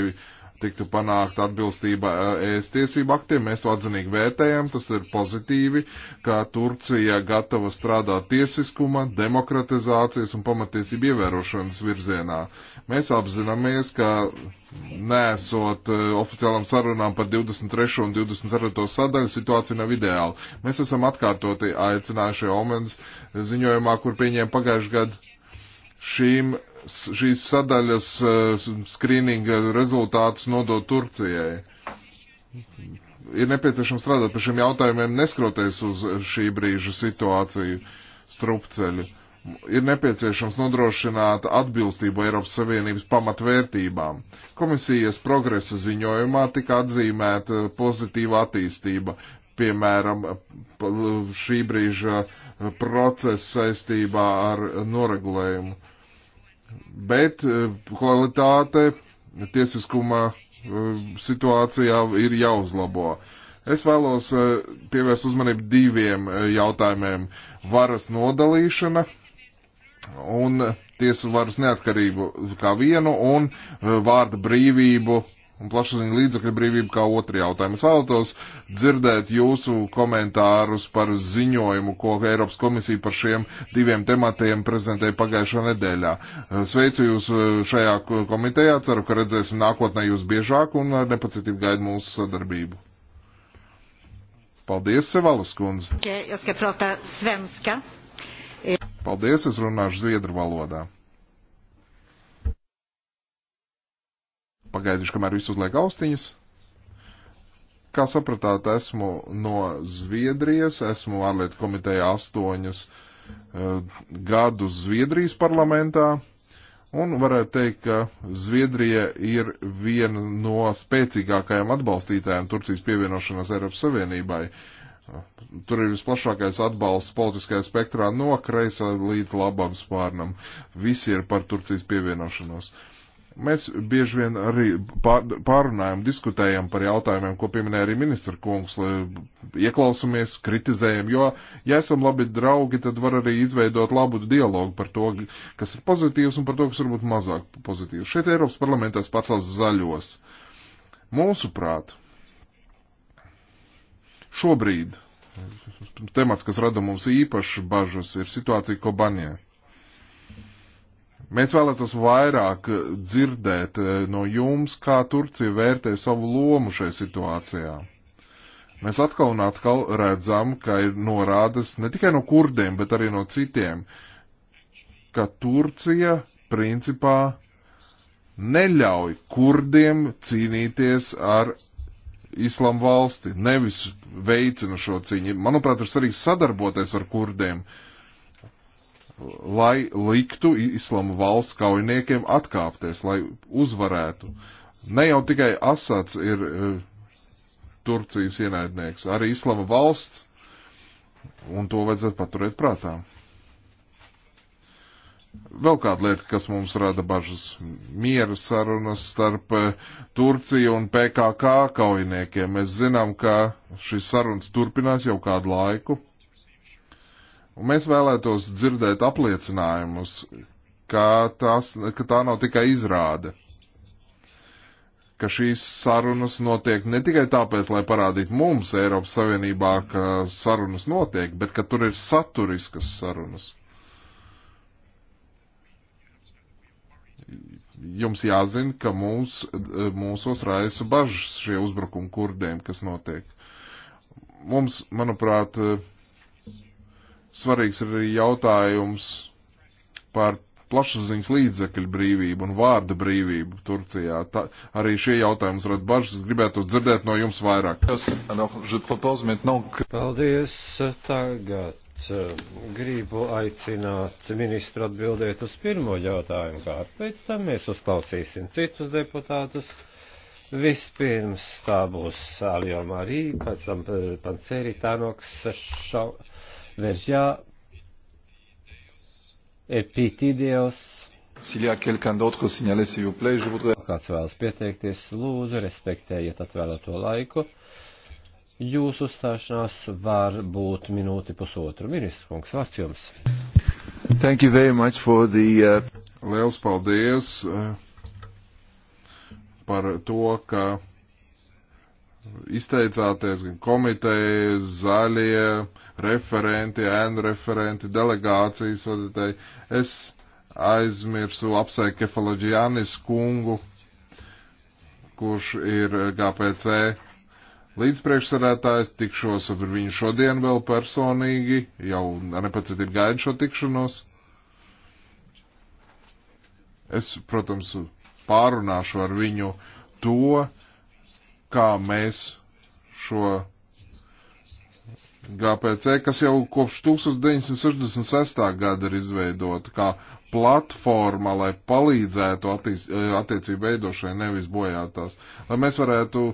tiktu panākt atbilstība ES eh, tiesību aktiem. Mēs to atzinīgi vērtējam, tas ir pozitīvi, ka Turcija gatava strādāt tiesiskuma, demokratizācijas un pamatiesību ievērošanas virzienā. Mēs apzināmies, ka nesot eh, oficiālam sarunām par 23. un 24. sadaļu situācija nav ideāla. Mēs esam atkārtoti aicinājuši Omens ziņojumā, kur pieņēma pagājušajā gadā šīm šīs sadaļas eh, skrīninga rezultātus nodot Turcijai. Ir nepieciešams strādāt par šiem jautājumiem, neskroties uz šī brīža situāciju strupceļu. Ir nepieciešams nodrošināt atbilstību Eiropas Savienības pamatvērtībām. Komisijas progresa ziņojumā tika atzīmēta pozitīva attīstība, piemēram, šī brīža procesa saistībā ar noregulējumu bet eh, kvalitāte tiesiskuma eh, situācijā ir jāuzlabo. Es vēlos eh, pievērst uzmanību diviem jautājumiem - varas nodalīšana un tiesu varas neatkarību kā vienu un vārda brīvību un plašsaziņu līdzakļu brīvību kā otru jautājumu. Es vēlētos dzirdēt jūsu komentārus par ziņojumu, ko Eiropas komisija par šiem diviem tematiem prezentēja pagājušā nedēļā. Sveicu jūs eh, šajā komitejā, ceru, ka redzēsim nākotnē jūs biežāk un ar nepacietību gaidu mūsu sadarbību. Paldies, Sevalas kundze. Paldies, es runāšu zviedru valodā. pagaidīšu, kamēr visu uzliek austiņas. Kā sapratāt, esmu no Zviedrijas, esmu ārlietu komiteja astoņus uh, eh, gadus Zviedrijas parlamentā. Un varētu teikt, ka Zviedrija ir viena no spēcīgākajām atbalstītājām Turcijas pievienošanās Eiropas Savienībai. Tur ir visplašākais atbalsts politiskajā spektrā no kreisa līdz labam spārnam. Visi ir par Turcijas pievienošanos. Uh, Mēs bieži vien arī pārunājam, diskutējam par jautājumiem, ko pieminēja arī ministra kungs, lai ieklausamies, kritizējam, jo, ja esam labi draugi, tad var arī izveidot labu dialogu par to, kas ir pozitīvs un par to, kas varbūt mazāk pozitīvs. Šeit Eiropas parlamentās pārstāvs zaļos. Mūsuprāt, šobrīd temats, kas rada mums īpaši bažas, ir situācija Kobanijai Mēs vēlētos vairāk eh, dzirdēt eh, no jums, kā Turcija vērtē savu lomu šajā situācijā. Mēs atkal un atkal redzam, ka ir norādes ne tikai no kurdiem, bet arī no citiem, ka Turcija principā neļauj kurdiem cīnīties ar islamu valsti, nevis veicina šo cīņu. Manuprāt, ir svarīgi sadarboties ar kurdiem. Uh, lai liktu islama valsts kaujiniekiem atkāpties, lai uzvarētu. Ne jau tikai Asats ir e, Turcijas ienaidnieks, arī islama valsts, un to vajadzētu paturēt prātā. Vēl kāda lieta, kas mums rada bažas - miera sarunas starp e, Turciju un PKK kaujiniekiem. Mēs zinām, ka šīs sarunas turpinās jau kādu laiku. Un mēs vēlētos dzirdēt apliecinājumus, ka, tas, ka tā nav tikai izrāde, ka šīs sarunas notiek ne tikai tāpēc, lai parādītu mums Eiropas Savienībā, ka sarunas notiek, bet ka tur ir saturiskas sarunas. Jums jāzina, ka mūs, mūsos raisa bažas šie uzbrukumi kurdiem, kas notiek. Mums, manuprāt, uh, Svarīgs ir arī jautājums par plašsaziņas līdzekļu brīvību un vārda brīvību Turcijā. Tā, arī šie jautājumi rada bažas. Gribētu dzirdēt no jums vairāk. Paldies. Tagad eh, gribu aicināt ministru atbildēt uz pirmo jautājumu kārtu. Pēc tam mēs uzklausīsim citus deputātus. Vispirms tā būs Sālio Marī, pēc tam Panceri Tanoks. Šau... Veržia, Epitidijos. S'il y a quelqu'un d'autre signalé, s'il vous plaît, je voudrais. Kāds vēlas pieteikties, lūdzu, respektējiet atvēlēto laiku. Jūsu uzstāšanās var būt minūti pusotru. Ministrs kungs, vārds jums. Thank you very much for the. Uh... Liels paldies uh, par to, ka izteicāties gan komiteja, zaļie, referenti, ēnu referenti, delegācijas vadītāji. Es aizmirsu apsveikt Kefaloģijānis kungu, kurš ir GPC līdzpriekšsarētājs, tikšos ar viņu šodien vēl personīgi, jau ar nepacietību gaidu šo tikšanos. Es, protams, pārunāšu ar viņu to, kā mēs šo GPC, kas jau kopš 1966. gada ir izveidota kā platforma, lai palīdzētu attīst, attiecību veidošanai, nevis bojātās, lai mēs varētu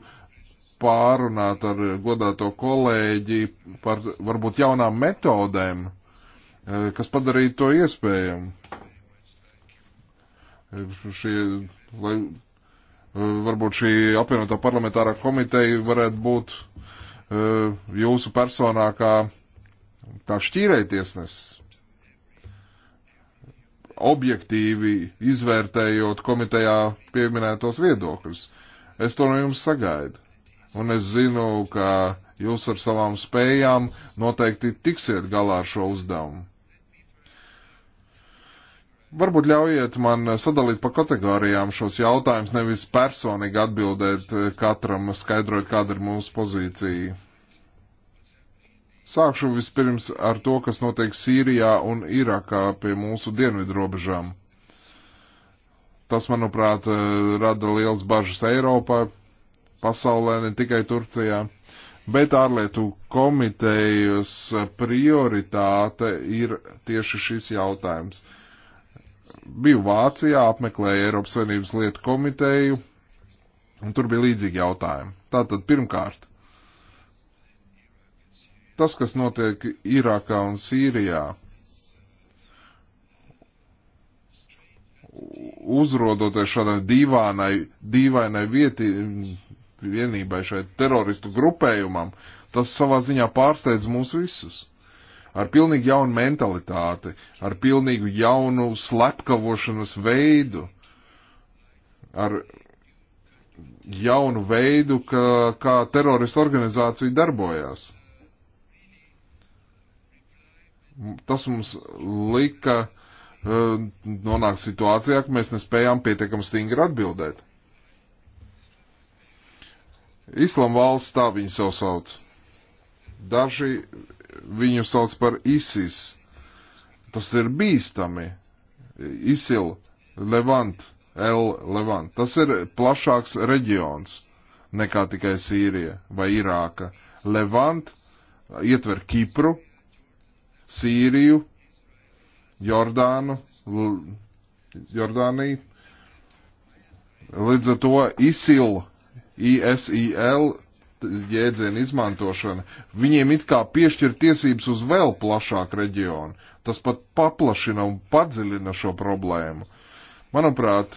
pārunāt ar godāto kolēģi par varbūt jaunām metodēm, e, kas padarītu to iespējamu. E, šie, lai Eh, varbūt šī apvienotā parlamentārā komiteja varētu būt eh, jūsu personā kā tā šķīrētiesnes, objektīvi izvērtējot komitejā pieminētos viedokļus. Es to no jums sagaidu. Un es zinu, ka jūs ar savām spējām noteikti tiksiet galā ar šo uzdevumu. Varbūt ļaujiet man sadalīt pa kategorijām šos jautājumus, nevis personīgi atbildēt eh, katram, skaidrojot, kāda ir mūsu pozīcija. Sākšu vispirms ar to, kas notiek Sīrijā un Irākā pie mūsu dienvidu robežām. Tas, manuprāt, eh, rada liels bažas Eiropā, pasaulē, ne tikai Turcijā bet ārlietu komitejas prioritāte ir tieši šis jautājums biju Vācijā, apmeklēju Eiropas Savienības lietu komiteju, un tur bija līdzīgi jautājumi. Tātad pirmkārt, tas, kas notiek Irākā un Sīrijā, uzrodoties šādai dīvainai, dīvainai vieti, vienībai šai teroristu grupējumam, tas savā ziņā pārsteidz mūs visus ar pilnīgi jaunu mentalitāti, ar pilnīgi jaunu slepkavošanas veidu, ar jaunu veidu, ka, kā teroristu organizācija darbojās. Tas mums lika uh, nonākt situācijā, ka mēs nespējām pietiekami stingri atbildēt. Islama valsts tā viņi sev sauc. Daži viņu sauc par ISIS. Tas ir bīstami. ISIL, Levant, El Levant. Tas ir plašāks reģions nekā tikai Sīrija vai Irāka. Levant ietver Kipru, Sīriju, Jordānu, L Jordāniju. Līdz ar to ISIL, ISIL jēdzienu izmantošana, viņiem it kā piešķir tiesības uz vēl plašāku reģionu. Tas pat paplašina un padziļina šo problēmu. Manuprāt,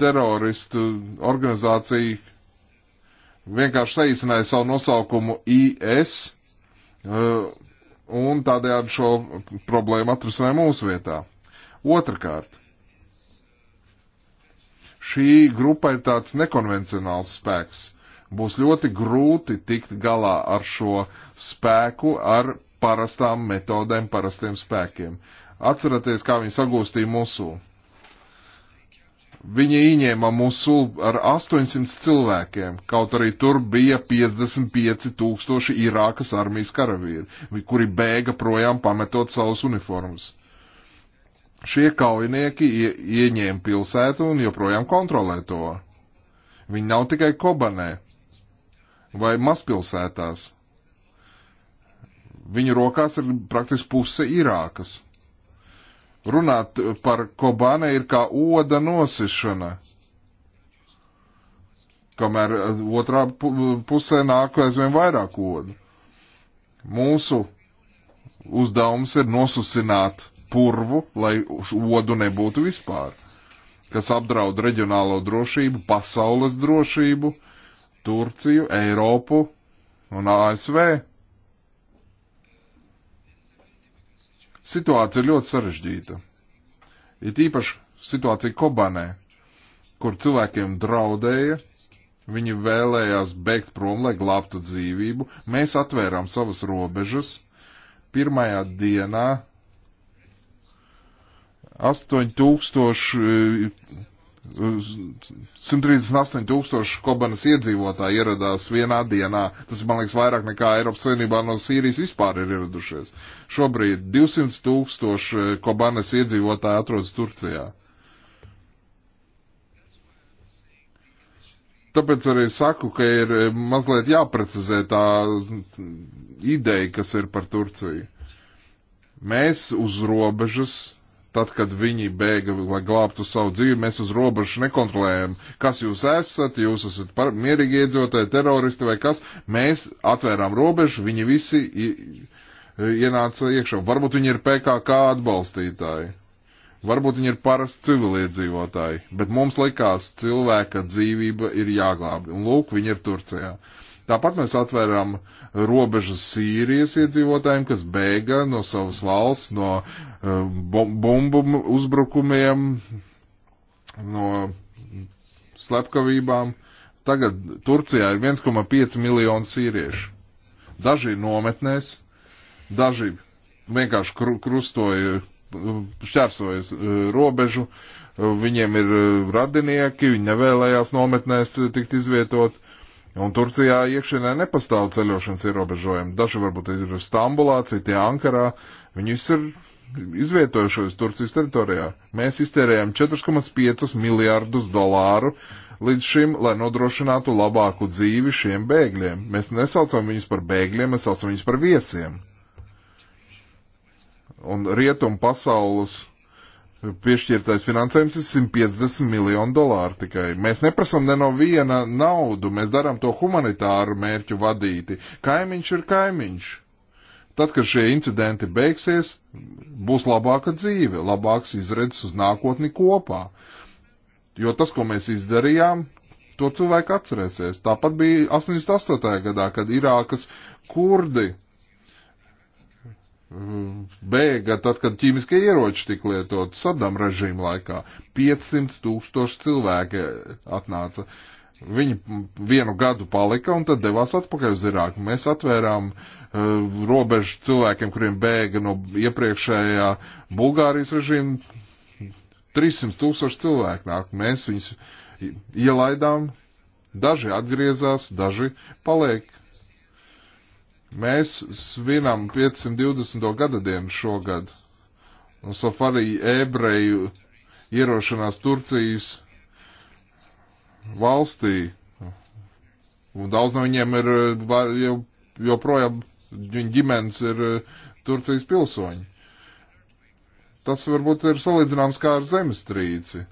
teroristu organizācija vienkārši saīsināja savu nosaukumu IS uh, un tādējādi šo problēmu atrisināja mūsu vietā. Otrakārt, šī grupa ir tāds nekonvencionāls spēks – Būs ļoti grūti tikt galā ar šo spēku, ar parastām metodēm, parastiem spēkiem. Atcerieties, kā viņi sagūstīja Musulu. Viņi ieņēma Musulu ar 800 cilvēkiem, kaut arī tur bija 55 tūkstoši Irākas armijas karavīri, kuri bēga projām pametot savus uniformas. Šie kaujinieki ie, ieņēma pilsētu un joprojām kontrolē to. Viņi nav tikai Kobanē, vai mazpilsētās. Viņu rokās ir praktiski puse Irākas. Runāt par Kobane ir kā oda nosišana. Kamēr eh, otrā pusē nāk aizvien vairāk odu. Mūsu uzdevums ir nosusināt purvu, lai odu nebūtu vispār, kas apdraud reģionālo drošību, pasaules drošību Turciju, Eiropu un ASV. Situācija ir ļoti sarežģīta. Ir īpaši situācija Kobanē, kur cilvēkiem draudēja, viņi vēlējās bēgt prom, lai glābtu dzīvību. Mēs atvērām savas robežas. Pirmajā dienā 8000 138 tūkstoši Kobanas iedzīvotāji ieradās vienā dienā. Tas, man liekas, vairāk nekā Eiropas Savienībā no Sīrijas vispār ir ieradušies. Šobrīd 200 tūkstoši Kobanas iedzīvotāji atrodas Turcijā. Tāpēc arī saku, ka ir mazliet jāprecizē tā ideja, kas ir par Turciju. Mēs uz robežas tad, kad viņi bēga, lai glābtu savu dzīvi, mēs uz robežu nekontrolējam, kas jūs esat, jūs esat par, mierīgi iedzīvotāji, teroristi vai kas. Mēs atvērām robežu, viņi visi ienāca iekšā. Varbūt viņi ir PKK atbalstītāji, varbūt viņi ir parasti civiliedzīvotāji, bet mums likās cilvēka dzīvība ir jāglābi. Un lūk, viņi ir Turcijā. Tāpat mēs atvērām robežas Sīrijas iedzīvotājiem, kas bēga no savas valsts, no bumbu uzbrukumiem, no slepkavībām. Tagad Turcijā ir 1,5 miljonu sīriešu. Daži ir nometnēs, daži vienkārši kru, krustoja, šķērsojas e, robežu, viņiem ir e, radinieki, viņi nevēlējās nometnēs tikt izvietot. Un Turcijā iekšienē nepastāv ceļošanas ierobežojumi. Daži varbūt ir Stambulā, citi Ankarā. Viņi ir izvietojušos Turcijas teritorijā. Mēs iztērējam 4,5 miljārdus dolāru līdz šim, lai nodrošinātu labāku dzīvi šiem bēgļiem. Mēs nesaucam viņus par bēgļiem, mēs saucam viņus par viesiem. Un rietumu pasaules piešķirtais finansējums ir 150 miljonu dolāru tikai. Mēs neprasam ne no viena naudu, mēs darām to humanitāru mērķu vadīti. Kaimiņš ir kaimiņš. Tad, kad šie incidenti beigsies, būs labāka dzīve, labāks izredzes uz nākotni kopā. Jo tas, ko mēs izdarījām, to cilvēki atcerēsies. Tāpat bija 88. gadā, kad Irākas kurdi mm, bēga tad, kad ķīmiskie ieroči tika lietot Sadam režīmu laikā. 500 tūkstoši cilvēki atnāca. Uh, Viņi vienu gadu palika un tad devās atpakaļ uz Irāku. Mēs atvērām uh, robežu cilvēkiem, kuriem bēga no iepriekšējā Bulgārijas režīma. 300 tūkstoši cilvēku nāk. Mēs viņus ielaidām, daži atgriezās, daži paliek. Mēs svinam 520. gadadienu šogad. Un safari ebreju ierošanās Turcijas valstī. Un daudz no viņiem ir joprojām, viņa ģimenes ir eh, Turcijas pilsoņi. Tas varbūt ir salīdzināms kā ar zemestrīci.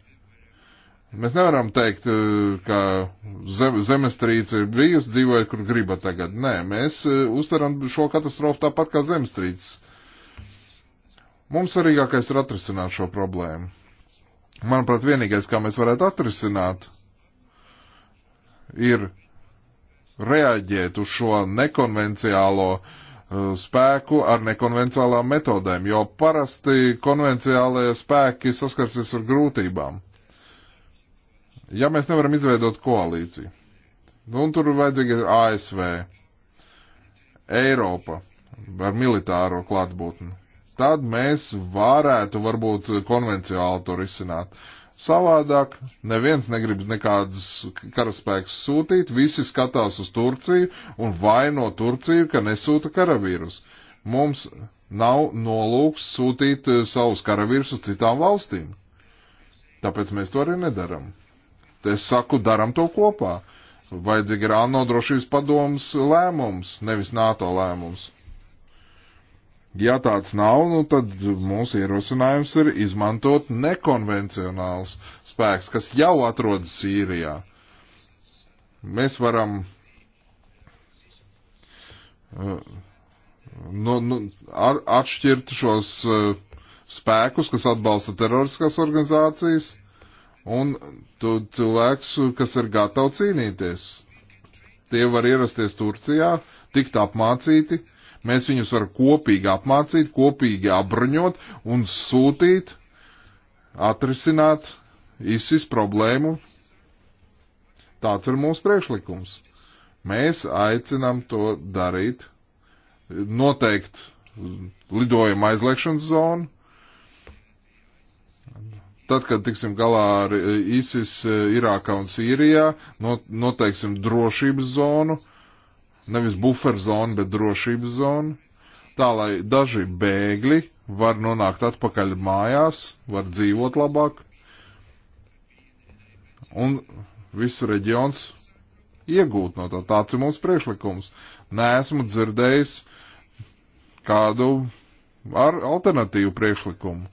Mēs nevaram teikt, eh, ka zemestrīce ir bijusi, dzīvoja, kur griba tagad. Nē, mēs eh, uztveram šo katastrofu tāpat kā zemestrīces. Mums svarīgākais ir atrisināt šo problēmu. Manuprāt, vienīgais, kā mēs varētu atrisināt, ir reaģēt uz šo nekonvenciālo uh, spēku ar nekonvenciālām metodēm, jo parasti konvenciālajie spēki saskarsies ar grūtībām. Ja mēs nevaram izveidot koalīciju, nu, un tur vajadzīga ir ASV, Eiropa ar militāro klātbūtni, tad mēs varētu varbūt konvenciāli to risināt. Uh, Savādāk neviens negrib nekādas karaspēks sūtīt, visi skatās uz Turciju un vaino Turciju, ka nesūta karavīrus. Mums nav nolūks sūtīt eh, savus karavīrus uz citām valstīm. Tāpēc mēs to arī nedaram. Es saku, daram to kopā. Vajadzīgi ir ANO drošības padomas lēmums, nevis NATO lēmums. Ja tāds nav, nu tad mūsu ierosinājums ir izmantot nekonvencionāls spēks, kas jau atrodas Sīrijā. Mēs varam uh, nu, nu, ar, atšķirt šos uh, spēkus, kas atbalsta teroriskās organizācijas, un tu cilvēks, kas ir gatavi cīnīties. Tie var ierasties Turcijā, tikt apmācīti Mēs viņus varam kopīgi apmācīt, kopīgi apbruņot un sūtīt, atrisināt ISIS problēmu. Tāds ir mūsu priekšlikums. Mēs aicinām to darīt, noteikt lidojuma aizliekšanas zonu. Tad, kad tiksim galā ar ISIS Irākā un Sīrijā, noteiksim drošības zonu nevis buferzonu, bet drošības zonu, tā lai daži bēgļi var nonākt atpakaļ mājās, var dzīvot labāk, un visu reģions iegūt no tā. Tāds ir mūsu priekšlikums. Nē, esmu dzirdējis kādu ar alternatīvu priekšlikumu.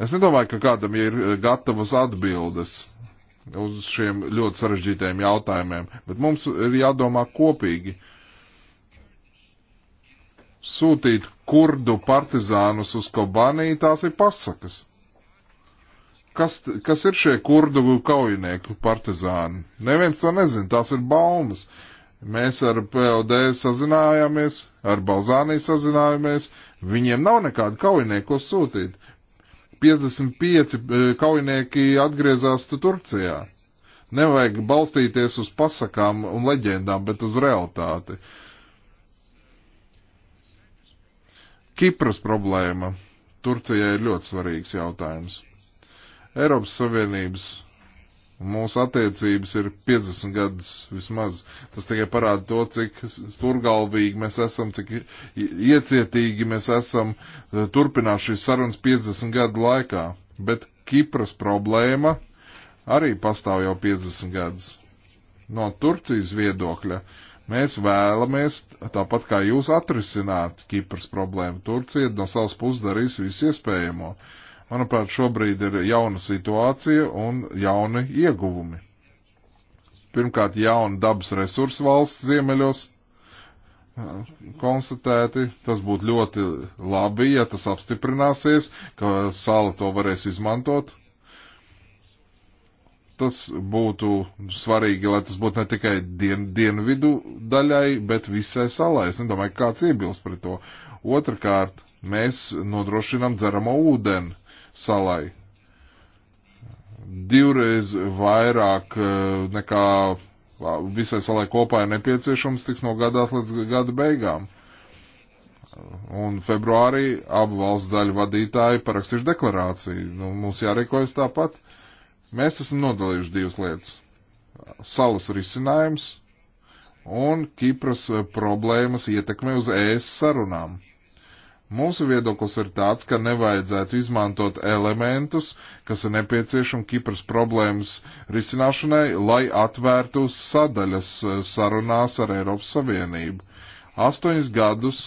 Es nedomāju, ka kādam ir gatavas atbildes uz šiem ļoti sarežģītajiem jautājumiem, bet mums ir jādomā kopīgi. Sūtīt kurdu partizānus uz Kobanī, tās ir pasakas. Kas, kas ir šie kurdu kaujinieku partizāni? Neviens to nezina, tās ir baumas. Mēs ar POD sazinājāmies, ar Balzāniju sazinājāmies, viņiem nav nekādu kaujinieku sūtīt. 55 eh, kaujinieki atgriezās Turcijā. Nevajag balstīties uz pasakām un leģendām, bet uz realitāti. Kipras problēma Turcijai ir ļoti svarīgs jautājums. Eiropas Savienības Mūsu attiecības ir 50 gadus vismaz. Tas tikai parāda to, cik sturgalvīgi mēs esam, cik iecietīgi mēs esam e, turpināt šīs sarunas 50 gadu laikā. Bet Kipras problēma arī pastāv jau 50 gadus. No Turcijas viedokļa mēs vēlamies, tāpat kā jūs, atrisināt Kipras problēmu. Turcija no savas puses darīs visu iespējamo. Uh, Manuprāt, šobrīd ir jauna situācija un jauni ieguvumi. Pirmkārt, jauna dabas resursu valsts ziemeļos konstatēti. Tas būtu ļoti labi, ja tas apstiprināsies, ka sala to varēs izmantot. Tas būtu svarīgi, lai tas būtu ne tikai dien, dienvidu daļai, bet visai salai. Es nedomāju, kāds iebilst pret to. Otrakārt, mēs nodrošinām dzeramo ūdeni salai. Divreiz vairāk eh, nekā visai salai kopā ir nepieciešams tiks nogādāt līdz gada beigām. Un februārī abu valsts daļu vadītāji parakstīšu deklarāciju. Nu, mums jārīkojas tāpat. Mēs esam nodalījuši divas lietas. Salas risinājums un Kipras eh, problēmas ietekme uz ES sarunām. Mūsu viedoklis ir tāds, ka nevajadzētu izmantot elementus, kas ir nepieciešami Kipras problēmas risināšanai, lai atvērtu sadaļas eh, sarunās ar Eiropas Savienību. Astoņus gadus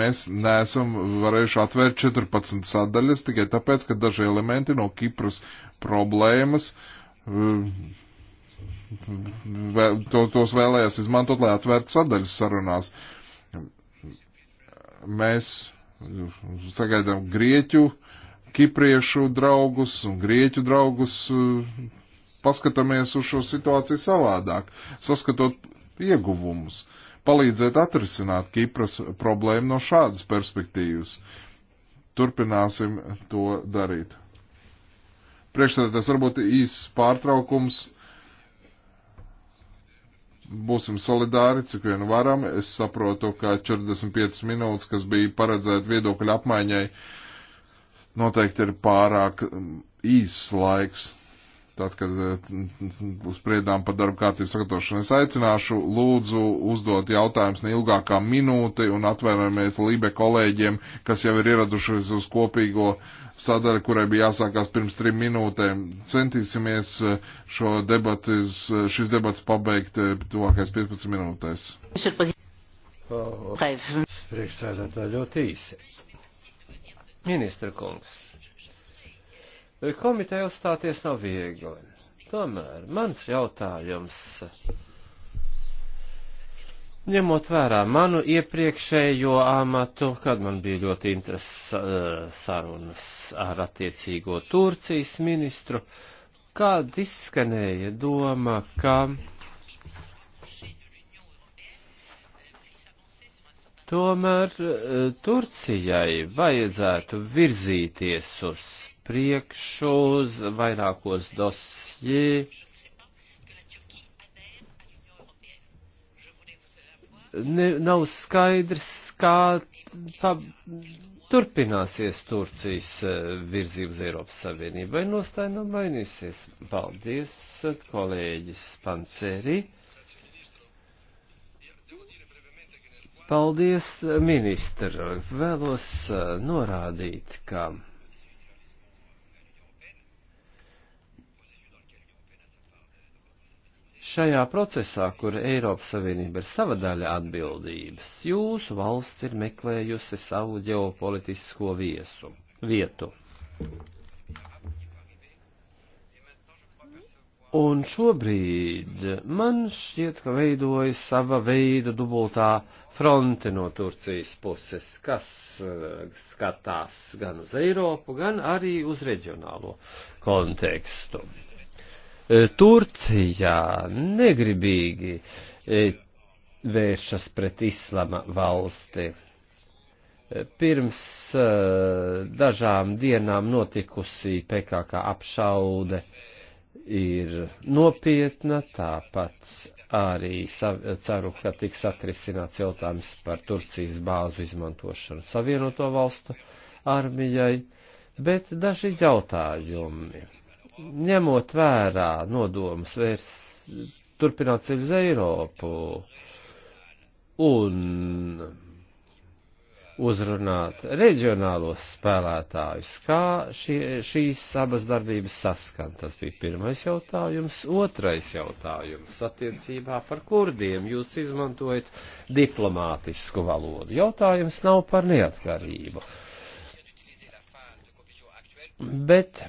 mēs neesam varējuši atvērt 14 sadaļas tikai tāpēc, ka daži elementi no Kipras problēmas eh, to, tos vēlējās izmantot, lai atvērtu sadaļas sarunās. Mēs sagaidām grieķu, kipriešu draugus un grieķu draugus, eh, paskatāmies uz šo situāciju savādāk, saskatot ieguvumus, palīdzēt atrisināt Kipras problēmu no šādas perspektīvas. Turpināsim to darīt. Priekšsēdētājs varbūt īsts pārtraukums būsim solidāri, cik vien varam. Es saprotu, ka 45 minūtes, kas bija paredzēta viedokļa apmaiņai, noteikti ir pārāk mm, īss laiks tad, kad eh, spriedām par darba kārtības sagatavošanu. Es aicināšu lūdzu uzdot jautājumus neilgākā minūte un atvainojamies Lībe kolēģiem, kas jau ir ieradušies uz kopīgo sadari, kurai bija jāsākās pirms trim minūtēm. Centīsimies eh, šo debatu, eh, šis debats pabeigt tuvākais 15 minūtēs. Priekšsēdētāji ļoti īsi. Ministra kungs. Komiteja uzstāties nav viegli. Tomēr mans jautājums, ņemot vērā manu iepriekšējo amatu, kad man bija ļoti interesants eh, sarunas ar attiecīgo Turcijas ministru, kāda izskanēja doma, ka tomēr eh, Turcijai vajadzētu virzīties uz priekšu uz vairākos dosjē. Ne, nav skaidrs, kā pa, turpināsies Turcijas eh, virzība uz Eiropas Savienību, vai nostāja nav mainīsies. Paldies, kolēģis Panceri. Paldies, ministra. Vēlos eh, norādīt, ka. Kā... Šajā procesā, kur Eiropas Savienība ir sava daļa atbildības, jūsu valsts ir meklējusi savu ģeopolitisko viesu, vietu. Un šobrīd man šķiet, ka veidojas sava veida dubultā fronte no Turcijas puses, kas eh, skatās gan uz Eiropu, gan arī uz reģionālo kontekstu. E, Turcijā negribīgi e, vēršas pret islama valsti. E, Pirms dažām dienām notikusi PKK apšaude ir nopietna, tāpat arī ceru, ka tiks atrisināts jautājums par Turcijas bāzu izmantošanu Savienoto valstu armijai, bet daži jautājumi ņemot vērā nodomus vērs turpināt ceļu uz Eiropu un uzrunāt reģionālos spēlētājus, kā šie, šīs abas darbības saskan. Tas bija pirmais jautājums. Otrais jautājums attiecībā par kurdiem jūs izmantojat diplomātisku valodu. Jautājums nav par neatkarību. Bet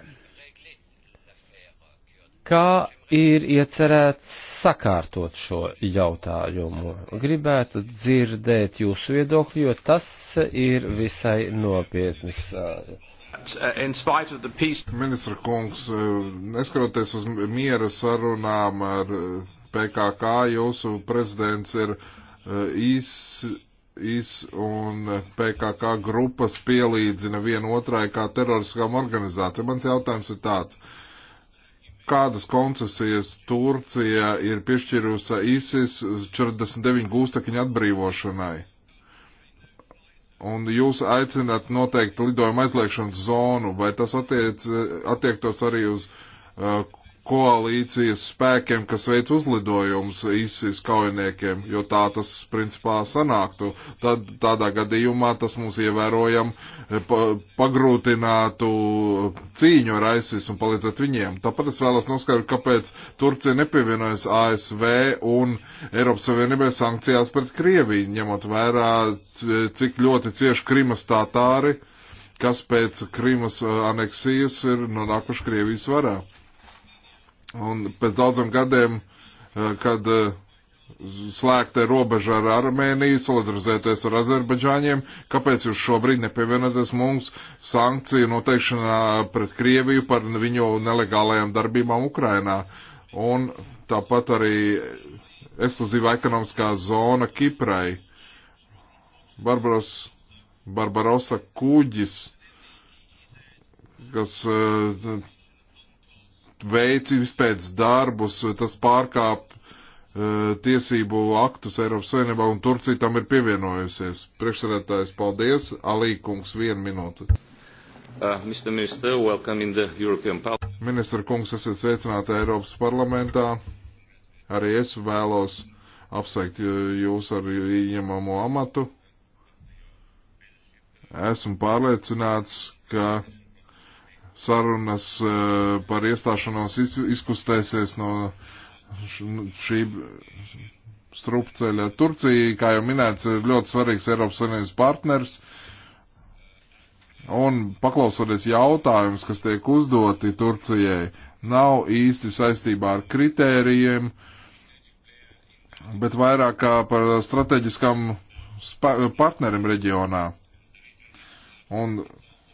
kā ir iecerēts sakārtot šo jautājumu. Gribētu dzirdēt jūsu viedokli, jo tas ir visai nopietnis. Uh, Ministra kungs, uh, neskaroties uz miera sarunām ar uh, PKK, jūsu prezidents ir īs. IS un PKK grupas pielīdzina vienu otrai kā teroriskām organizācijām. Mans jautājums ir tāds. Uh, kādas koncesijas Turcija ir piešķirusi ISIS 49 gūstekņu atbrīvošanai. Un jūs aicināt noteikti lidojuma aizliekšanas zonu, vai tas attiec, attiektos arī uz uh, koalīcijas spēkiem, kas veic uzlidojumus ISIS kaujiniekiem, jo tā tas principā sanāktu. Tad tādā gadījumā tas mums ievērojam eh, pagrūtinātu cīņu ar ISIS un palīdzēt viņiem. Tāpēc es vēlos noskaidrot, kāpēc Turcija nepievienojas ASV un Eiropas Savienībai sankcijās pret Krieviju, ņemot vērā, cik ļoti cieši Krimas tātāri kas pēc Krīmas eh, aneksijas ir nonākuši Krievijas varā. Un pēc daudziem gadiem, eh, kad eh, slēgta robeža ar Armēniju, solidarizēties ar Azerbaidžāņiem, kāpēc jūs šobrīd nepievienoties mums sankciju noteikšanā pret Krieviju par viņu nelegālajām darbībām Ukrainā? Un tāpat arī ekskluzīva ekonomiskā zona Kiprai. Barbaros, Barbarosa kuģis, kas uh, veids izpēc darbus, tas pārkāp uh, tiesību aktus Eiropas Savienībā un Turcija tam ir pievienojusies. Priekšsēdētājs, paldies. Alī kungs, viena minūte. Uh, Minister, European... Ministra kungs, esat sveicināti Eiropas parlamentā. Arī es vēlos apsveikt jūs ar ieņemamo amatu. Esmu pārliecināts, ka sarunas eh, par iestāšanos izkustēsies no nu, šī strupceļa. Turcija, kā jau minēts, ir ļoti svarīgs Eiropas Savienības partners. Un paklausoties jautājums, kas tiek uzdoti Turcijai, nav īsti saistībā ar kritērijiem, bet vairāk kā par strateģiskam partnerim reģionā. Un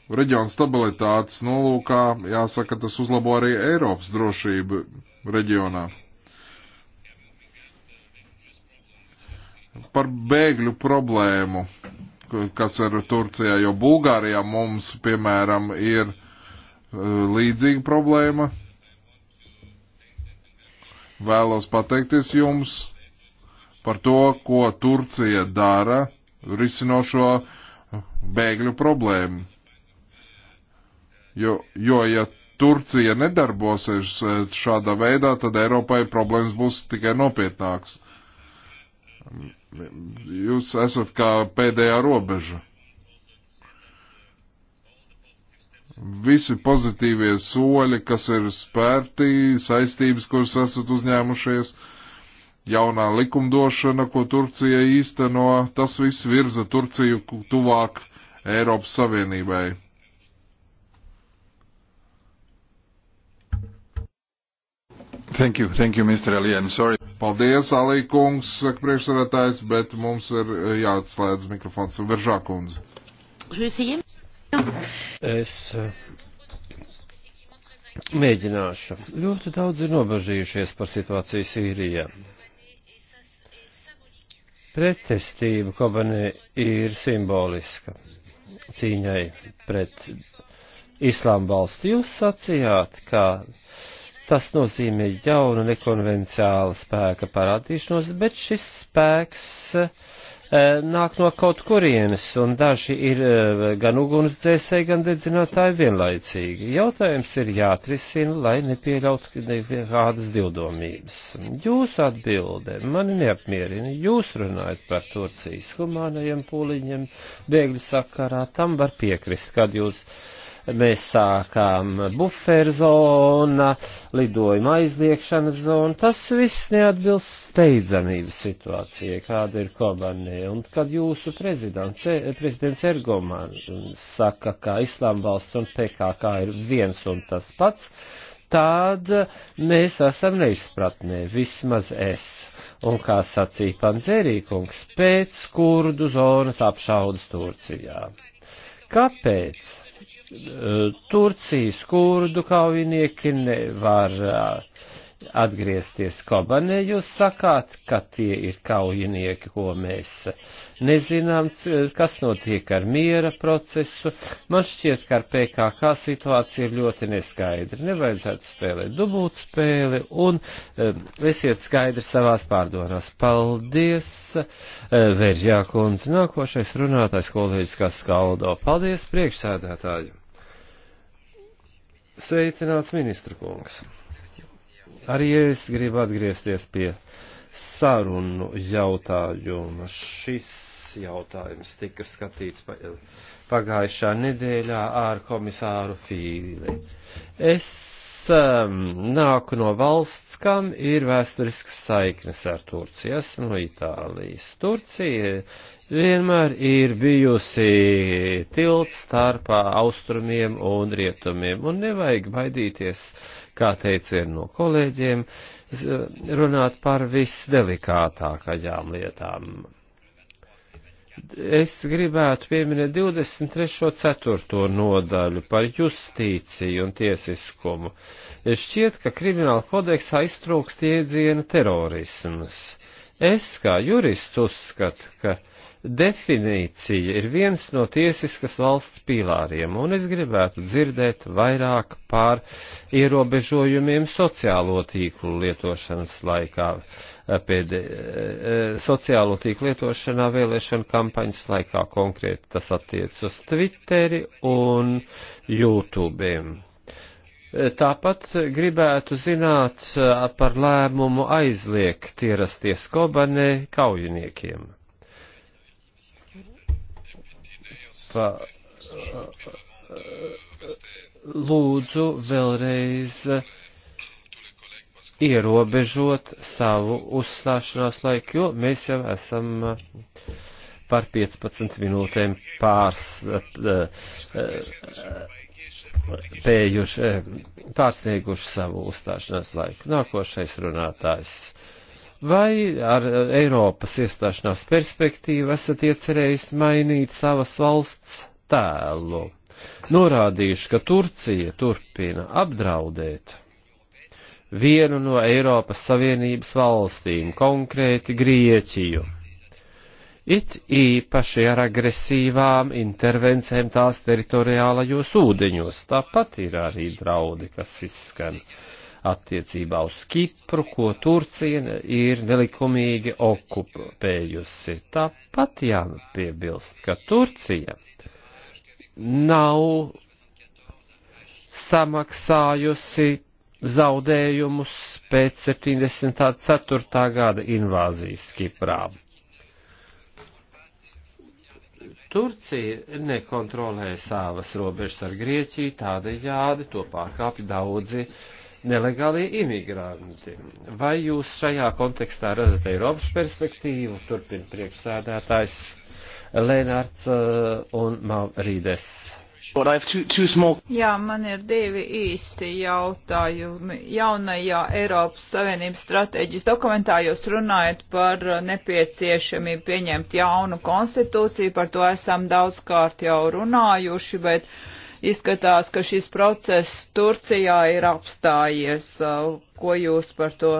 reģiona stabilitātes nolūkā, jāsaka, tas uzlabo arī Eiropas drošību reģionā. Par bēgļu problēmu, kas ir Turcijā, jo Bulgārijā mums, piemēram, ir e, līdzīga problēma. Vēlos pateikties jums par to, ko Turcija dara risinošo bēgļu problēmu Jo, jo ja Turcija nedarbosies eh, šādā veidā, tad Eiropai problēmas būs tikai nopietnākas. Jūs esat kā pēdējā robeža. Visi pozitīvie soļi, kas ir spērti, saistības, kuras esat uzņēmušies, jaunā likumdošana, ko Turcija īsteno, tas viss virza Turciju tuvāk Eiropas Savienībai Thank you, thank you, Mr. Ali. I'm sorry. Paldies, Alī kungs, saka priekšsarētājs, bet mums ir eh, jāatslēdz mikrofons. Veržā kundze. Es eh, mēģināšu. Ļoti daudz ir nobažījušies par situāciju Sīrijā. Pretestība Kobanē ir simboliska cīņai pret Islāma valsts. Jūs sacījāt, ka Tas nozīmē jaunu nekonvenciālu spēka parādīšanos, bet šis spēks e, nāk no kaut kurienes, un daži ir e, gan ugunsdzēsēji, gan dedzinātāji vienlaicīgi. Jautājums ir jāatrisina, lai nepieļautu nekādas divdomības. Jūsu atbilde mani neapmierina. Jūs runājat par Turcijas humānajiem pūliņiem, bēgļu sakarā, tam var piekrist, kad jūs. E, Mēs sākām buferzona, lidojuma aizliekšanas zona. Tas viss neatbilst steidzamības situācijai, kāda ir Kobanē. Un kad jūsu prezidents, prezidents Ergoman saka, ka Islām valsts un PKK ir viens un tas pats, tad mēs esam neizpratnē, vismaz es. Un kā sacīja Panzerīkungs, pēc kurdu zonas apšaudas Turcijā. Kāpēc? Turcijas kurdu kaujinieki nevar uh, atgriezties Kobanē. Jūs sakāt, ka tie ir kaujinieki, ko mēs nezinām, kas notiek ar miera procesu. Man šķiet, ka ar PKK situācija ir ļoti neskaidra. Nevajadzētu spēlēt dubultspēli un um, esiet skaidri savās pārdomās. Paldies, uh, Veržjā kundze. Nākošais runātājs kolēģis Kaskaldo. Paldies, priekšsēdētāji! Sveicināts ministra kungs. Arī es gribu atgriezties pie sarunu jautājuma. Šis jautājums tika skatīts pagājušā nedēļā ar komisāru Fīli. Es um, nāku no valsts, kam ir vēsturiskas saiknes ar Turciju. Esmu no Itālijas. Turcija vienmēr ir bijusi tilts starp austrumiem un rietumiem, un nevajag baidīties, kā teica viena no kolēģiem, runāt par visdelikātākajām lietām. Es gribētu pieminēt 23.4. nodaļu par justīciju un tiesiskumu. Šķiet, ka krimināla kodeksā iztrūkst iedziena terorisms. Es kā jurists uzskatu, ka definīcija ir viens no tiesiskas valsts pīlāriem, un es gribētu dzirdēt vairāk pār ierobežojumiem sociālo tīklu lietošanas laikā, pēdē, eh, eh, sociālo tīklu lietošanā vēlēšana kampaņas laikā konkrēti tas attiec uz Twitteri un YouTube. Tāpat gribētu zināt eh, par lēmumu aizliegt ierasties Kobanē kaujiniekiem. lūdzu vēlreiz ierobežot savu uzstāšanās laiku, jo mēs jau esam par 15 minūtēm pārs, pējuši, pārsnieguši savu uzstāšanās laiku. Nākošais runātājs vai ar eh, Eiropas iestāšanās perspektīvu esat iecerējis mainīt savas valsts tēlu? Norādījuši, ka Turcija turpina apdraudēt vienu no Eiropas Savienības valstīm, konkrēti Grieķiju. It īpaši ar agresīvām intervencēm tās teritoriālajos ūdeņos, tāpat ir arī draudi, kas izskan. Uh, attiecībā uz Kipru, ko Turcija ir nelikumīgi okupējusi. Tāpat jāpiebilst, ka Turcija nav samaksājusi zaudējumus pēc 74. gada invāzijas Kiprā. Turcija nekontrolē savas robežas ar Grieķiju, tādējādi to pārkāpj daudzi uh, nelegālie imigranti. Vai jūs šajā kontekstā redzat Eiropas perspektīvu, turpina priekšsēdētājs Lenārds uh, un Mavrīdes? Jā, man ir divi īsti jautājumi. Jaunajā Eiropas Savienības stratēģijas dokumentā jūs runājat par nepieciešamību pieņemt jaunu konstitūciju, par to esam daudz kārt jau runājuši, bet uh, Izskatās, ka šis process Turcijā ir apstājies. Uh, ko jūs par to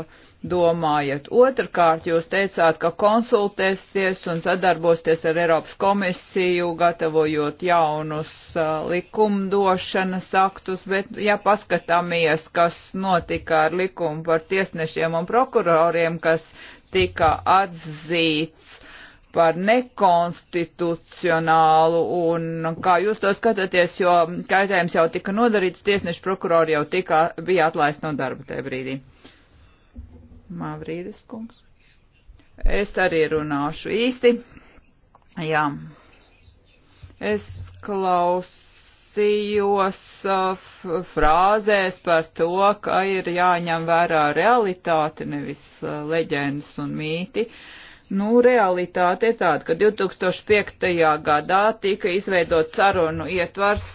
domājat? Otrkārt, jūs teicāt, ka konsultēsties un sadarbosties ar Eiropas komisiju, gatavojot jaunus uh, likumdošanas aktus, bet ja paskatāmies, kas notika ar likumu par tiesnešiem un prokuroriem, kas tika atzīts, par nekonstitucionālu un kā jūs to skatāties, jo kaitējums jau tika nodarīts, tiesneši prokurori jau tika, bija atlaist no darba tajā brīdī. Mavrīdis kungs. Es arī runāšu īsti. Jā. Es klausījos uh, frāzēs par to, ka ir jāņem vērā realitāte, nevis uh, leģendas un mīti. Uh, Nu, realitāte ir tāda, ka 2005. gadā tika izveidot sarunu ietvars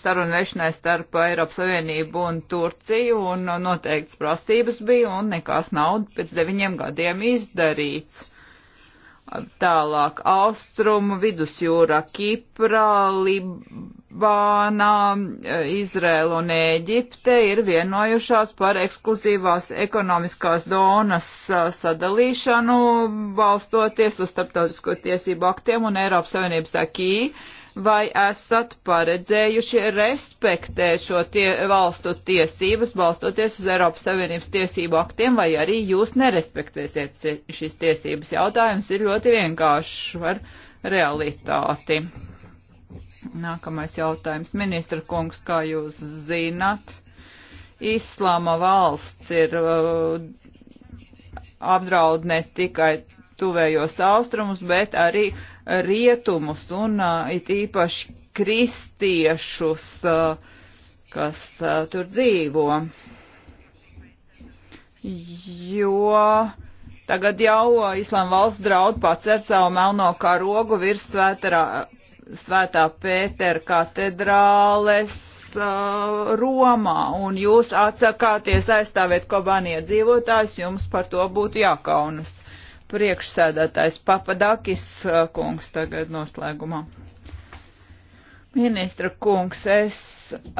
sarunu vešanai starp Eiropas Savienību un Turciju, un noteikts prasības bija, un nekas nav pēc deviņiem gadiem izdarīts. Tālāk austrumu, vidusjūra, Kiprā, Libānā, Izrēla un Ēģipte ir vienojušās par ekskluzīvās ekonomiskās donas sadalīšanu, balstoties uz starptautisko tiesību aktiem un Eiropas Savienības akī. Uh, vai esat paredzējuši respektēt šo tie, valstu tiesības, balstoties uz Eiropas Savienības tiesību aktiem, vai arī jūs nerespektēsiet šīs tiesības? Jautājums ir ļoti vienkāršs par realitāti. Nākamais jautājums. Ministra kungs, kā jūs zinat, Islāma valsts ir uh, apdraud ne tikai tuvējos austrumus, bet arī rietumus un it īpaši kristiešus, kas tur dzīvo. Jo tagad jau Islām valsts draud pacert savu melno karogu virs svētā, svētā Pētera katedrāles Romā, un jūs atsakāties aizstāvēt Kobanie dzīvotājs, jums par to būtu jākaunas priekšsēdētājs Papadakis uh, kungs tagad noslēgumā. Ministra kungs, es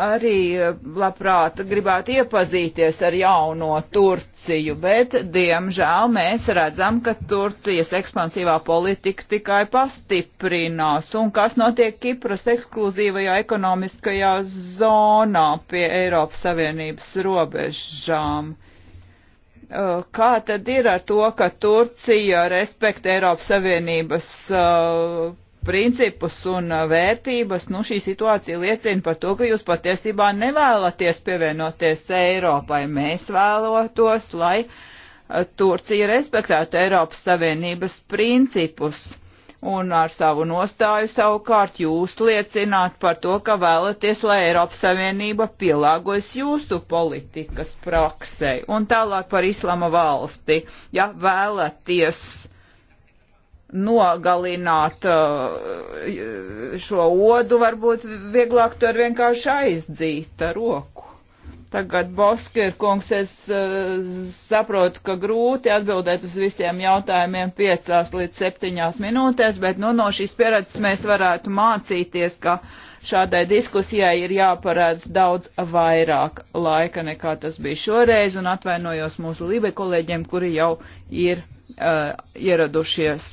arī uh, labprāt gribētu iepazīties ar jauno Turciju, bet diemžēl mēs redzam, ka Turcijas ekspansīvā politika tikai pastiprinās. Un kas notiek Kipras ekskluzīvajā ekonomiskajā zonā pie Eiropas Savienības robežām? Uh, Eh, kā tad ir ar to, ka Turcija respektē Eiropas Savienības uh, principus un eh, vērtības, nu šī situācija liecina par to, ka jūs patiesībā nevēlaties pievienoties Eiropai. Mēs vēlotos, lai Turcija respektētu Eiropas Savienības principus un ar savu nostāju savukārt jūs liecināt par to, ka vēlaties, lai Eiropas Savienība pielāgojas jūsu politikas praksei. Un tālāk par islama valsti. Ja vēlaties nogalināt uh, šo odu, varbūt vieglāk to ar vienkārši aizdzīt ar roku. Tagad, Boskir kungs, es uh, saprotu, ka grūti atbildēt uz visiem jautājumiem piecās līdz septiņās minūtēs, bet nu, no šīs pieredzes mēs varētu mācīties, ka šādai diskusijai ir jāparādz daudz vairāk laika nekā tas bija šoreiz, un atvainojos mūsu lībe kolēģiem, kuri jau ir uh, ieradušies.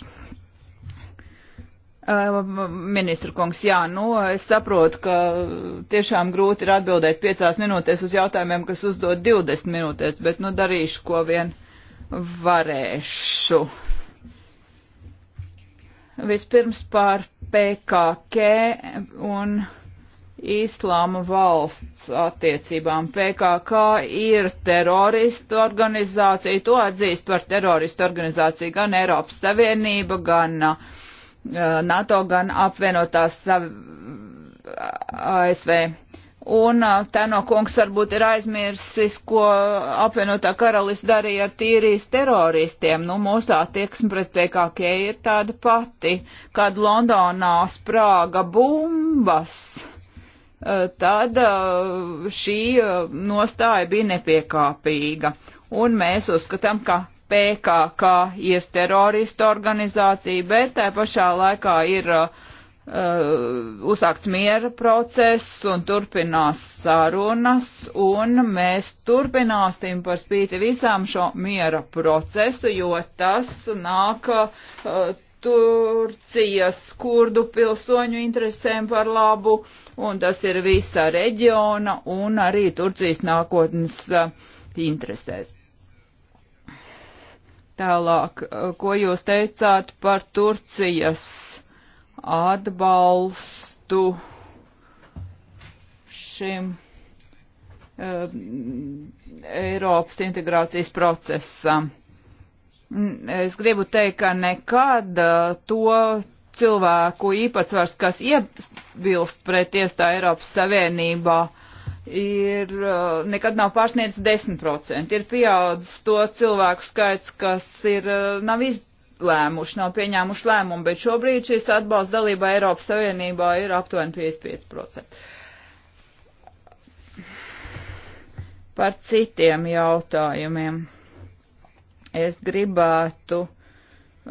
Ministra kungs, jā, nu, es saprotu, ka tiešām grūti ir atbildēt piecās minūtēs uz jautājumiem, kas uzdod 20 minūtēs, bet, nu, darīšu, ko vien varēšu. Vispirms par PKK un Īslāma valsts attiecībām. PKK ir teroristu organizācija, to atzīst par teroristu organizāciju gan Eiropas Savienība, gan uh, NATO, gan apvienotās ASV. Un Teno kungs varbūt ir aizmirsis, ko apvienotā karalis darīja ar tīrijas teroristiem. Nu, mūsu attieksme pret PKK ir tāda pati, kad Londonā sprāga bumbas, tad šī nostāja bija nepiekāpīga. Un mēs uzskatām, ka PKK ir terorista organizācija, bet tā pašā laikā ir uh, uh, uzsākts miera process un turpinās sarunas, un mēs turpināsim par spīti visām šo miera procesu, jo tas nāk uh, Turcijas kurdu pilsoņu interesēm par labu, un tas ir visa reģiona un arī Turcijas nākotnes uh, interesēs. Tālāk, eh, ko jūs teicāt par Turcijas atbalstu šim eh, Eiropas integrācijas procesam. Es gribu teikt, ka nekad eh, to cilvēku īpatsvars, kas iebilst pret iestāju Eiropas Savienībā, ir uh, nekad nav pārsniedzis 10%. Ir pieaudzis to cilvēku skaits, kas ir, uh, nav izlēmuši, nav pieņēmuši lēmumu, bet šobrīd šis atbalsts dalībā Eiropas Savienībā ir aptuveni 55%. Par citiem jautājumiem. Es gribētu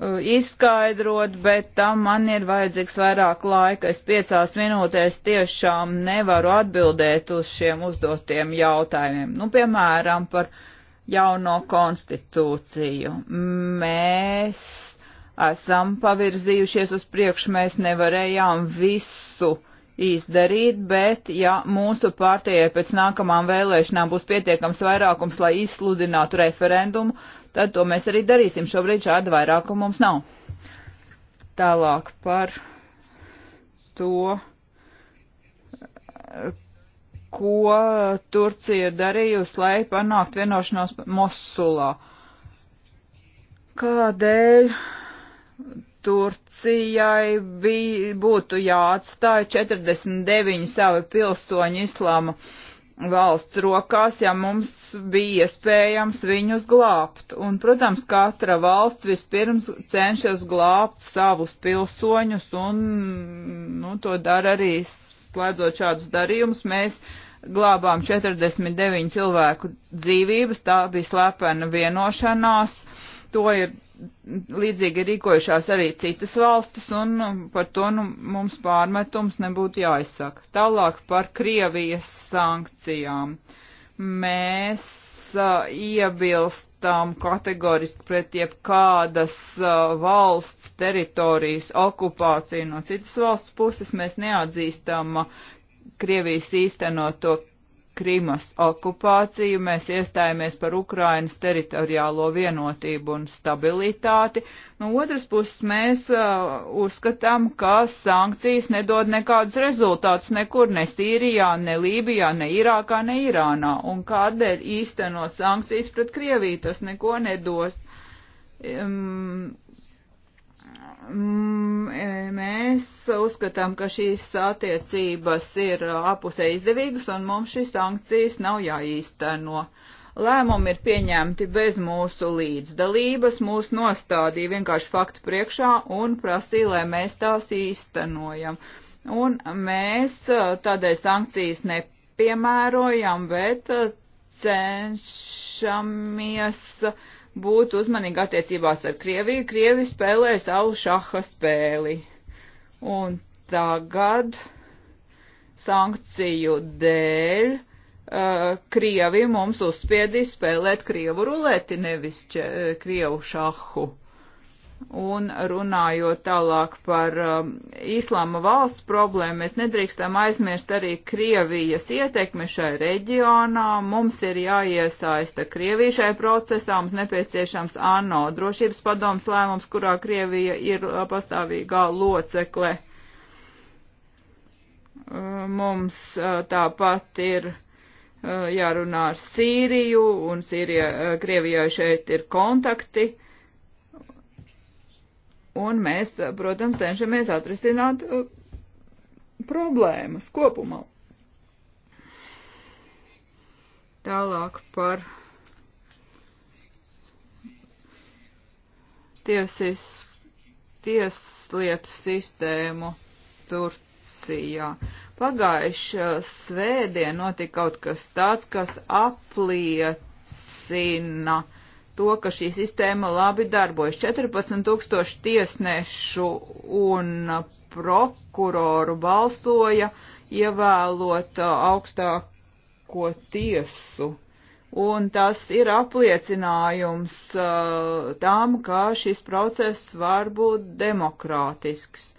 Uh, izskaidrot, bet tam man ir vajadzīgs vairāk laika. Es piecās minūtēs tiešām nevaru atbildēt uz šiem uzdotiem jautājumiem. Nu, piemēram, par jauno konstitūciju. Mēs esam pavirzījušies uz priekšu, mēs nevarējām visu izdarīt, bet ja mūsu partijai pēc nākamām vēlēšanām būs pietiekams vairākums, lai izsludinātu referendumu, tad to mēs arī darīsim. Šobrīd šāda vairākuma mums nav. Tālāk par to, ko Turcija ir darījusi, lai panākt vienošanos Mosulā. Kādēļ Turcijai bija, būtu jāatstāja 49 savi pilsoņi islāma uh, valsts rokās, ja mums bija iespējams viņus glābt. Un, protams, katra valsts vispirms cenšas glābt savus pilsoņus un, nu, to dara arī slēdzot šādus darījumus. Mēs glābām 49 cilvēku dzīvības, tā bija slēpena vienošanās. To ir līdzīgi rīkojušās arī citas valstis, un par to nu, mums pārmetums nebūtu jāizsaka. Tālāk par Krievijas sankcijām. Mēs uh, iebilstam kategoriski pret jebkādas uh, valsts teritorijas okupāciju no citas valsts puses. Mēs neatzīstam uh, Krievijas īstenoto Krimas okupāciju, mēs iestājāmies par Ukrainas teritoriālo vienotību un stabilitāti. No otras puses, mēs uh, uzskatām, ka sankcijas nedod nekādus rezultātus nekur, ne Sīrijā, ne Lībijā, ne Irākā, ne Irānā. Un kādēļ īstenot sankcijas pret Krieviju, tas neko nedos. Um, Mm, e, mēs uzskatām, ka šīs attiecības ir apusē izdevīgas un mums šīs sankcijas nav jāīsteno. Lēmumi ir pieņemti bez mūsu līdzdalības, mūs nostādīja vienkārši faktu priekšā un prasīja, lai mēs tās īstenojam. Un mēs e, tādēļ sankcijas nepiemērojam, bet e, cenšamies uh, būt uzmanīgi attiecībās ar Krieviju. Krievi spēlē savu šaha spēli. Un tagad sankciju dēļ uh, Krievi mums uzspiedīs spēlēt Krievu ruleti, nevis če, Krievu šahu. Uh, Un runājot tālāk par um, islāma valsts problēmu, mēs nedrīkstam aizmirst arī Krievijas ietekmi šai reģionā. Mums ir jāiesaista Krievija šai procesā, mums nepieciešams ANO drošības padoms lēmums, kurā Krievija ir uh, pastāvīgā locekle. Uh, mums uh, tāpat ir jārunā ar Sīriju, un Sīrija, Krievijai šeit ir kontakti un mēs, protams, cenšamies atrisināt uh, problēmas kopumā. Tālāk par tiesis, tieslietu sistēmu Turcijā. Pagājušā svētdien notika kaut kas tāds, kas apliecina uh, to, ka šī sistēma labi darbojas. 14 tūkstoši tiesnešu un prokuroru balsoja ievēlot uh, augstāko tiesu. Un tas ir apliecinājums uh, tam, ka šis process var būt demokrātisks.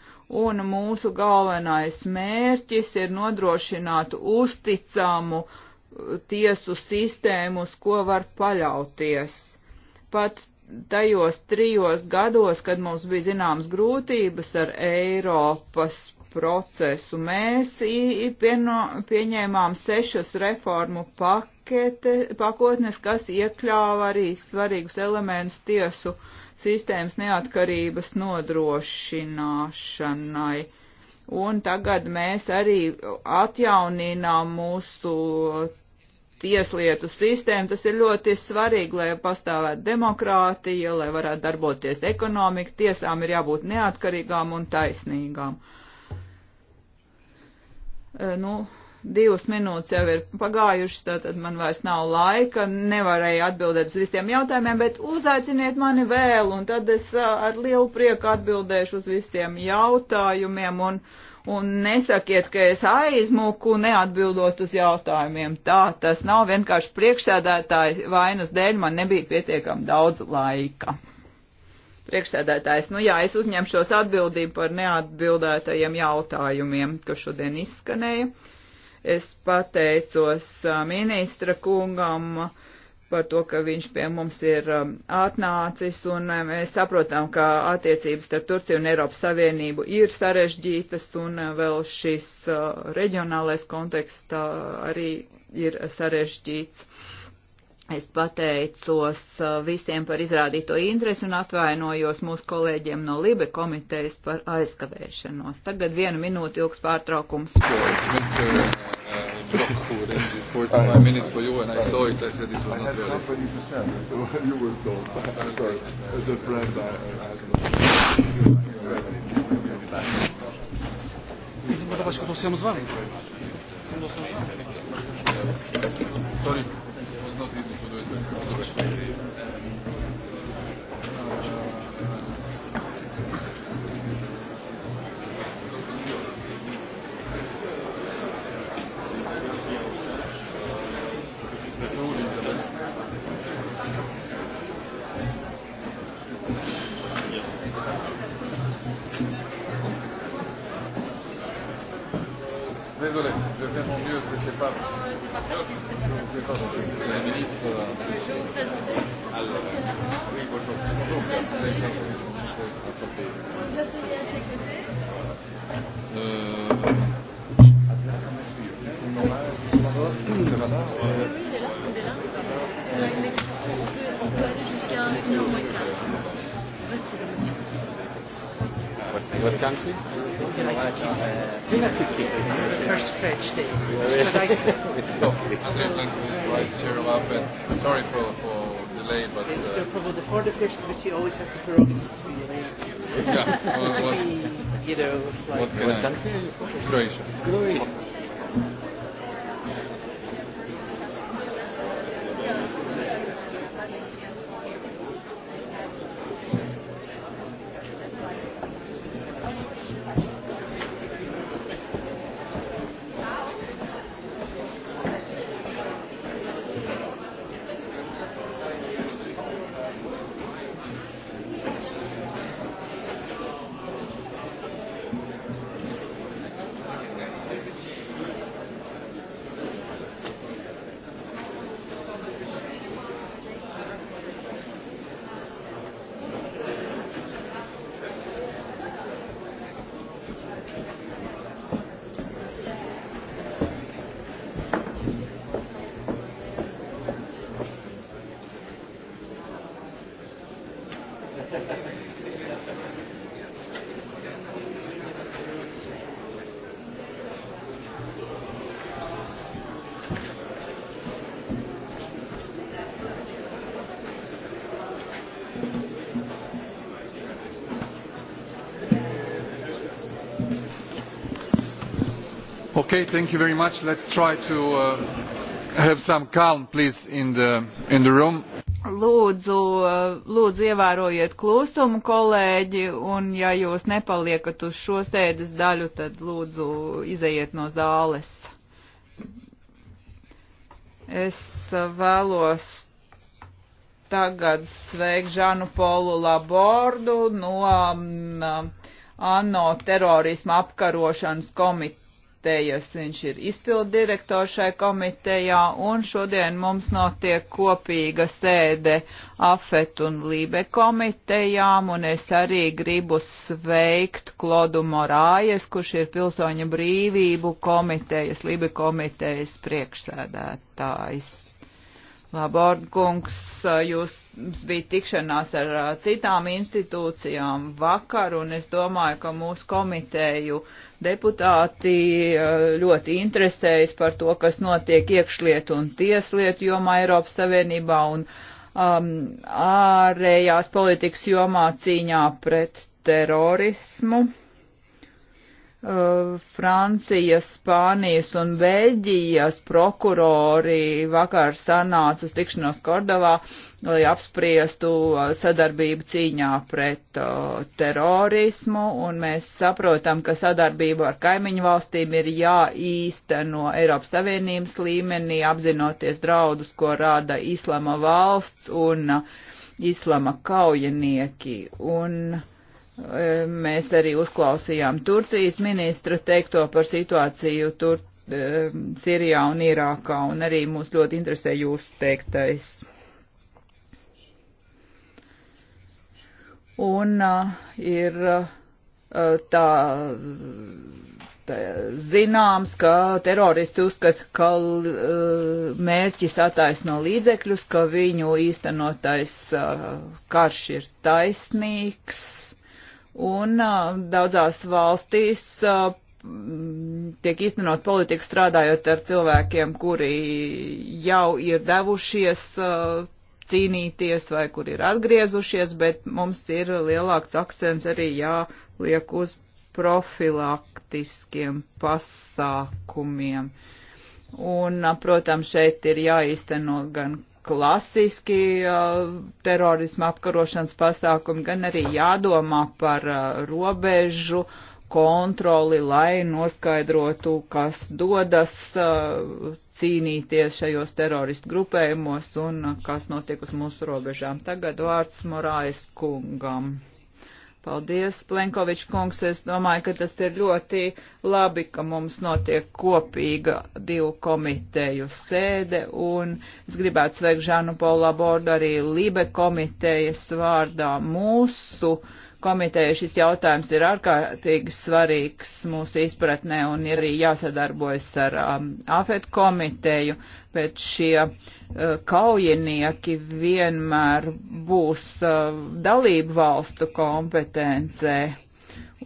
Un mūsu galvenais mērķis ir nodrošināt uzticamu uh, tiesu sistēmu, uz ko var paļauties pat tajos trijos gados, kad mums bija zināmas grūtības ar Eiropas procesu, mēs pieno, pieņēmām sešas reformu pakete, pakotnes, kas iekļāva arī svarīgus elementus tiesu sistēmas neatkarības nodrošināšanai. Un tagad mēs arī atjauninām mūsu tieslietu sistēmu. Tas ir ļoti svarīgi, lai pastāvētu demokrātija, lai varētu darboties ekonomika. Tiesām ir jābūt neatkarīgām un taisnīgām. E, nu, divas minūtes jau ir pagājušas, tātad man vairs nav laika, nevarēju atbildēt uz visiem jautājumiem, bet uzaiciniet mani vēl, un tad es e, ar lielu prieku atbildēšu uz visiem jautājumiem. Un, uh, un nesakiet, ka es aizmuku neatbildot uz jautājumiem. Tā tas nav vienkārši priekšsēdētājs vainas dēļ, man nebija pietiekami daudz laika. Priekšsēdētājs, nu jā, es uzņemšos atbildību par neatbildētajiem jautājumiem, kas šodien izskanēja. Es pateicos ministra kungam par to, ka viņš pie mums ir um, atnācis, un um, mēs saprotam, ka attiecības starp Turciju un Eiropas Savienību ir sarežģītas, un uh, vēl šis uh, reģionālais konteksts uh, arī ir sarežģīts. Es pateicos visiem par izrādīto interesi un atvainojos mūsu kolēģiem no Libe komitejas par aizkavēšanos. Tagad vienu minūti ilgs pārtraukums. Paldies, Brock who arranges 45 I, minutes for you, and I, I saw it. I said this was I not realistic. I had somebody to send, so you were told. I'm sorry. As a friend, I, I had Nie zbudować hodnosem z wami. Sorry, I was not able to do it. but you always have the prerogative to be late. Yeah. well, what, you know, like, what, what country? Croatia. Okay, thank you very much. Let's try to uh, have some calm, please, in the, in the room. Lūdzu, uh, lūdzu, ievērojiet klusumu, kolēģi, un ja jūs nepaliekat uz šo sēdes daļu, tad lūdzu izejiet no zāles. Es vēlos tagad sveikt Žanu Polu Labordu no um, uh, ANO terorisma apkarošanas komitejas komitejas, viņš ir izpildu direktors šai komitejā, un šodien mums notiek kopīga sēde AFET un LIBE komitejām, un es arī gribu sveikt Klodu Morājas, kurš ir pilsoņu brīvību komitejas, LIBE komitejas priekšsēdētājs. Labordkungs, jūs bija tikšanās ar citām institūcijām vakar, un es domāju, ka mūsu komiteju uh, Deputāti eh, ļoti interesējas par to, kas notiek iekšlietu un tieslietu jomā Eiropas Savienībā un um, ārējās politikas jomā cīņā pret terorismu. Uh, Francijas, Spānijas un Beļģijas prokurori vakar sanāca uz tikšanos Kordovā uh, lai apspriestu uh, sadarbību cīņā pret uh, terorismu, un mēs saprotam, ka sadarbība ar kaimiņu valstīm ir jāīsteno Eiropas Savienības līmenī, apzinoties draudus, ko rāda Islama valsts un uh, Islama kaujinieki. Un, uh, Mēs arī uzklausījām Turcijas ministra teikto par situāciju Tur uh, Sīrijā un Irākā, un arī mūs ļoti interesē jūsu teiktais. un ir tā, tā zināms, ka teroristi uzskata, ka mērķis attaisno līdzekļus, ka viņu īstenotais karš ir taisnīgs, un daudzās valstīs tiek īstenot politika strādājot ar cilvēkiem, kuri jau ir devušies uh, cīnīties vai kur ir atgriezušies, bet mums ir lielāks akcents arī jāliek uz profilaktiskiem pasākumiem. Un, protams, šeit ir jāīsteno gan klasiski uh, terorisma apkarošanas pasākumi, gan arī jādomā par uh, robežu kontroli, lai noskaidrotu, kas dodas uh, cīnīties šajos teroristu grupējumos un kas notiek uz mūsu robežām. Tagad vārds Morājas kungam. Paldies, Plenkovičs kungs. Es domāju, ka tas ir ļoti labi, ka mums notiek kopīga divu komiteju sēde, un es gribētu sveikt Žanu Paula Bordu arī Libe komitejas vārdā mūsu komiteja šis jautājums ir ārkārtīgi svarīgs mūsu izpratnē un ir arī jāsadarbojas ar um, AFET komiteju, bet šie uh, kaujinieki vienmēr būs uh, dalību valstu kompetencē.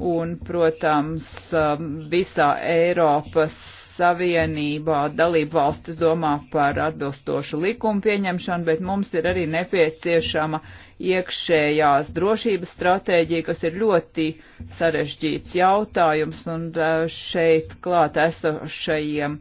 Un, protams, um, visā Eiropas Savienībā dalību valstis domā par atbilstošu likumu pieņemšanu, bet mums ir arī nepieciešama uh, iekšējās drošības stratēģija, kas ir ļoti sarežģīts jautājums, un šeit klāt esošajiem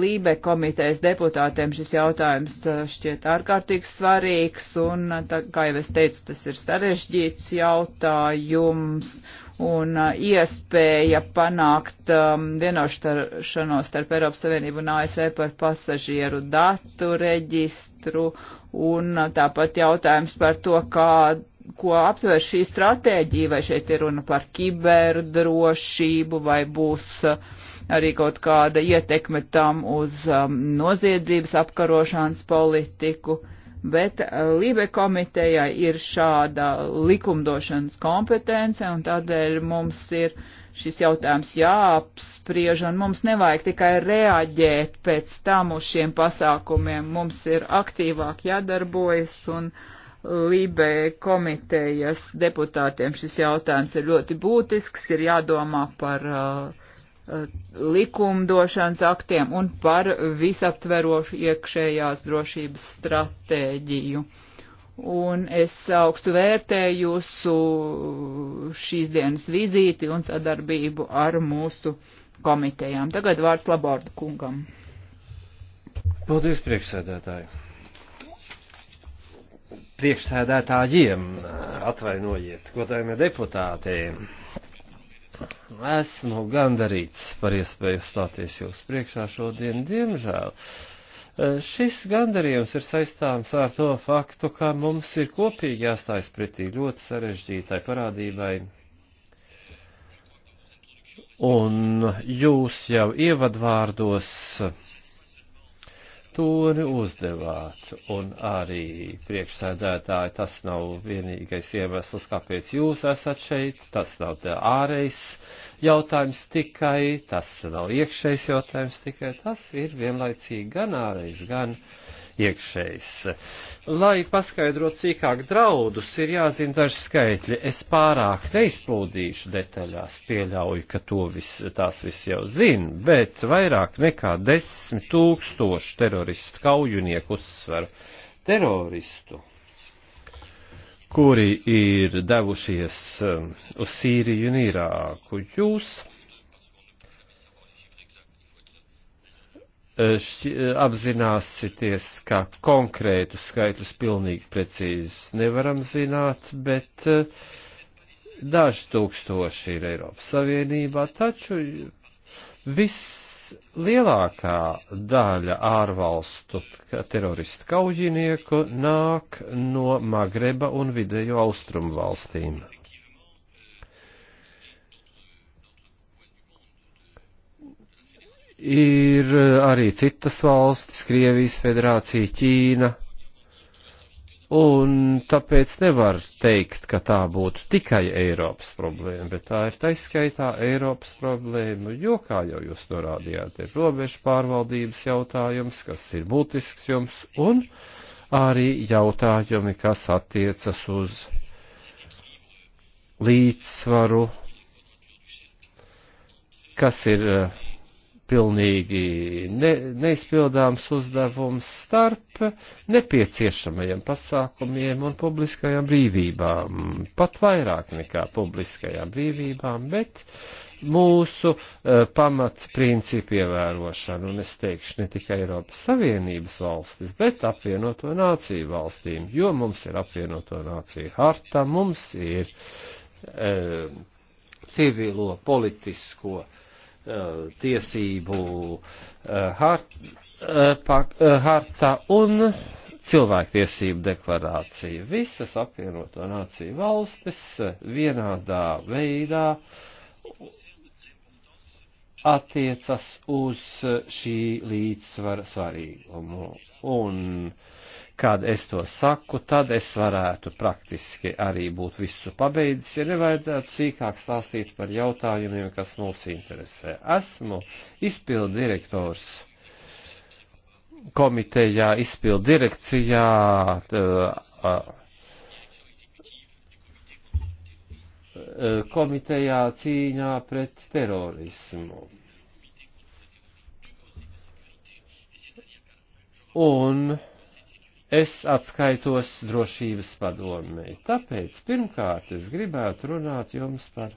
Lībe komitejas deputātiem šis jautājums šķiet ārkārtīgi svarīgs, un, tā, kā jau es teicu, tas ir sarežģīts jautājums, un iespēja panākt um, vienošanos starp Eiropas Savienību un ASV e par pasažieru datu reģistru un tāpat jautājums par to, kā, ko aptver šī stratēģija, vai šeit ir runa par kiberdrošību, vai būs arī kaut kāda ietekme tam uz um, noziedzības apkarošanas politiku. Uh, bet eh, Lībe komitejai ir šāda likumdošanas kompetence, un tādēļ mums ir šis jautājums jāapspriež, un mums nevajag tikai reaģēt pēc tam uz šiem pasākumiem, mums ir aktīvāk jādarbojas, un Lībe komitejas deputātiem šis jautājums ir ļoti būtisks, ir jādomā par uh, likumdošanas aktiem un par visaptverošu iekšējās drošības stratēģiju. Un es augstu vērtēju jūsu šīs dienas vizīti un sadarbību ar mūsu komitejām. Tagad vārds Laborda kungam. Paldies, priekšsēdētāji. Priekšsēdētājiem atvainojiet, godājumie deputātiem. Esmu gandarīts par iespēju stāties jūs priekšā šodien, diemžēl. E, šis gandarījums ir saistāms ar to faktu, ka mums ir kopīgi jāstājas pretī ļoti sarežģītai parādībai. Un jūs jau ievadvārdos toni uzdevāt, un arī priekšsēdētāji, tas nav vienīgais iemesls, kāpēc jūs esat šeit, tas nav ārējs jautājums tikai, tas nav iekšējs jautājums tikai, tas ir vienlaicīgi gan ārējs, gan iekšējs. Lai paskaidrot cīkāk draudus, ir jāzina daži skaitļi. Es pārāk neizplūdīšu detaļās, pieļauju, ka to vis, tās viss jau zina, bet vairāk nekā desmit tūkstoši teroristu kaujinieku uzsver teroristu kuri ir devušies um, uz Sīriju un Irāku. Jūs Eh, šķi, eh, apzināsities, ka konkrētu skaitļus pilnīgi precīzus nevaram zināt, bet eh, daži tūkstoši ir Eiropas Savienībā, taču vislielākā daļa ārvalstu teroristu kaujinieku nāk no Magreba un vidējo austrumu valstīm. ir eh, arī citas valstis, Krievijas federācija, Ķīna, un tāpēc nevar teikt, ka tā būtu tikai Eiropas problēma, bet tā ir taiskaitā Eiropas problēma, jo, kā jau jūs norādījāt, ir robežu pārvaldības jautājums, kas ir būtisks jums, un arī jautājumi, kas attiecas uz līdzsvaru, kas ir uh, pilnīgi ne, neizpildāms uzdevums starp nepieciešamajiem pasākumiem un publiskajām brīvībām. Pat vairāk nekā publiskajām brīvībām, bet mūsu uh, eh, pamats principu ievērošanu, un es teikšu ne tikai Eiropas Savienības valstis, bet apvienoto nāciju valstīm, jo mums ir apvienoto nāciju harta, mums ir uh, civilo, politisko uh, Uh, tiesību uh, hart, uh, pak, harta un cilvēktiesību deklarācija. Visas apvienoto nāciju valstis vienādā veidā attiecas uz šī līdzsvara svarīgumu. Un, un kad es to saku, tad es varētu praktiski arī būt visu pabeidzis, ja nevajadzētu sīkāk stāstīt par jautājumiem, kas mūs interesē. Esmu izpildu direktors komitejā, izpildu direkcijā. Tā, komitejā cīņā pret terorismu. Un es atskaitos drošības padomēji. Tāpēc pirmkārt es gribētu runāt jums par e,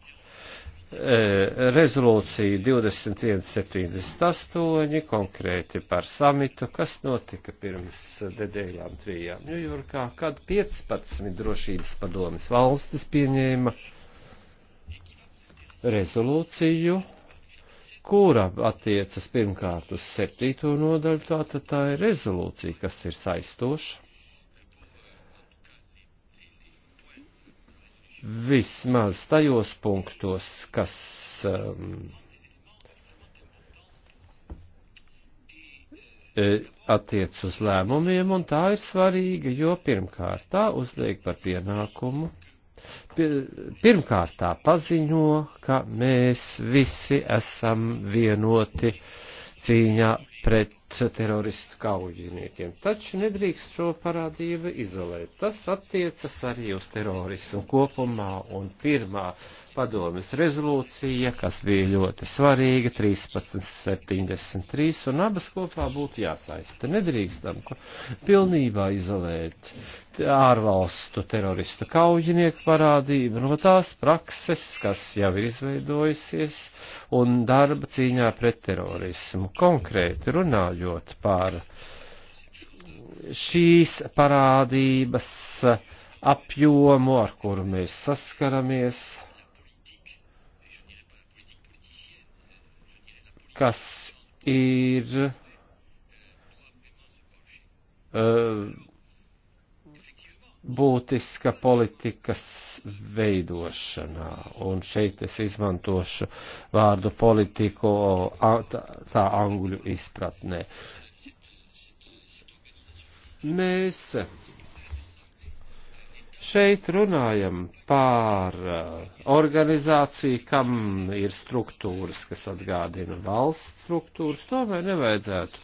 rezolūciju 2178, konkrēti par samitu, kas notika pirms nedēļām trijām Ņujorkā, kad 15 drošības padomas valstis pieņēma rezolūciju kura attiecas pirmkārt uz septīto nodaļu, tātad tā ir rezolūcija, kas ir saistoša. Vismaz tajos punktos, kas um, e, attiec uz lēmumiem, un tā ir svarīga, jo pirmkārt tā uzliek par pienākumu pirmkārt tā paziņo, ka mēs visi esam vienoti cīņā pret teroristu kaujiniekiem. Taču nedrīkst šo parādību izolēt. Tas attiecas arī uz terorismu kopumā un pirmā padomis rezolūcija, kas bija ļoti svarīga, 1373, un abas kopā būtu jāsaista. Nedrīkstam pilnībā izolēt ārvalstu teroristu kaujinieku parādību no tās prakses, kas jau ir izveidojusies, un darba cīņā pret terorismu. Konkrēti runājot runājot par šīs parādības apjomu, ar kuru mēs saskaramies, kas ir uh, būtiska politikas veidošanā. Un šeit es izmantošu vārdu politiko tā, tā angļu izpratnē. Mēs šeit runājam pār organizāciju, kam ir struktūras, kas atgādina valsts struktūras, tomēr nevajadzētu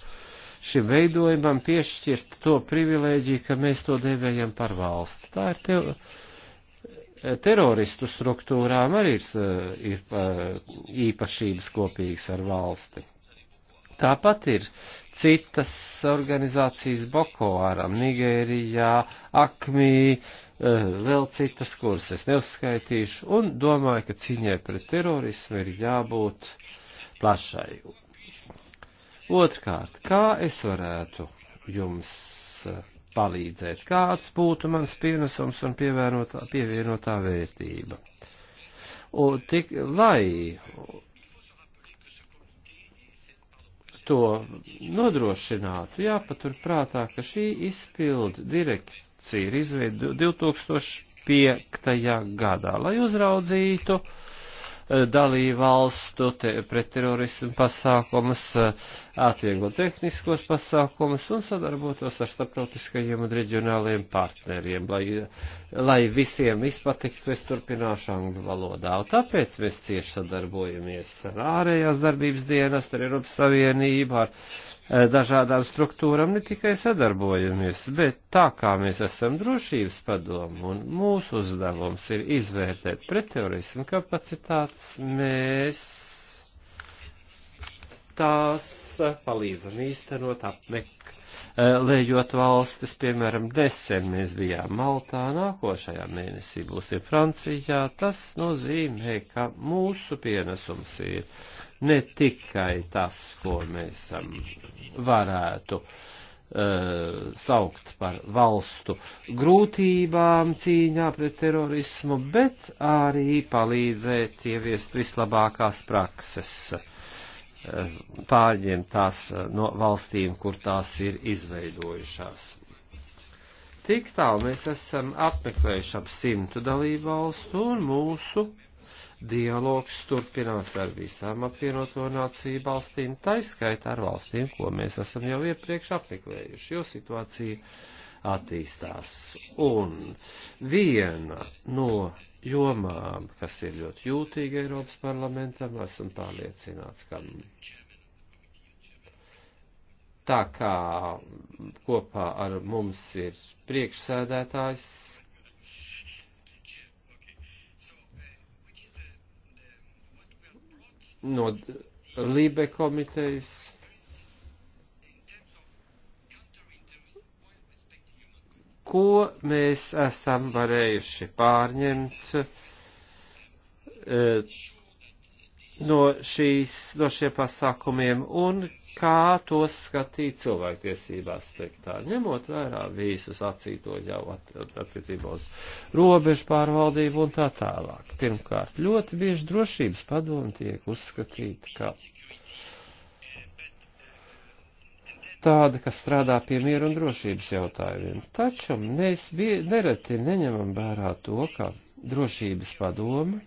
šim veidojumam piešķirt to privilēģiju, ka mēs to devējam par valsti. Tā ir tev. Teroristu struktūrām arī ir, ir īpašības kopīgas ar valsti. Tāpat ir citas organizācijas Boko Haram, Nigērijā, Akmī, eh, vēl citas, kuras es neuzskaitīšu, un domāju, ka cīņai pret terorismu ir jābūt plašai. Otrkārt, kā es varētu jums eh, palīdzēt, kāds būtu mans pienesums un pievienotā, pievienotā vērtība. Un tik, lai to nodrošinātu, jāpatur prātā, ka šī izpildu direkcija ir izveida 2005. gadā, lai uzraudzītu eh, dalību valstu te, pretterorismu pasākumus, uh, atvieglo tehniskos pasākumus un sadarbotos ar starptautiskajiem un reģionālajiem partneriem, lai, lai visiem izpatiktu, es turpināšu angļu valodā. Un tāpēc mēs cieši sadarbojamies ar ārējās darbības dienas, ar Eiropas Savienību, ar eh, dažādām struktūram, ne tikai sadarbojamies, bet tā kā mēs esam drošības padomu un mūsu uzdevums ir izvērtēt pretterorismu kapacitātes, mēs tās eh, palīdzam īstenot apmeklējot eh, valstis, piemēram, desen mēs bijām Maltā, nākošajā mēnesī būsim Francijā. Tas nozīmē, ka mūsu pienesums ir ne tikai tas, ko mēs um, varētu eh, saukt par valstu grūtībām cīņā pret terorismu, bet arī palīdzēt ieviest vislabākās prakses. Uh, Eh, pārņemt tās eh, no valstīm, kur tās ir izveidojušās. Tik tālu mēs esam apmeklējuši ap simtu dalību valstu un mūsu dialogs turpinās ar visām apvienoto nāciju valstīm, taiskaitā ar valstīm, ko mēs esam jau iepriekš apmeklējuši, jo situācija attīstās. Un viena no jomām, kas ir ļoti jūtīga Eiropas parlamentam, esam pārliecināts, ka tā kā kopā ar mums ir priekšsēdētājs, no Lībe komitejas ko mēs esam varējuši pārņemt eh, no, šīs, no šiem pasākumiem un kā tos skatīt cilvēktiesību aspektā, ņemot vērā visus acīto jau at, attiecībā uz robežu pārvaldību un tā tālāk. Pirmkārt, ļoti bieži drošības padomu tiek uzskatīt, ka tāda, kas strādā pie mieru un drošības jautājumiem. Taču mēs nereti neņemam vērā to, ka drošības padoma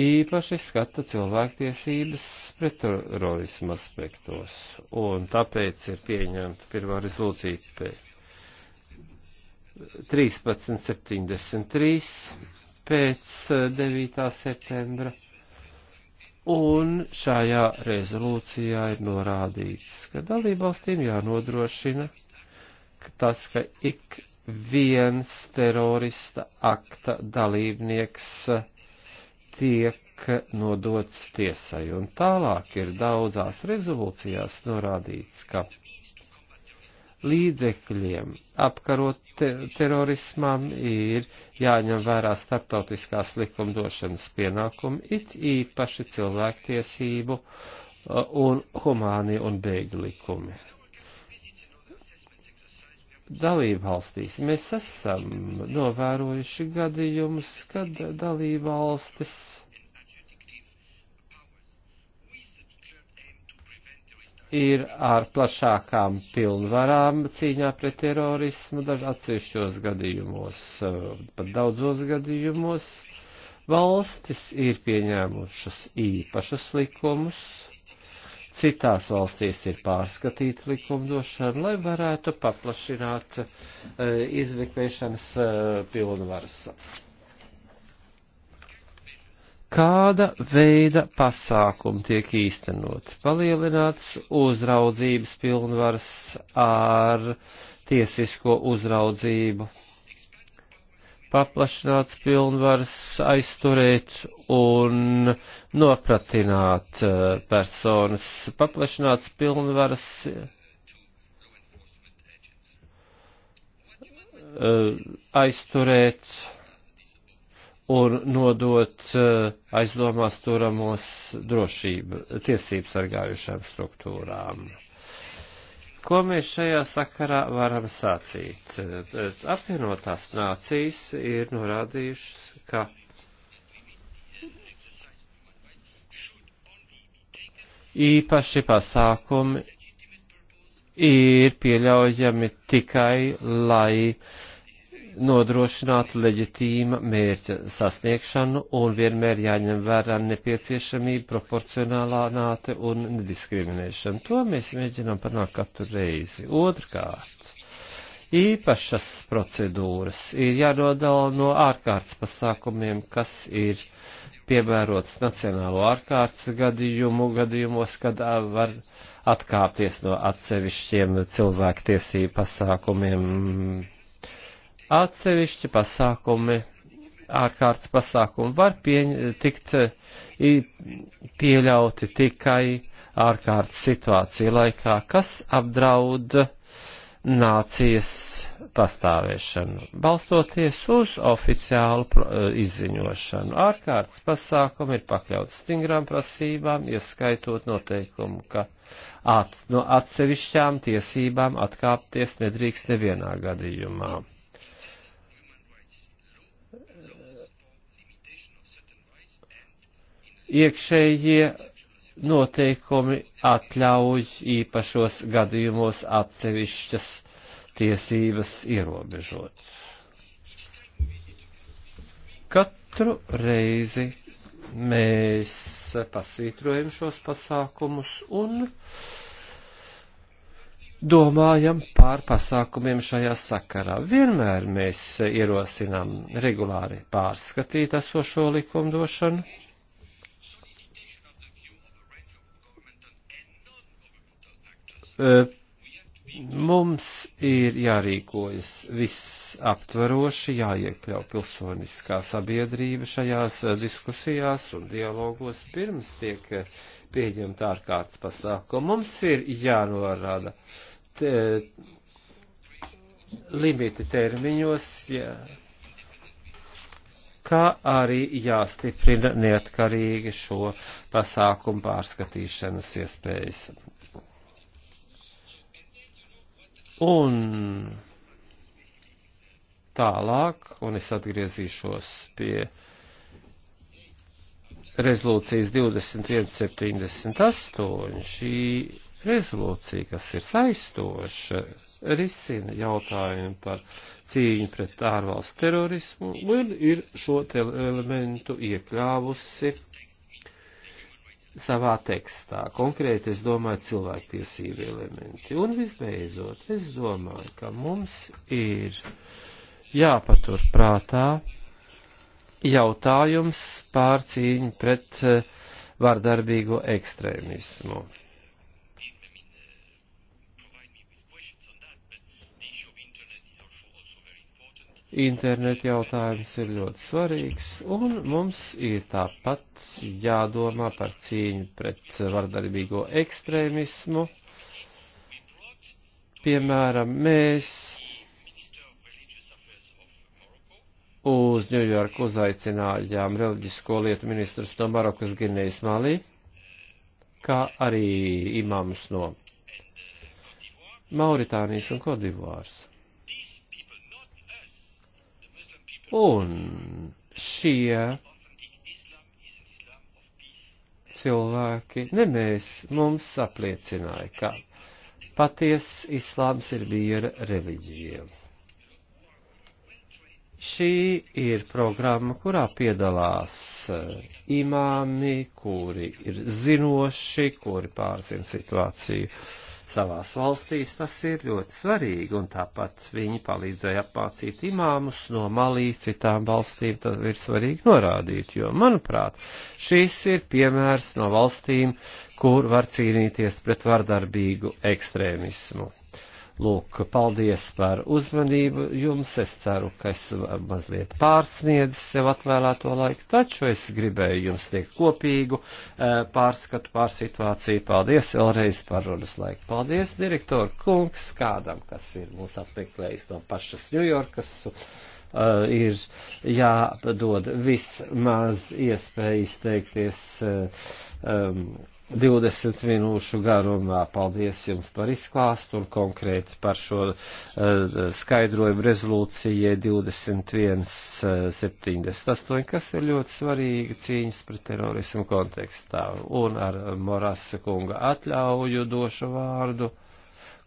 īpaši skata cilvēktiesības pret terorismu aspektos, un tāpēc ir pieņemta pirmā rezolūcija pēc 1373 pēc 9. septembra Un šajā rezolūcijā ir norādīts, ka dalībvalstīm jānodrošina ka tas, ka ik viens terorista akta dalībnieks tiek nodots tiesai. Un tālāk ir daudzās rezolūcijās norādīts, ka līdzekļiem apkarot te terorismam ir jāņem vērā starptautiskās likumdošanas pienākumi, it īpaši cilvēktiesību uh, un humāni un bēgļu likumi. Dalībvalstīs mēs esam novērojuši gadījumus, kad dalībvalstis ir ar plašākām pilnvarām cīņā pret terorismu daž atsevišķos gadījumos, eh, pat daudzos gadījumos. Valstis ir pieņēmušas īpašas likumus, citās valstīs ir pārskatīta likumdošana, lai varētu paplašināt eh, izmeklēšanas eh, pilnvaras kāda veida pasākumi tiek īstenot. Palielināts uzraudzības pilnvars ar tiesisko uzraudzību paplašināts pilnvars aizturēt un nopratināt eh, personas, paplašināts pilnvars eh, aizturēt un nodot eh, aizdomās turamos drošību, tiesību sargājušām struktūrām. Ko mēs šajā sakarā varam sacīt? Eh, apvienotās nācijas ir norādījušas, ka īpaši pasākumi ir pieļaujami tikai, lai uh, nodrošināt leģitīma mērķa sasniegšanu un vienmēr jāņem vērā nepieciešamība, proporcionālā nāte un nediskriminēšana. To mēs mēģinām panākt katru reizi. Otrkārt, īpašas procedūras ir jānodala no ārkārtas pasākumiem, kas ir piemērots nacionālo ārkārtas gadījumu gadījumos, kad var atkāpties no atsevišķiem cilvēktiesību pasākumiem Atsevišķi pasākumi, ārkārtas pasākumi var pieņ, tikt pieļauti tikai ārkārtas situācija laikā, kas apdraud nācijas pastāvēšanu, balstoties uz oficiālu e, izziņošanu. Ārkārtas pasākumi ir pakļauts stingrām prasībām, ieskaitot noteikumu, ka at, no atsevišķām tiesībām atkāpties nedrīkst nevienā gadījumā. iekšējie noteikumi atļauj īpašos gadījumos atsevišķas tiesības ierobežot. Katru reizi mēs pasvītrojam šos pasākumus un domājam pār pasākumiem šajā sakarā. Vienmēr mēs ierosinām regulāri pārskatīt esošo likumdošanu Eh, mums ir jārīkojas visaptveroši, jāiekļau pilsoniskā sabiedrība šajās eh, diskusijās un dialogos pirms tiek eh, pieņemta ārkārtas pasākuma. Mums ir jānorāda te, limiti termiņos, jā, kā arī jāstiprina neatkarīgi šo pasākumu pārskatīšanas iespējas. Un tālāk, un es atgriezīšos pie rezolūcijas 2178, šī rezolūcija, kas ir saistoša, risina jautājumu par cīņu pret ārvalstu terorismu, un ir šo elementu iekļāvusi savā tekstā. Konkrēti, es domāju, cilvēktiesību elementi. Un visbeidzot, es domāju, ka mums ir jāpatur prātā jautājums pār cīņu pret eh, vardarbīgo ekstrēmismu. internetu jautājums ir ļoti svarīgs, un mums ir tāpat jādomā par cīņu pret vardarbīgo ekstrēmismu. Piemēram, mēs uz Ņujorku uzaicinājām reliģisko lietu ministrus no Marokas Ginejas Malī, kā arī imāmus no Mauritānijas un Kodivārs. Un šie cilvēki, ne mēs, mums apliecināja, ka paties islāms ir miera reliģija. Šī ir programma, kurā piedalās eh, imāmi, kuri ir zinoši, kuri pārzina situāciju savās valstīs, tas ir ļoti svarīgi, un tāpat viņi palīdzēja apmācīt imāmus no Malī citām valstīm, tas ir svarīgi norādīt, jo, manuprāt, šis ir piemērs no valstīm, kur var cīnīties pret vardarbīgu ekstrēmismu. Lūk, paldies par uzmanību jums. Es ceru, ka es mazliet pārsniedzu sev atvēlēto laiku, taču es gribēju jums sniegt kopīgu eh, pārskatu pār situāciju. Paldies vēlreiz par runas laiku. Paldies, direktor Kungs, kādam, kas ir mūs apmeklējis no pašas Ņujorkas. Uh, eh, ir jādod vismaz iespēja izteikties uh, eh, um, 20 minūšu garumā. Paldies jums par izklāstu un konkrēti par šo uh, skaidrojumu rezolūcijai 2178, eh, kas ir ļoti svarīga cīņas pret terorismu kontekstā. Un ar Morasa kunga atļauju došu vārdu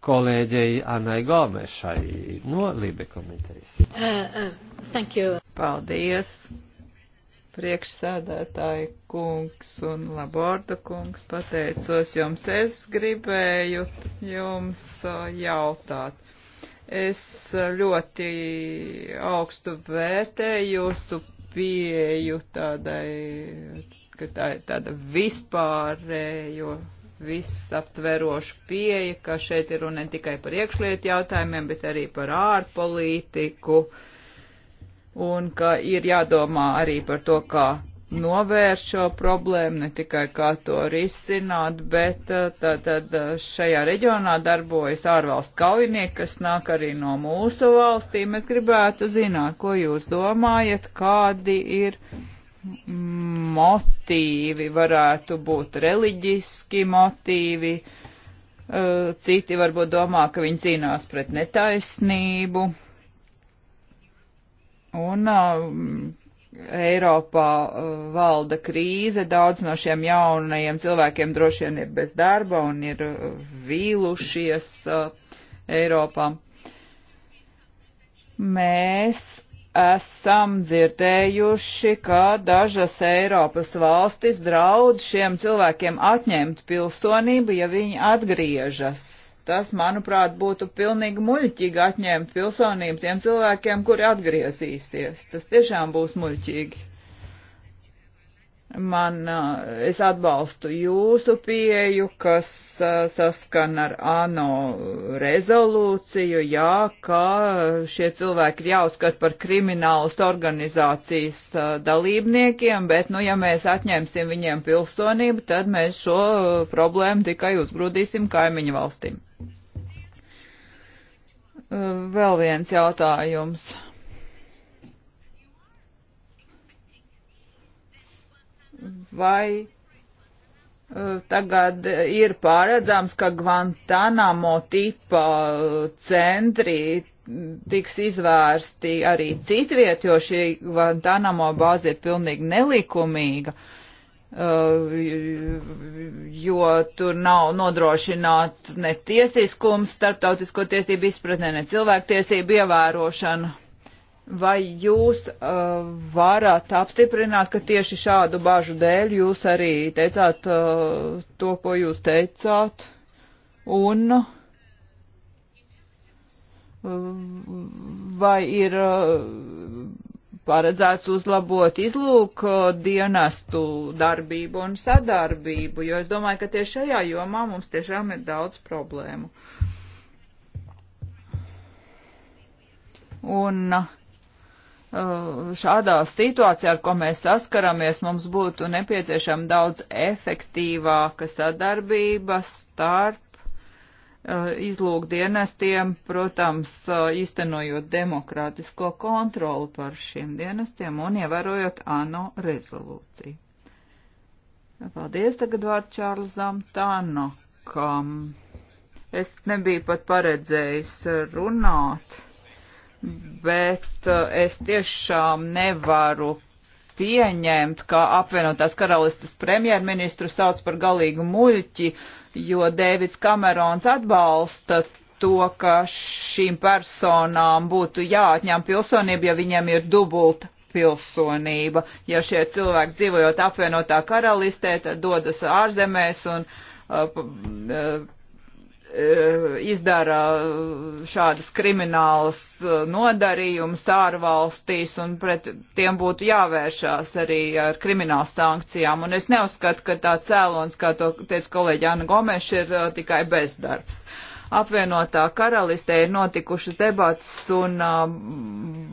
kolēģei Anai Gomešai no Libe komitejas. Uh, uh, thank you. Paldies priekšsēdētāji kungs un laborda kungs, pateicos jums. Es gribēju jums jautāt. Es ļoti augstu vērtēju jūsu pieeju tādai, ka tā ir tāda vispārējo, visaptveroša pieeja, ka šeit ir runa ne tikai par iekšlietu jautājumiem, bet arī par ārpolitiku. Uh, un ka ir jādomā arī par to, kā novērst šo problēmu, ne tikai kā to risināt, bet uh, tātad uh, šajā reģionā darbojas ārvalstu kaujinieki, kas nāk arī no mūsu valstīm. Es gribētu zināt, ko jūs domājat, kādi ir motīvi, varētu būt reliģiski motīvi, uh, citi varbūt domā, ka viņi cīnās pret netaisnību Un um, Eiropā uh, valda krīze, daudz no šiem jaunajiem cilvēkiem droši vien ir bez darba un ir uh, vīlušies uh, Eiropā. Mēs esam dzirdējuši, ka dažas Eiropas valstis draud šiem cilvēkiem atņemt pilsonību, ja viņi atgriežas tas, manuprāt, būtu pilnīgi muļķīgi atņemt pilsonību tiem cilvēkiem, kuri atgriezīsies. Tas tiešām būs muļķīgi. Man, eh, es atbalstu jūsu pieju, kas eh, saskan ar ANO rezolūciju, jā, ka šie cilvēki ir jāuzskat par kriminālas organizācijas eh, dalībniekiem, bet, nu, ja mēs atņemsim viņiem pilsonību, tad mēs šo problēmu tikai uzgrūdīsim kaimiņu valstīm. Vēl viens jautājums vai uh, Tagad ir pārredzams, ka Guantanamo tipa uh, centri tiks izvērsti arī citviet, jo šī Guantanamo bāze ir pilnīgi nelikumīga, uh, jo tur nav nodrošināts ne tiesiskums, starptautisko tiesību izpratnē, ne cilvēktiesību ievērošana Vai jūs uh, varat apstiprināt, ka tieši šādu bažu dēļ jūs arī teicāt uh, to, ko jūs teicāt? Un uh, vai ir uh, paredzēts uzlabot izlūk uh, dienestu darbību un sadarbību? Jo es domāju, ka tieši šajā jomā mums tiešām ir daudz problēmu. Un uh, Eh, šādā situācijā, ar ko mēs saskaramies, mums būtu nepieciešama daudz efektīvāka sadarbība starp eh, izlūkdienestiem, protams, iztenojot eh, demokrātisko kontroli par šiem dienestiem un ievērojot ANO rezolūciju. Paldies tagad vārdu Čārlzam Tanokam. Es nebiju pat paredzējis runāt bet eh, es tiešām nevaru pieņemt, ka apvienotās karalistas premjerministru sauc par galīgu muļķi, jo Dēvids Kamerons atbalsta to, ka šīm personām būtu jāatņem pilsonība, ja viņiem ir dubulta pilsonība. Ja šie cilvēki dzīvojot apvienotā karalistē, tad dodas ārzemēs un uh, uh, Eh, izdara eh, šādas kriminālas eh, nodarījumus ārvalstīs un pret tiem būtu jāvēršās arī ar kriminālu sankcijām. Un es neuzskatu, ka tā cēlons, kā to teica kolēģi Anna Gomeša, ir tikai bezdarbs. Apvienotā karalistē ir notikušas debats un uh,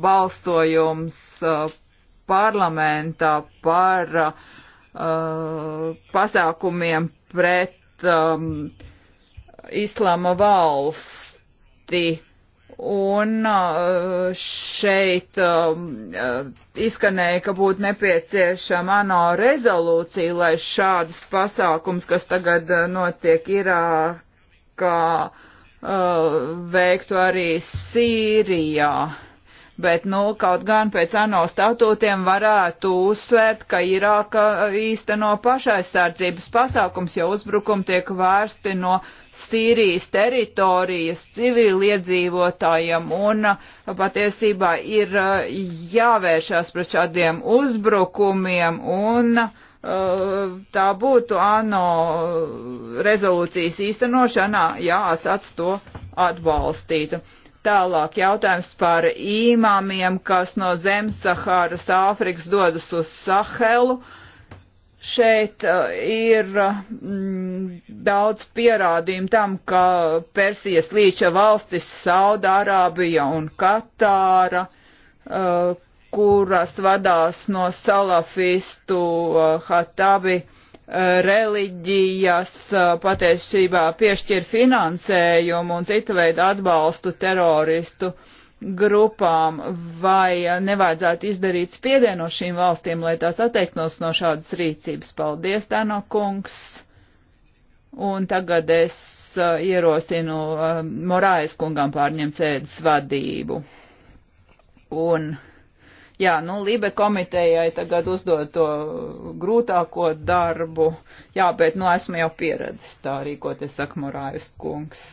balstojums uh, parlamentā par uh, pasākumiem pret um, uh, islama valsti. Un uh, šeit um, uh, izskanēja, ka būtu nepieciešama ANO rezolūcija, lai šādus pasākums, kas tagad uh, notiek Irākā, veiktu arī Sīrijā. Bet, nu, kaut gan pēc ANO statūtiem varētu uzsvērt, ka Irāka īsteno pašaizsardzības pasākums, jo uzbrukumi tiek vērsti no Sīrijas teritorijas civiliedzīvotājiem un uh, patiesībā ir uh, jāvēršās pret šādiem uzbrukumiem un uh, tā būtu ANO rezolūcijas īstenošanā, ja Asats to atbalstītu. Tālāk jautājums par īmāmiem, kas no Zemsaharas Āfrikas dodas uz Sahelu. Uh, Šeit uh, ir mm, daudz pierādījumu tam, ka Persijas līča valstis Saudārābija un Katāra, uh, kuras vadās no salafistu uh, Hatabi reliģijas patiesībā piešķir finansējumu un citu veidu atbalstu teroristu uh, grupām, vai nevajadzētu izdarīt spiedienu no šīm valstīm, lai tās atteiktos no šādas rīcības. Paldies, Tano kungs! Un tagad es uh, ierosinu uh, Morājas kungam pārņemt sēdes vadību. Un, jā, nu, Libe komitejai tagad uzdod to grūtāko darbu. Jā, bet, nu, esmu jau pieredzis tā rīkoties, saka Morājas kungs.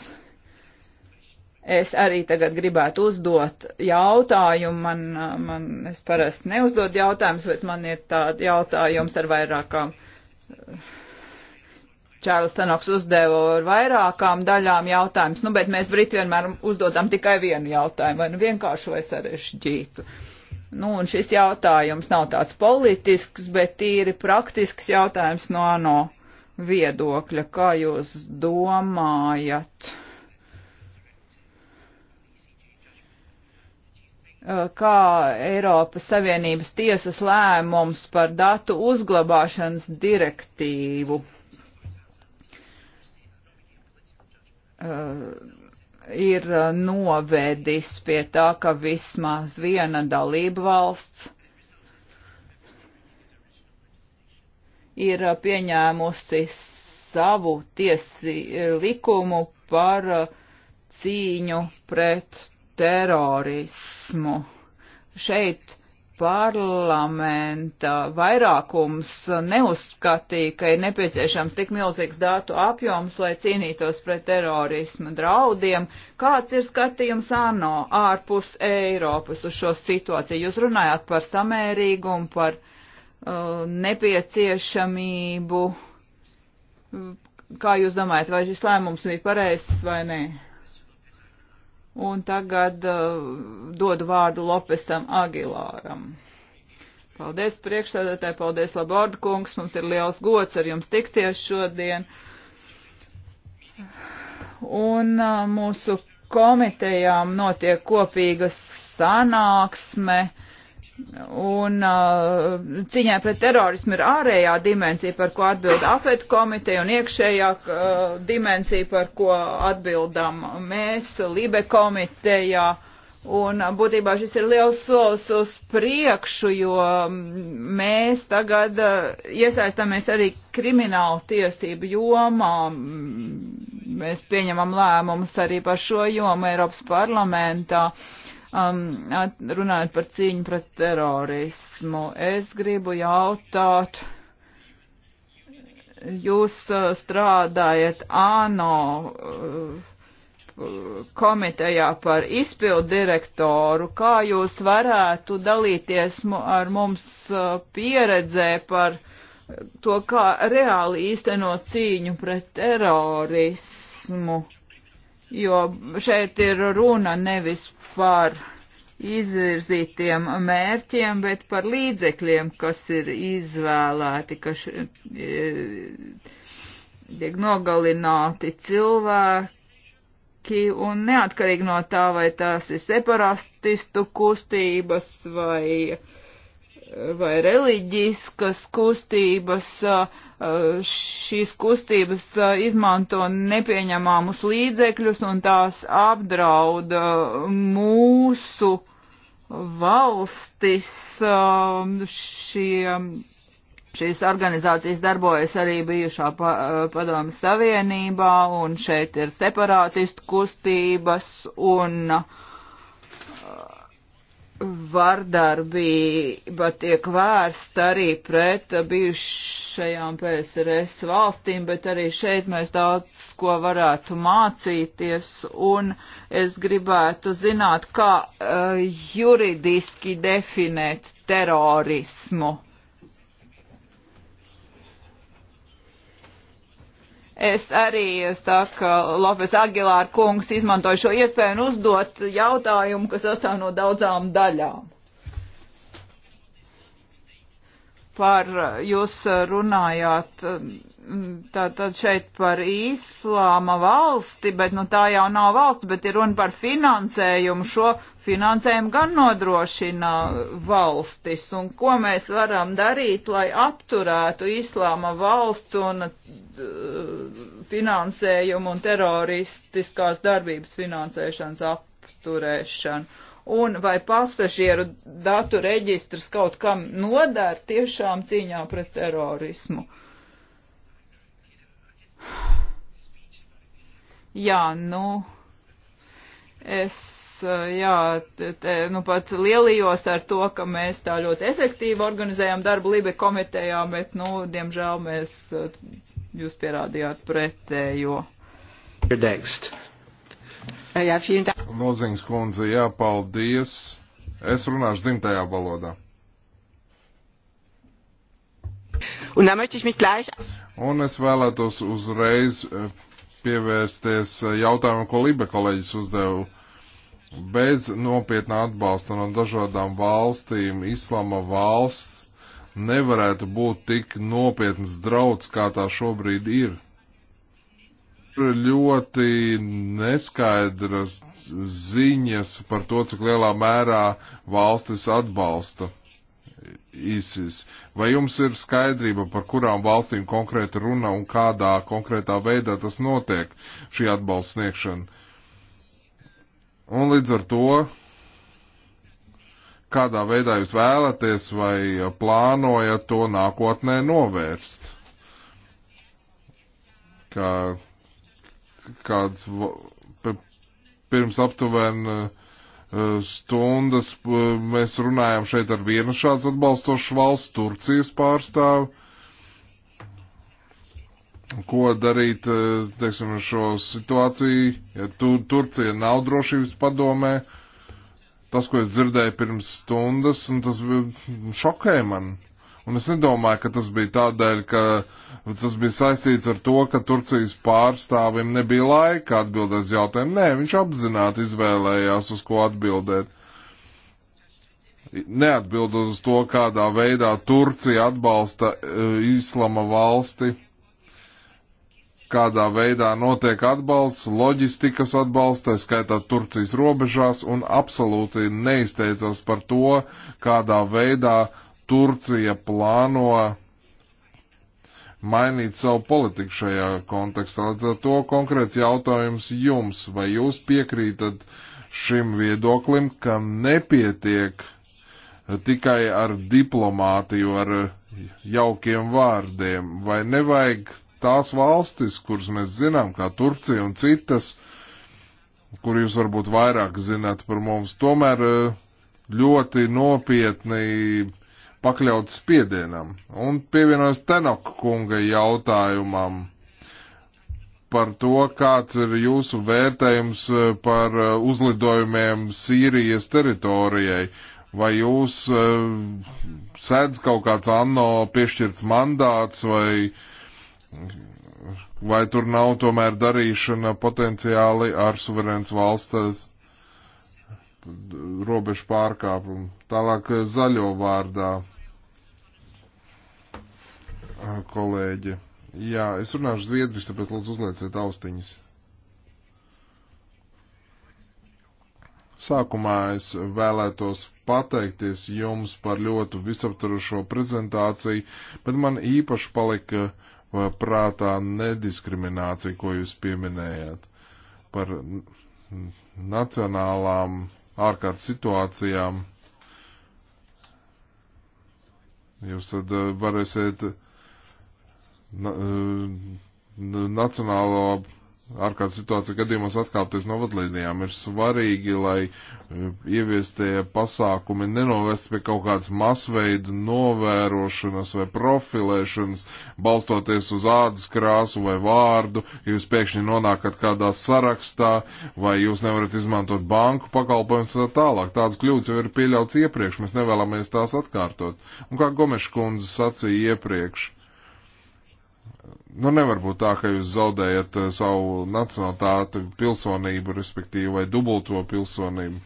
Es arī tagad gribētu uzdot jautājumu. Man, man, es parasti neuzdod jautājumus, bet man ir tāds jautājums ar vairākām. Čārlis Tanoks uzdeva ar vairākām daļām jautājumus, nu, bet mēs Briti vienmēr uzdodam tikai vienu jautājumu, vai nu vienkāršu vai sarežģītu. Nu, un šis jautājums nav tāds politisks, bet tīri praktisks jautājums no ANO viedokļa. Kā jūs domājat? Uh, kā Eiropas Savienības tiesas lēmums par datu uzglabāšanas direktīvu. Uh, ir uh, novedis pie tā, ka vismaz viena dalība valsts ir pieņēmusi savu tiesi likumu par cīņu pret terorismu. Šeit parlamenta vairākums neuzskatīja, ka ir nepieciešams tik milzīgs datu apjoms, lai cīnītos pret terorismu draudiem. Kāds ir skatījums ANO ārpus Eiropas uz šo situāciju? Jūs runājāt par samērīgumu, par uh, nepieciešamību. Kā jūs domājat, vai šis lēmums bija pareizs vai nē? Un tagad uh, dodu vārdu Lopesam Agilāram. Paldies priekšsēdētāji, paldies Laborda kungs, mums ir liels gods ar jums tikties šodien. Un uh, mūsu komitejām notiek kopīga sanāksme. Uh, Un uh, cīņai pret terorismu ir ārējā dimensija, par ko atbild AFET komiteja, un iekšējā uh, dimensija, par ko atbildam mēs, LIBE komitejā. Un uh, būtībā šis ir liels solis uz priekšu, jo mm, mēs tagad uh, iesaistāmies arī kriminālu tiesību jomā. Mm, mēs pieņemam lēmumus arī par šo jomu Eiropas parlamentā. Uh, um, runājot par cīņu pret terorismu. Es gribu jautāt, jūs uh, strādājat ANO uh, komitejā par izpildu direktoru, kā jūs varētu dalīties ar mums uh, pieredzē par to, kā reāli īstenot cīņu pret terorismu. Jo šeit ir runa nevis par izvirzītiem mērķiem, bet par līdzekļiem, kas ir izvēlēti, kas e, tiek nogalināti cilvēki, un neatkarīgi no tā, vai tās ir separatistu kustības vai uh, vai reliģiskas kustības, šīs kustības izmanto nepieņemāmus līdzekļus un tās apdrauda mūsu valstis. Šie, šīs organizācijas darbojas arī bijušā padomu savienībā un šeit ir separātistu kustības un uh, vardarbība tiek vērsta arī pret bijušajām PSRS valstīm, bet arī šeit mēs daudz ko varētu mācīties, un es gribētu zināt, kā uh, juridiski definēt terorismu. Es arī, saka Lopes Agilāra kungs, izmantoju šo iespēju un uzdot jautājumu, kas sastāv no daudzām daļām. Par jūs runājāt tātad šeit par īslāma valsti, bet nu tā jau nav valsts, bet ir runa par finansējumu šo finansējumu gan nodrošina valstis, un ko mēs varam darīt, lai apturētu islāma valsts un uh, finansējumu un teroristiskās darbības finansēšanas apturēšanu. Un vai pasažieru datu reģistrs kaut kam nodara tiešām cīņā pret terorismu? Jā, nu. Es, eh, jā, te, nu pat lielījos ar to, ka mēs tā ļoti efektīvi organizējam darbu Libe komitejā, bet, nu, diemžēl mēs, eh, jūs pierādījāt pretējo. Eh, jā, Lūdzīgs kundze, jā, paldies. Es runāšu dzimtajā valodā. Un, Un es vēlētos uzreiz pievērsties jautājumam, ko Libe kolēģis uzdeva bez nopietna atbalsta no dažādām valstīm islama valsts nevarētu būt tik nopietns drauds, kā tā šobrīd ir. Ir ļoti neskaidras ziņas par to, cik lielā mērā valstis atbalsta ISIS. Vai jums ir skaidrība, par kurām valstīm konkrēti runa un kādā konkrētā veidā tas notiek, šī atbalsta sniegšana? Un līdz ar to, kādā veidā jūs vēlaties vai plānojat to nākotnē novērst? Kā, kāds pirms aptuveni eh, stundas eh, mēs runājām šeit ar vienu šāds atbalstošu valsts Turcijas pārstāvu ko darīt eh, teiksim, ar šo situāciju, ja tu, Turcija nav drošības padomē. Tas, ko es dzirdēju pirms stundas, tas šokēja man. Un es nedomāju, ka tas bija tādēļ, ka tas bija saistīts ar to, ka Turcijas pārstāvim nebija laika atbildēt uz jautājumu. Nē, viņš apzināti izvēlējās, uz ko atbildēt neatbild uz to, kādā veidā Turcija atbalsta uh, islama valsti kādā veidā notiek atbalsts, loģistikas atbalsts, tā skaitā Turcijas robežās, un absolūti neizteicās par to, kādā veidā Turcija plāno mainīt savu politiku šajā kontekstā. Līdz ar to konkrēts jautājums jums, vai jūs piekrītat šim viedoklim, ka nepietiek tikai ar diplomātiju, ar jaukiem vārdiem, vai nevajag tās valstis, kuras mēs zinām, kā Turcija un citas, kur jūs varbūt vairāk zināt par mums, tomēr eh, ļoti nopietni pakļauts spiedienam. Un pievienojas Tenok kunga jautājumam par to, kāds ir jūsu vērtējums eh, par eh, uzlidojumiem Sīrijas teritorijai. Vai jūs uh, sēdz kaut kāds ANO piešķirts mandāts vai uh, Vai tur nav tomēr darīšana potenciāli ar suverēns valsts robežu pārkāpumu? Tālāk eh, zaļo vārdā eh, kolēģi. Jā, es runāšu zviedriski, tāpēc lūdzu uzlieciet austiņas. Sākumā es vēlētos pateikties jums par ļoti visaptarošo prezentāciju, bet man īpaši palika uh, prātā nediskrimināciju, ko jūs pieminējāt par nacionālām ārkārtas situācijām. Jūs tad eh, varēsiet na, eh, nacionālo ārkārtas situācija gadījumos atkāpties no vadlīnijām. Ir svarīgi, lai eh, ieviestie pasākumi nenovest pie kaut kādas masveida novērošanas vai profilēšanas, balstoties uz ādas krāsu vai vārdu, ja jūs pēkšņi nonākat kādā sarakstā, vai jūs nevarat izmantot banku pakalpojumus un tā tālāk. Tādas kļūdas jau ir pieļauts iepriekš, mēs nevēlamies tās atkārtot. Un kā Gomeša kundze sacīja iepriekš, Nu, nevar būt tā, ka jūs zaudējat eh, savu nacionālitāti, pilsonību, respektīvi, vai dubulto pilsonību.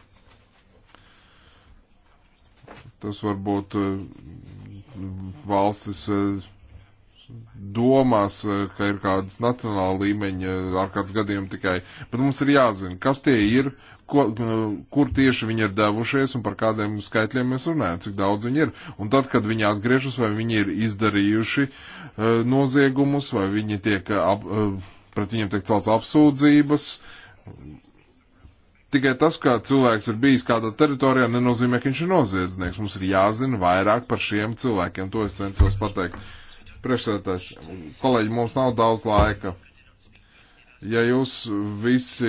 Tas var būt eh, valstis eh, domās, ka ir kādas nacionāla līmeņa ārkārtas gadījumi tikai, bet mums ir jāzina, kas tie ir, ko, kur tieši viņi ir devušies un par kādiem skaitļiem mēs runājam, cik daudz viņi ir. Un tad, kad viņi atgriežas, vai viņi ir izdarījuši e, noziegumus, vai viņi tiek, e, ap, e, pret viņiem tiek celts apsūdzības. Tikai tas, ka cilvēks ir bijis kādā teritorijā, nenozīmē, ka viņš ir noziedznieks. Mums ir jāzina vairāk par šiem cilvēkiem. To es centos pateikt. Priekšsēdētājs, kolēģi, mums nav daudz laika. Ja jūs visi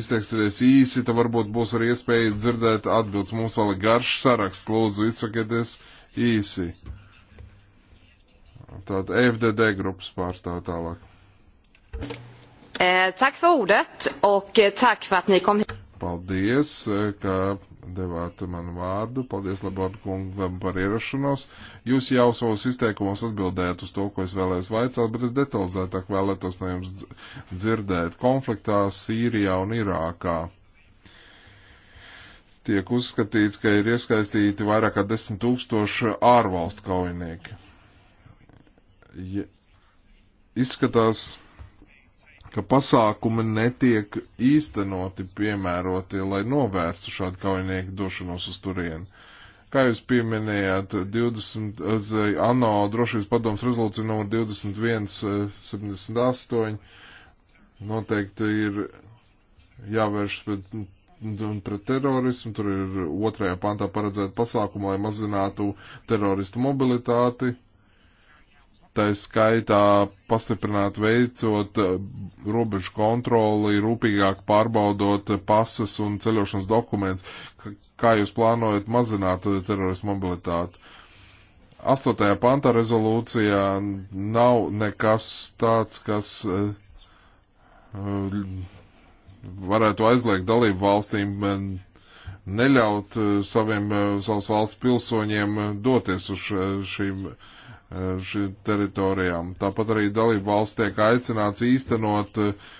izteiksieties īsi, tad varbūt būs arī iespēja dzirdēt atbildes. Mums vēl ir garš saraksts, lūdzu, izsakieties īsi. Tātad FDD grupas pārstāv tālāk. Eh, tak för ordet och eh, tack för att ni kom hit. Paldies, eh, ka devāt man vārdu. Paldies Labāk kungam par ierašanos. Jūs jau savos izteikumos atbildējat uz to, ko es vēlējos vaicāt, bet es detalizētāk vēlētos no jums dzirdēt. Konfliktā Sīrijā un Irākā tiek uzskatīts, ka ir iesaistīti vairāk kā desmit tūkstoši ārvalstu kaujinieki. Ja, izskatās, ka pasākumi netiek īstenoti piemēroti, lai novērstu šādu kaujinieku došanos uz turieni. Kā jūs pieminējāt, 20, uh, eh, ANO drošības padoms rezolūcija numur 2178 eh, noteikti ir jāvērš pret, pret terorismu, tur ir otrajā pantā paredzēta pasākuma, lai mazinātu teroristu mobilitāti tā skaitā pastiprināt veicot eh, robežu kontroli, rūpīgāk pārbaudot pasas un ceļošanas dokumentus. Kā jūs plānojat mazināt eh, terorismu mobilitāti? 8. pantā rezolūcijā nav nekas tāds, kas eh, varētu aizliegt dalību valstīm neļaut saviem savas valsts pilsoņiem doties uz šīm. Šī, Eh, šīm teritorijām. Tāpat arī dalību valsts tiek aicināts īstenot eh,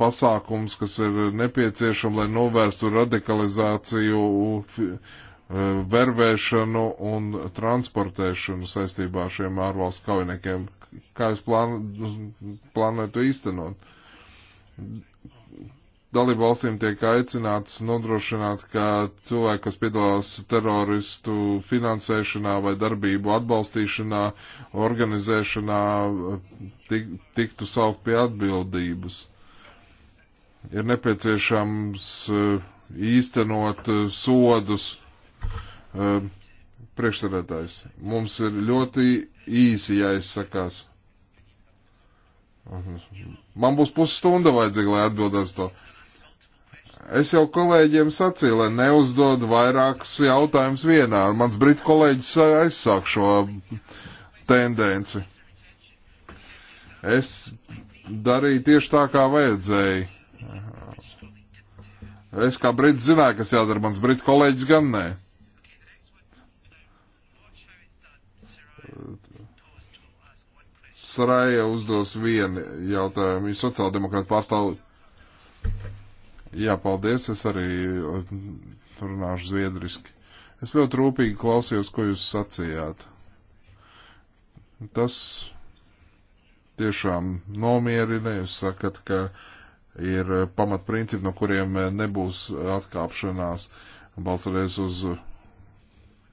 pasākums, kas ir nepieciešama, lai novērstu radikalizāciju, eh, vervēšanu un transportēšanu saistībā ar šiem ārvalstu kaujiniekiem. Kā jūs plān, plānojat to īstenot? dalību valstīm tiek aicināts nodrošināt, ka cilvēki, kas piedalās teroristu finansēšanā vai darbību atbalstīšanā, organizēšanā, tik, tiktu saukt pie atbildības. Ir nepieciešams eh, īstenot eh, sodus eh, priekšsarētājs. Mums ir ļoti īsi jāizsakās. Man būs pusstunda vajadzīga, lai atbildētu to. Es jau kolēģiem sacīju, lai neuzdod vairākus jautājumus vienā, un mans brīt kolēģis aizsāk šo tendenci. Es darīju tieši tā, kā vajadzēja. Es kā brīts zināju, kas jādara, mans brīt kolēģis gan nē. Saraja uzdos vienu jautājumu. Sociāldemokrāta pārstāvja. Jā, paldies, es arī runāšu zviedriski. Es ļoti rūpīgi klausījos, ko jūs sacījāt. Tas tiešām nomierina, jūs sakat, ka ir pamatprincipi, no kuriem nebūs atkāpšanās, balstoties uz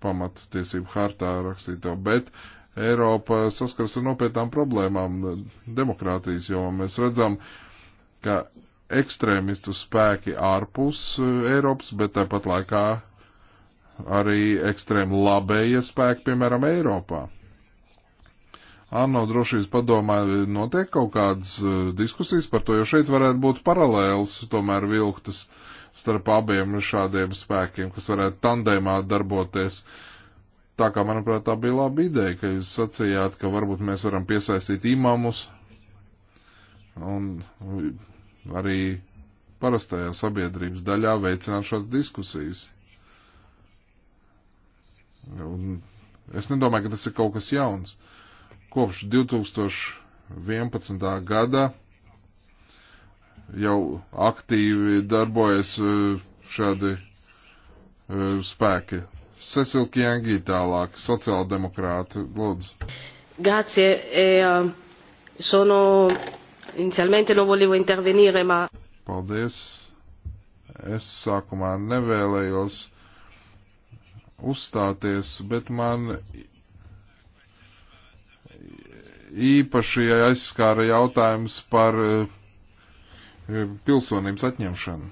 pamattiesību hartā rakstīto, bet Eiropa saskars ar nopietnām problēmām demokrātijas jomā. Mēs redzam, ka ekstrēmistu spēki ārpus e, Eiropas, bet tāpat laikā arī ekstrēmu labējie spēki, piemēram, Eiropā. ANO drošības padomā notiek kaut kādas e, diskusijas par to, jo šeit varētu būt paralēls, tomēr vilktas starp abiem šādiem spēkiem, kas varētu tandēmā darboties. Tā kā, manuprāt, tā bija laba ideja, ka jūs sacījāt, ka varbūt mēs varam piesaistīt imamus un arī parastajā sabiedrības daļā veicināt šādas diskusijas. Un es nedomāju, ka tas ir kaut kas jauns. Kopš 2011. gada jau aktīvi darbojas eh, šādi eh, spēki. Cecil Kiengi tālāk, sociāldemokrāti, lūdzu. Grazie, e, sono inizialmente non volevo intervenire, ma... Paldies. Es sākumā nevēlējos uzstāties, bet man īpaši aizskāra jautājums par eh, pilsonības atņemšanu.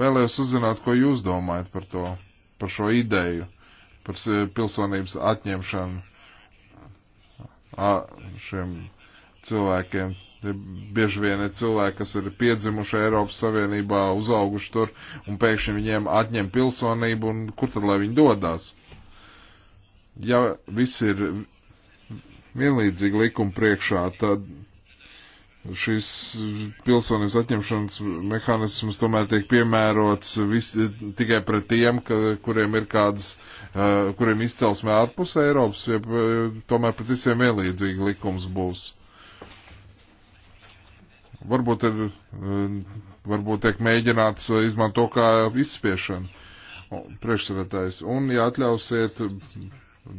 Vēlējos uzzināt, ko jūs domājat par to, par šo ideju, par pilsonības atņemšanu šiem cilvēkiem. Bieži vien ir cilvēki, kas ir piedzimuši Eiropas Savienībā, uzauguši tur, un pēkšņi viņiem atņem pilsonību, un kur tad lai viņi dodās? Ja viss ir vienlīdzīgi likuma priekšā, tad šīs pilsonības atņemšanas mehānisms tomēr tiek piemērots vis, tikai pret tiem, ka, kuriem ir kādas, uh, kuriem izcelsme ārpus Eiropas, ja, tomēr pret visiem vienlīdzīgi likums būs. Varbūt, ir, eh, varbūt tiek mēģināts eh, izmantot to kā izspiešanu priekšsēdētājs. Un, ja atļausiet,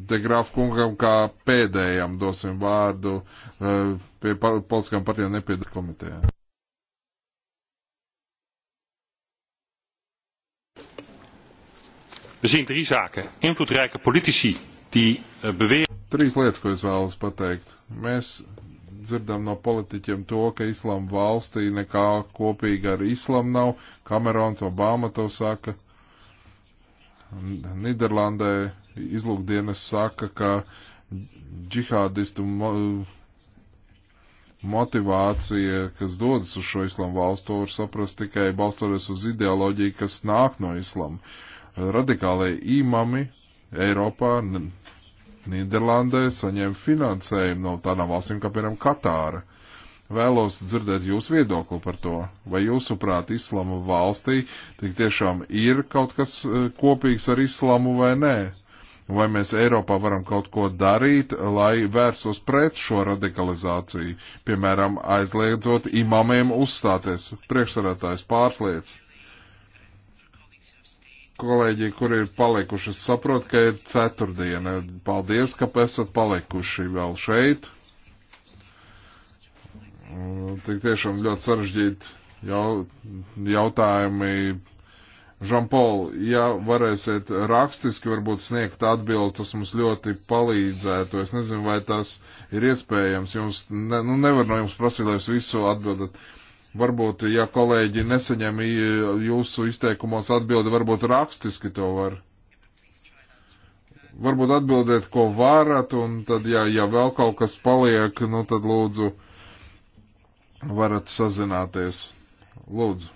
Degrāf kungam kā pēdējam dosim vārdu eh, pie politiskām partijām nepiedar komitejā. We er zien drie zaken. Invloedrijke politici die beweren. Trīs lietas, ko es vēlos pateikt. Mēs dzirdam no politiķiem to, ka islāma valstī nekā kopīga ar islāmu nav. Kamerons Obama to saka. Niderlandē izlūkdienas saka, ka džihādistu mo motivācija, kas dodas uz šo islamu valstu, var saprast tikai balstoties uz ideoloģiju, kas nāk no islama. Radikālai īmami Eiropā Nīderlandē saņem finansējumu no tādām valstīm, kā piemēram Katāra. Vēlos dzirdēt jūsu viedokli par to. Vai jūsuprāt, islama valstī tik tiešām ir kaut kas eh, kopīgs ar islamu vai nē? Vai mēs Eiropā varam kaut ko darīt, lai vērsos pret šo radikalizāciju, piemēram, aizliedzot imamiem uzstāties, priekšsarētājs pārslietas? kolēģi, kuri ir palikuši. Es saprotu, ka ir ceturtdiena. Paldies, ka esat palikuši vēl šeit. Tik tiešām ļoti sarežģīti jau, jautājumi. Žampol, ja varēsiet rakstiski varbūt sniegt atbildes, tas mums ļoti palīdzētu. Es nezinu, vai tas ir iespējams. Jums, ne, nu nevar no jums prasīt, lai es visu atbildat. Uh, Varbūt, ja kolēģi nesaņem jūsu izteikumos atbildi, varbūt rakstiski to var. Varbūt atbildēt, ko varat, un tad, ja, ja vēl kaut kas paliek, nu tad lūdzu varat sazināties. Lūdzu.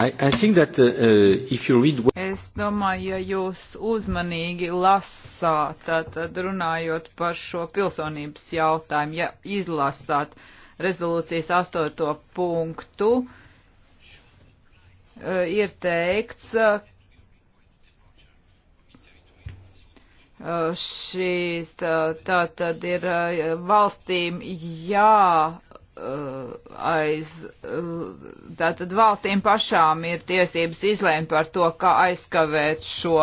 I, I think that uh, uh if you read Es domāju, ja jūs uzmanīgi lasāt, tad runājot par šo pilsonības jautājumu, ja izlasāt uh, rezolūcijas astoto punktu eh, ir teikts, eh, šīs tā tad ir eh, valstīm jā aiz, tātad valstīm pašām ir tiesības izlēmt par to, kā aizkavēt šo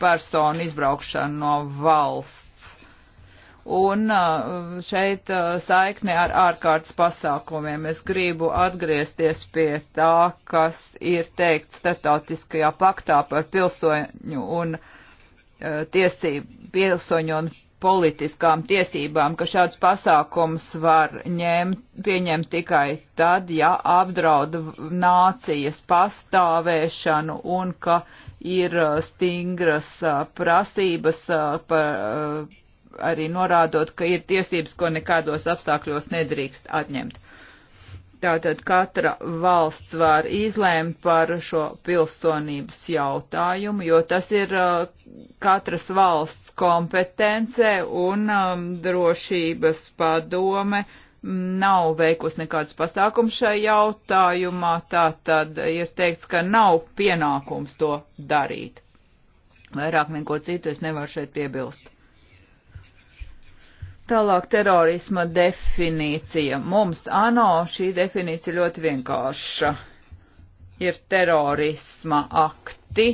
personu izbraukšanu no valsts un uh, šeit uh, saikne ar ārkārtas pasākumiem. Es gribu atgriezties pie tā, kas ir teikt statautiskajā paktā par pilsoņu un uh, tiesību, pilsoņu un politiskām tiesībām, ka šāds pasākums var ņemt, pieņemt tikai tad, ja apdraud nācijas pastāvēšanu un ka ir stingras prasības par arī norādot, ka ir tiesības, ko nekādos apstākļos nedrīkst atņemt. Tātad katra valsts var izlēmt par šo pilsonības jautājumu, jo tas ir uh, katras valsts kompetence un um, drošības padome mm, nav veikusi nekādus pasākumus šai jautājumā, tātad ir teikts, ka nav pienākums to darīt. Vairāk neko citu es nevaru šeit piebilst. Tālāk terorisma definīcija. Mums ANO šī definīcija ļoti vienkārša. Ir terorisma akti,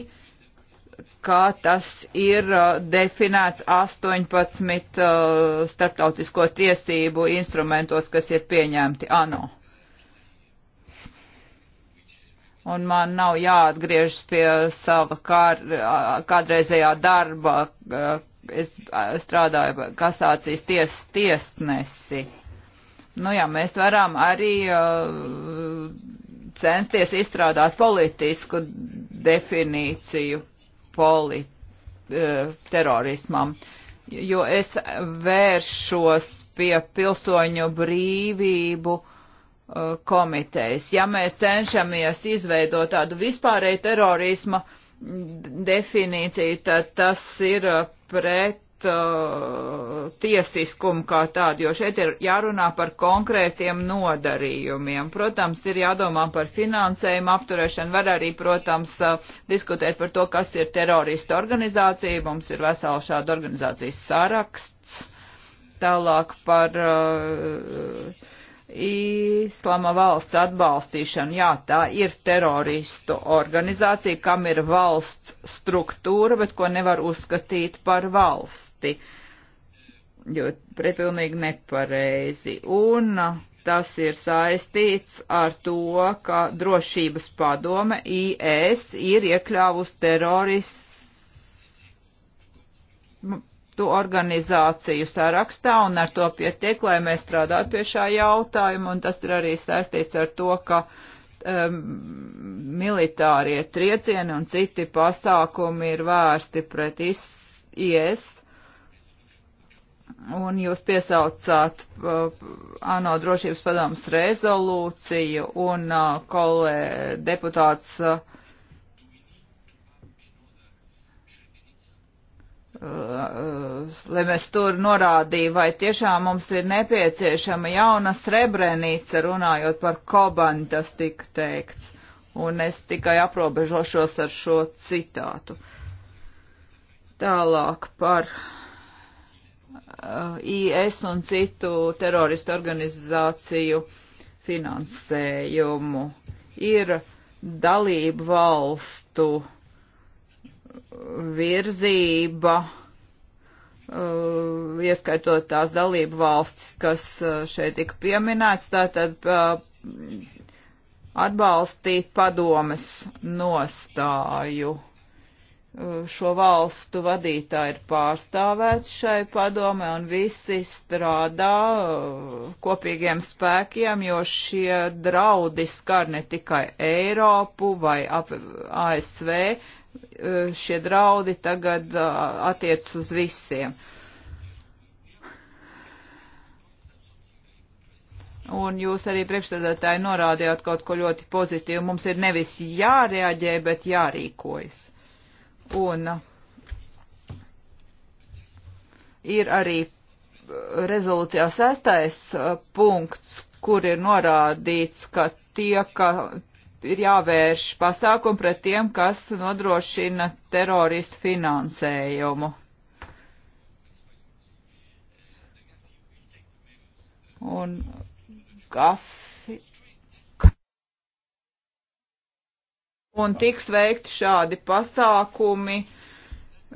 kā tas ir uh, definēts 18 uh, starptautisko tiesību instrumentos, kas ir pieņemti ANO. Un man nav jāatgriežas pie sava kār, uh, kādreizējā darba, uh, es strādāju kasācijas ties, tiesnesi. Nu jā, mēs varam arī uh, censties izstrādāt politisku definīciju polit, uh, e, terorismam, jo es vēršos pie pilsoņu brīvību uh, komitejas. Ja mēs cenšamies izveidot tādu vispārēju terorisma definīciju, tad tas ir uh, pret uh, tiesiskumu kā tādu, jo šeit ir jārunā par konkrētiem nodarījumiem. Protams, ir jādomā par finansējumu apturēšanu, var arī, protams, uh, diskutēt par to, kas ir terorista organizācija. Mums ir vesela šāda organizācijas saraksts. Tālāk par uh, Īslama valsts atbalstīšanu. Jā, tā ir teroristu organizācija, kam ir valsts struktūra, bet ko nevar uzskatīt par valsti, jo pretilnīgi nepareizi. Un tas ir saistīts ar to, ka drošības padome IS ir iekļāvusi teroristu tu organizāciju sarakstā un ar to pietiek, lai mēs strādātu pie šā jautājuma, un tas ir arī saistīts ar to, ka um, militārie triecieni un citi pasākumi ir vērsti pret IS, un jūs piesaucāt uh, ANO drošības padomas rezolūciju, un uh, kolē deputāts uh, Uh, uh, lai mēs tur norādītu, vai tiešām mums ir nepieciešama jauna srebrenīca, runājot par Kobani, tas tika teikts. Un es tikai aprobežošos ar šo citātu. Tālāk par uh, IS un citu teroristu organizāciju finansējumu ir dalību valstu virzība, uh, ieskaitot tās dalību valstis, kas uh, šeit tika pieminēts, tātad uh, atbalstīt padomes nostāju. Šo valstu vadītāji ir pārstāvēts šai padome un visi strādā kopīgiem spēkiem, jo šie draudi skar ne tikai Eiropu vai ASV, Eh, šie draudi tagad eh, attiec uz visiem. Un jūs arī priekšstādātāji norādījāt kaut ko ļoti pozitīvu. Mums ir nevis jārēģē, bet jārīkojas. Un eh, ir arī rezolūcijā sestais punkts, kur ir norādīts, ka tie, ka ir jāvērš pasākumi pret tiem, kas nodrošina teroristu finansējumu. Un Gafi. Un tiks veikti šādi pasākumi.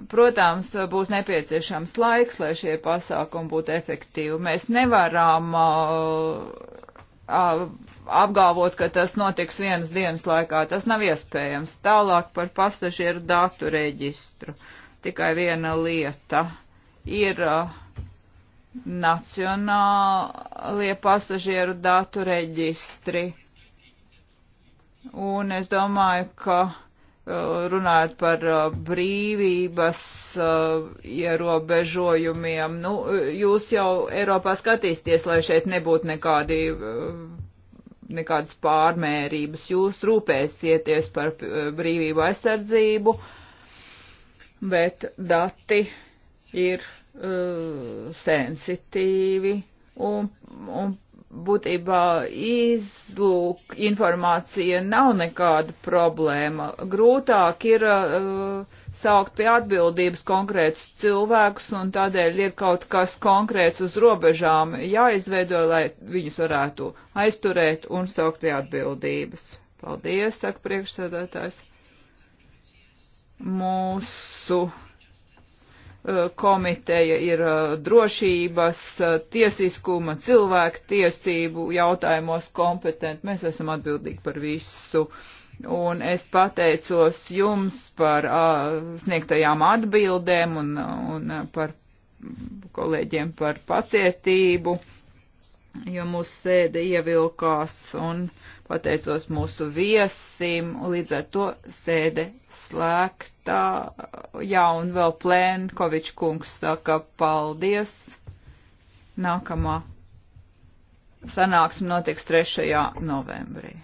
Protams, būs nepieciešams laiks, lai šie pasākumi būtu efektīvi. Mēs nevaram uh, apgalvot, ka tas notiks vienas dienas laikā. Tas nav iespējams. Tālāk par pasažieru datu reģistru. Tikai viena lieta ir nacionālie pasažieru datu reģistri. Un es domāju, ka runājot par uh, brīvības uh, ierobežojumiem. Nu, jūs jau Eiropā skatīsties, lai šeit nebūtu nekādi, uh, nekādas pārmērības. Jūs rūpēsieties par brīvību aizsardzību, bet dati ir uh, sensitīvi un, un būtībā izlūk informācija nav nekāda problēma. Grūtāk ir uh, saukt pie atbildības konkrētus cilvēkus, un tādēļ ir kaut kas konkrēts uz robežām jāizveido, lai viņus varētu aizturēt un saukt pie atbildības. Paldies, saka priekšsēdētājs. Mūsu Eh, komiteja ir eh, drošības, eh, tiesiskuma, cilvēku tiesību jautājumos kompetenti. Mēs esam atbildīgi par visu. Un es pateicos jums par sniegtajām atbildēm un, un par kolēģiem par pacietību, jo mūsu sēde ievilkās un uh, pateicos mūsu viesim, līdz ar to sēde slēgtā. Jā, un vēl Plēnkovičs kungs saka paldies. Nākamā sanāksme notiks 3. novembrī.